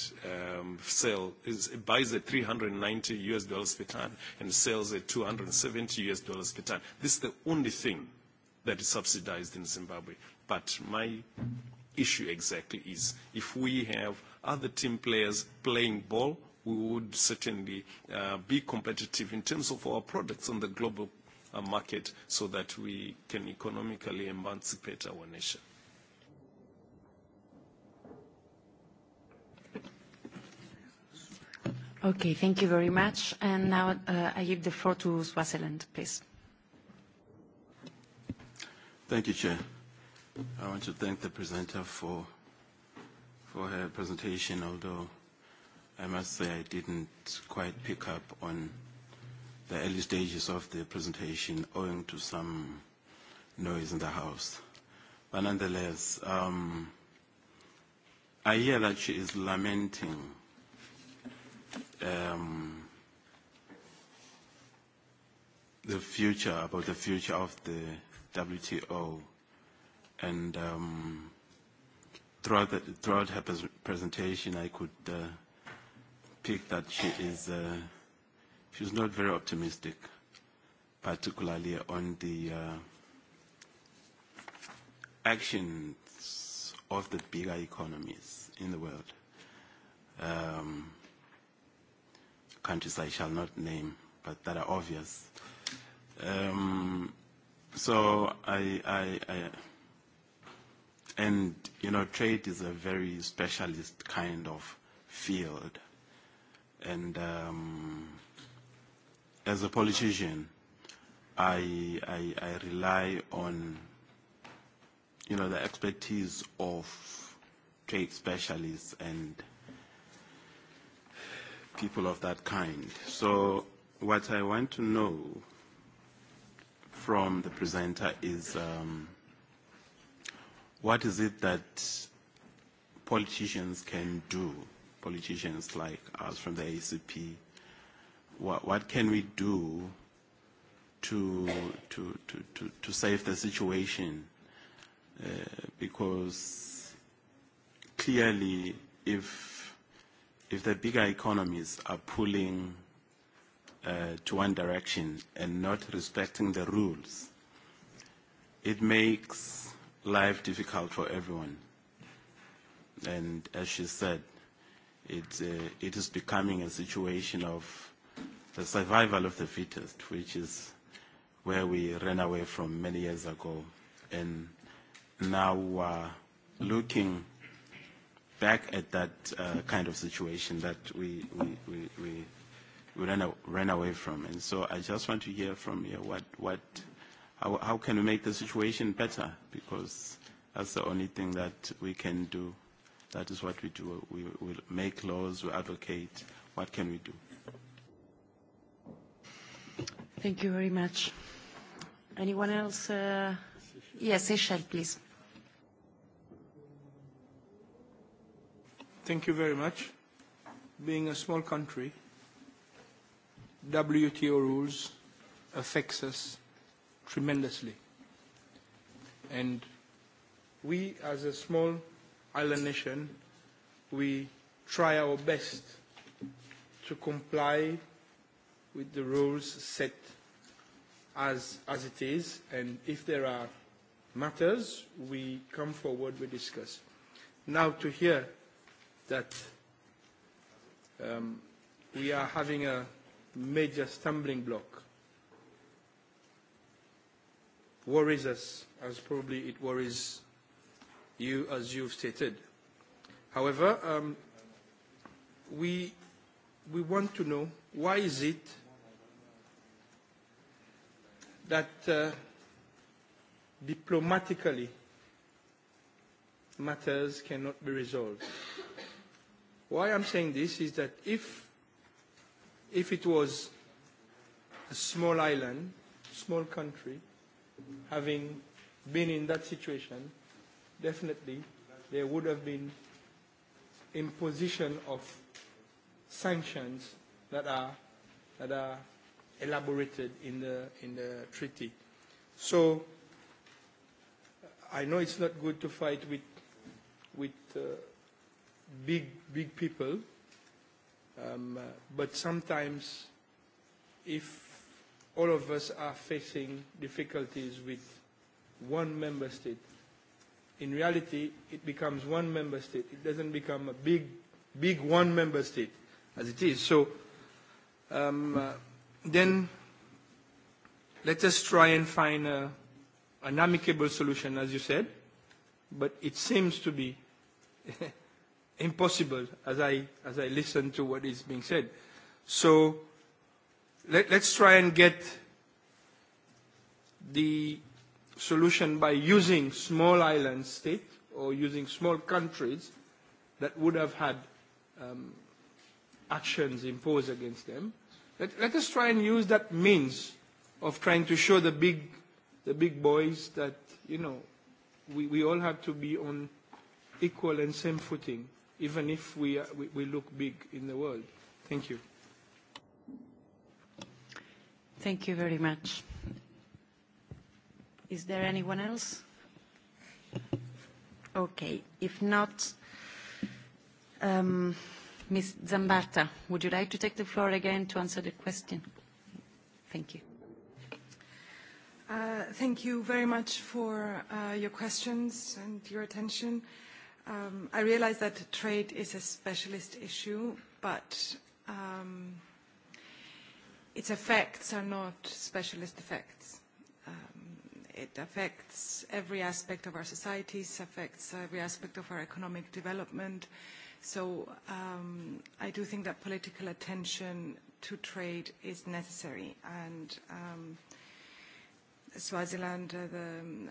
sell is buys at 390 US dollars per ton and sells at 270 US dollars per ton. This is the only thing that is subsidized in Zimbabwe. But my issue exactly is if we have other team players playing ball we would certainly be competitive in terms of our products on the global market so that we can economically emancipate our nation. Okay, thank you very much. And now I give the floor to Swaziland, please. Thank you, Chair. I want to thank the presenter for for her presentation, although I must say I didn't quite pick up on the early stages of the presentation owing to some noise in the house. But nonetheless, um, I hear that she is lamenting um, the future, about the future of the WTO. And um, throughout, the, throughout her presentation, I could uh, pick that she is she's not very optimistic, particularly on the actions of the bigger economies in the world. Um, countries I shall not name, but that are obvious. Um, so I, I, I, and you know, trade is a very specialist kind of field And as a politician, I I I rely on, you know, the expertise of trade specialists and people of that kind. So what I want to know from the presenter is what is it that politicians can do politicians like us from the ACP, what, what can we do to, to, to, to, to save the situation? because clearly if, if the bigger economies are pulling to one direction and not respecting the rules, it makes life difficult for everyone. And as she said, it is becoming a situation of the survival of the fittest, which is where we ran away from many years ago. And now we're looking back at that kind of situation that we, we, we, we, we ran, ran away from. And so I just want to hear from you what, what, how, how can we make the situation better? Because that's the only thing that we can do That is what we do. We will make laws, we advocate. What can we do? Thank you very much. Anyone else? Yes, Seychelles, please. Thank you very much. Being a small country, WTO rules affects us tremendously. And we, as a small island nation, we try our best to comply with the rules set as as it is, and if there are matters, we come forward, we discuss. Now to hear that we are having a major stumbling block worries us as probably it worries you, as you've stated. However, we we want to know why is it that diplomatically matters cannot be resolved. Why I'm saying this is that if if it was a small island, small country, having been in that situation, definitely there would have been imposition of sanctions that are that are elaborated in the in the treaty. So I know it's not good to fight with with big big people, but sometimes if all of us are facing difficulties with one member state in reality, it becomes one member state. It doesn't become a big, big one member state as it is. So um, then let us try and find a, an amicable solution, as you said. But it seems to be impossible as I, as I listen to what is being said. So let's try and get the solution by using small island states or using small countries that would have had actions imposed against them. Let us try and use that means of trying to show the big the big boys that, you know, we we all have to be on equal and same footing, even if we we look big in the world. Thank you. Thank you very much. Is there anyone else? Okay. If not, Ms. Zambarta, would you like to take the floor again to answer the question? Thank you. Thank you very much for your questions and your attention. I realize that trade is a specialist issue, but its effects are not specialist effects. It affects every aspect of our societies, affects every aspect of our economic development. So I do think that political attention to trade is necessary. And Swaziland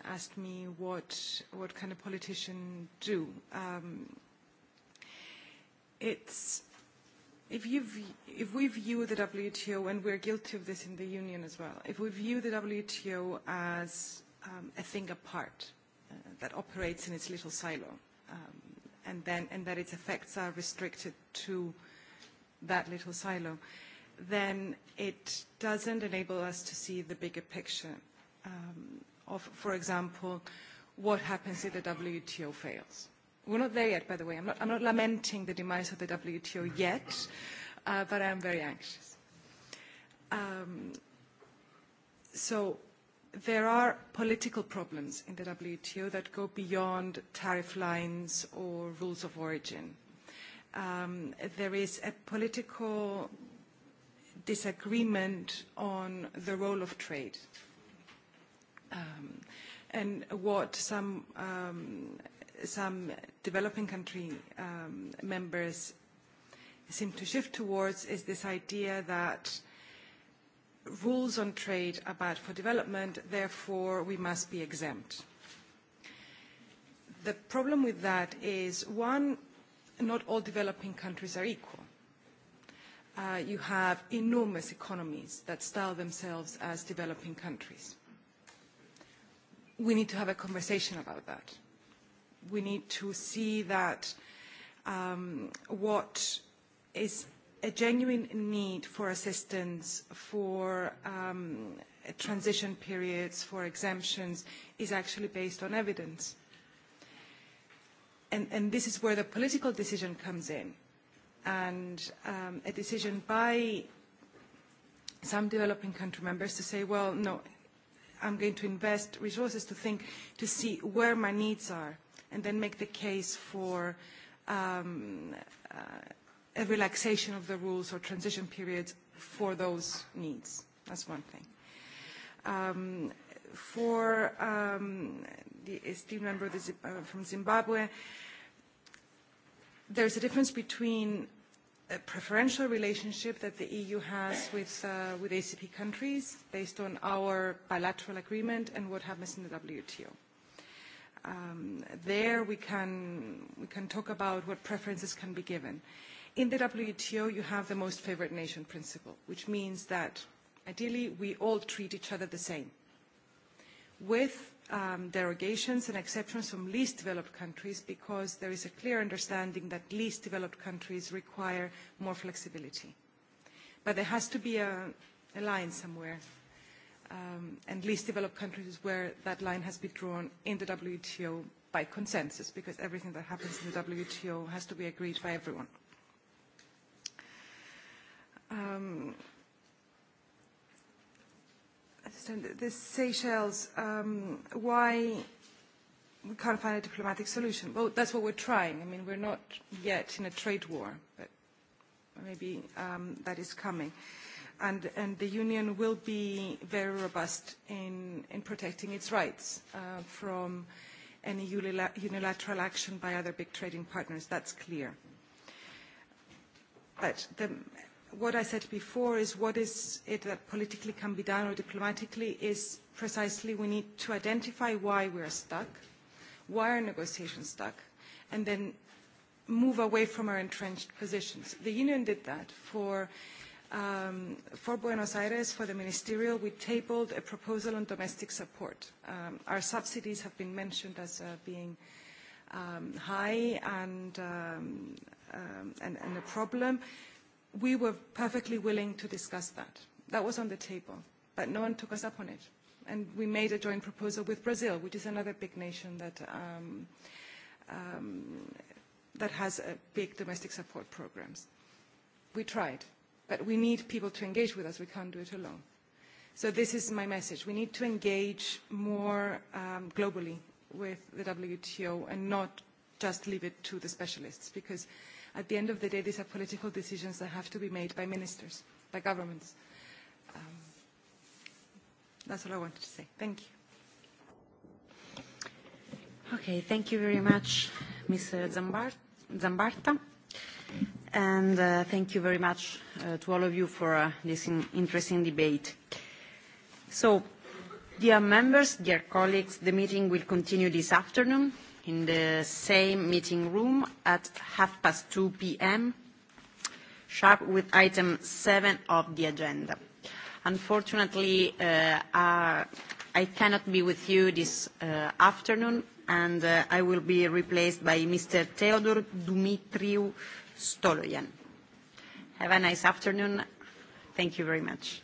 asked me what what kind of politicians do. It's If we view the WTO, and we're guilty of this in the Union as well, if we view the WTO as a thing apart that operates in its little silo, and that its effects are restricted to that little silo, then it doesn't enable us to see the bigger picture of, for example, what happens if the WTO fails We're not there yet, by the way. I'm not, I'm not lamenting the demise of the WTO yet, but I am very anxious. Um, so there are political problems in the WTO that go beyond tariff lines or rules of origin. Um, there is a political disagreement on the role of trade um, and what some um, some developing country members seem to shift towards is this idea that rules on trade are bad for development, therefore we must be exempt. The problem with that is, one, not all developing countries are equal. You have enormous economies that style themselves as developing countries. We need to have a conversation about that we need to see that what is a genuine need for assistance for transition periods, for exemptions, is actually based on evidence. And this is where the political decision comes in. And a decision by some developing country members to say, well, no, I'm going to invest resources to think, to see where my needs are and then make the case for a relaxation of the rules or transition periods for those needs. That's one thing. For the esteemed member from Zimbabwe, there's a difference between a preferential relationship that the EU has with ACP countries based on our bilateral agreement and what happens in the WTO. There we can we can talk about what preferences can be given. In the WTO you have the most favoured nation principle, which means that ideally we all treat each other the same, with derogations and exceptions from least developed countries, because there is a clear understanding that least developed countries require more flexibility. But there has to be a line somewhere and least developed countries where that line has been drawn in the WTO by consensus, because everything that happens in the WTO has to be agreed by everyone. The Seychelles, why we can't find a diplomatic solution? Well, that's what we're trying. I mean, we're not yet in a trade war, but maybe that is coming and the Union will be very robust in protecting its rights from any unilateral action by other big trading partners. That's clear. But what I said before is what is it that politically can be done or diplomatically is precisely we need to identify why we are stuck, why are negotiations stuck, and then move away from our entrenched positions. The Union did that for for Buenos Aires, for the ministerial, we tabled a proposal on domestic support. Our subsidies have been mentioned as being high and a problem. We were perfectly willing to discuss that. That was on the table, but no one took us up on it. And we made a joint proposal with Brazil, which is another big nation that that has big domestic support programs. We tried but we need people to engage with us. We can't do it alone. So this is my message. We need to engage more globally with the WTO and not just leave it to the specialists, because at the end of the day, these are political decisions that have to be made by ministers, by governments. That's all I wanted to say. Thank you. Okay, thank you very much, Ms. Zambarta and thank you very much to all of you for this interesting debate. So, dear members, dear colleagues, the meeting will continue this afternoon in the same meeting room at half past 2 p.m., sharp with item 7 of the agenda. Unfortunately, I cannot be with you this afternoon, and I will be replaced by Mr. Theodor Dumitriou, Stolojan. Have a nice afternoon. Thank you very much.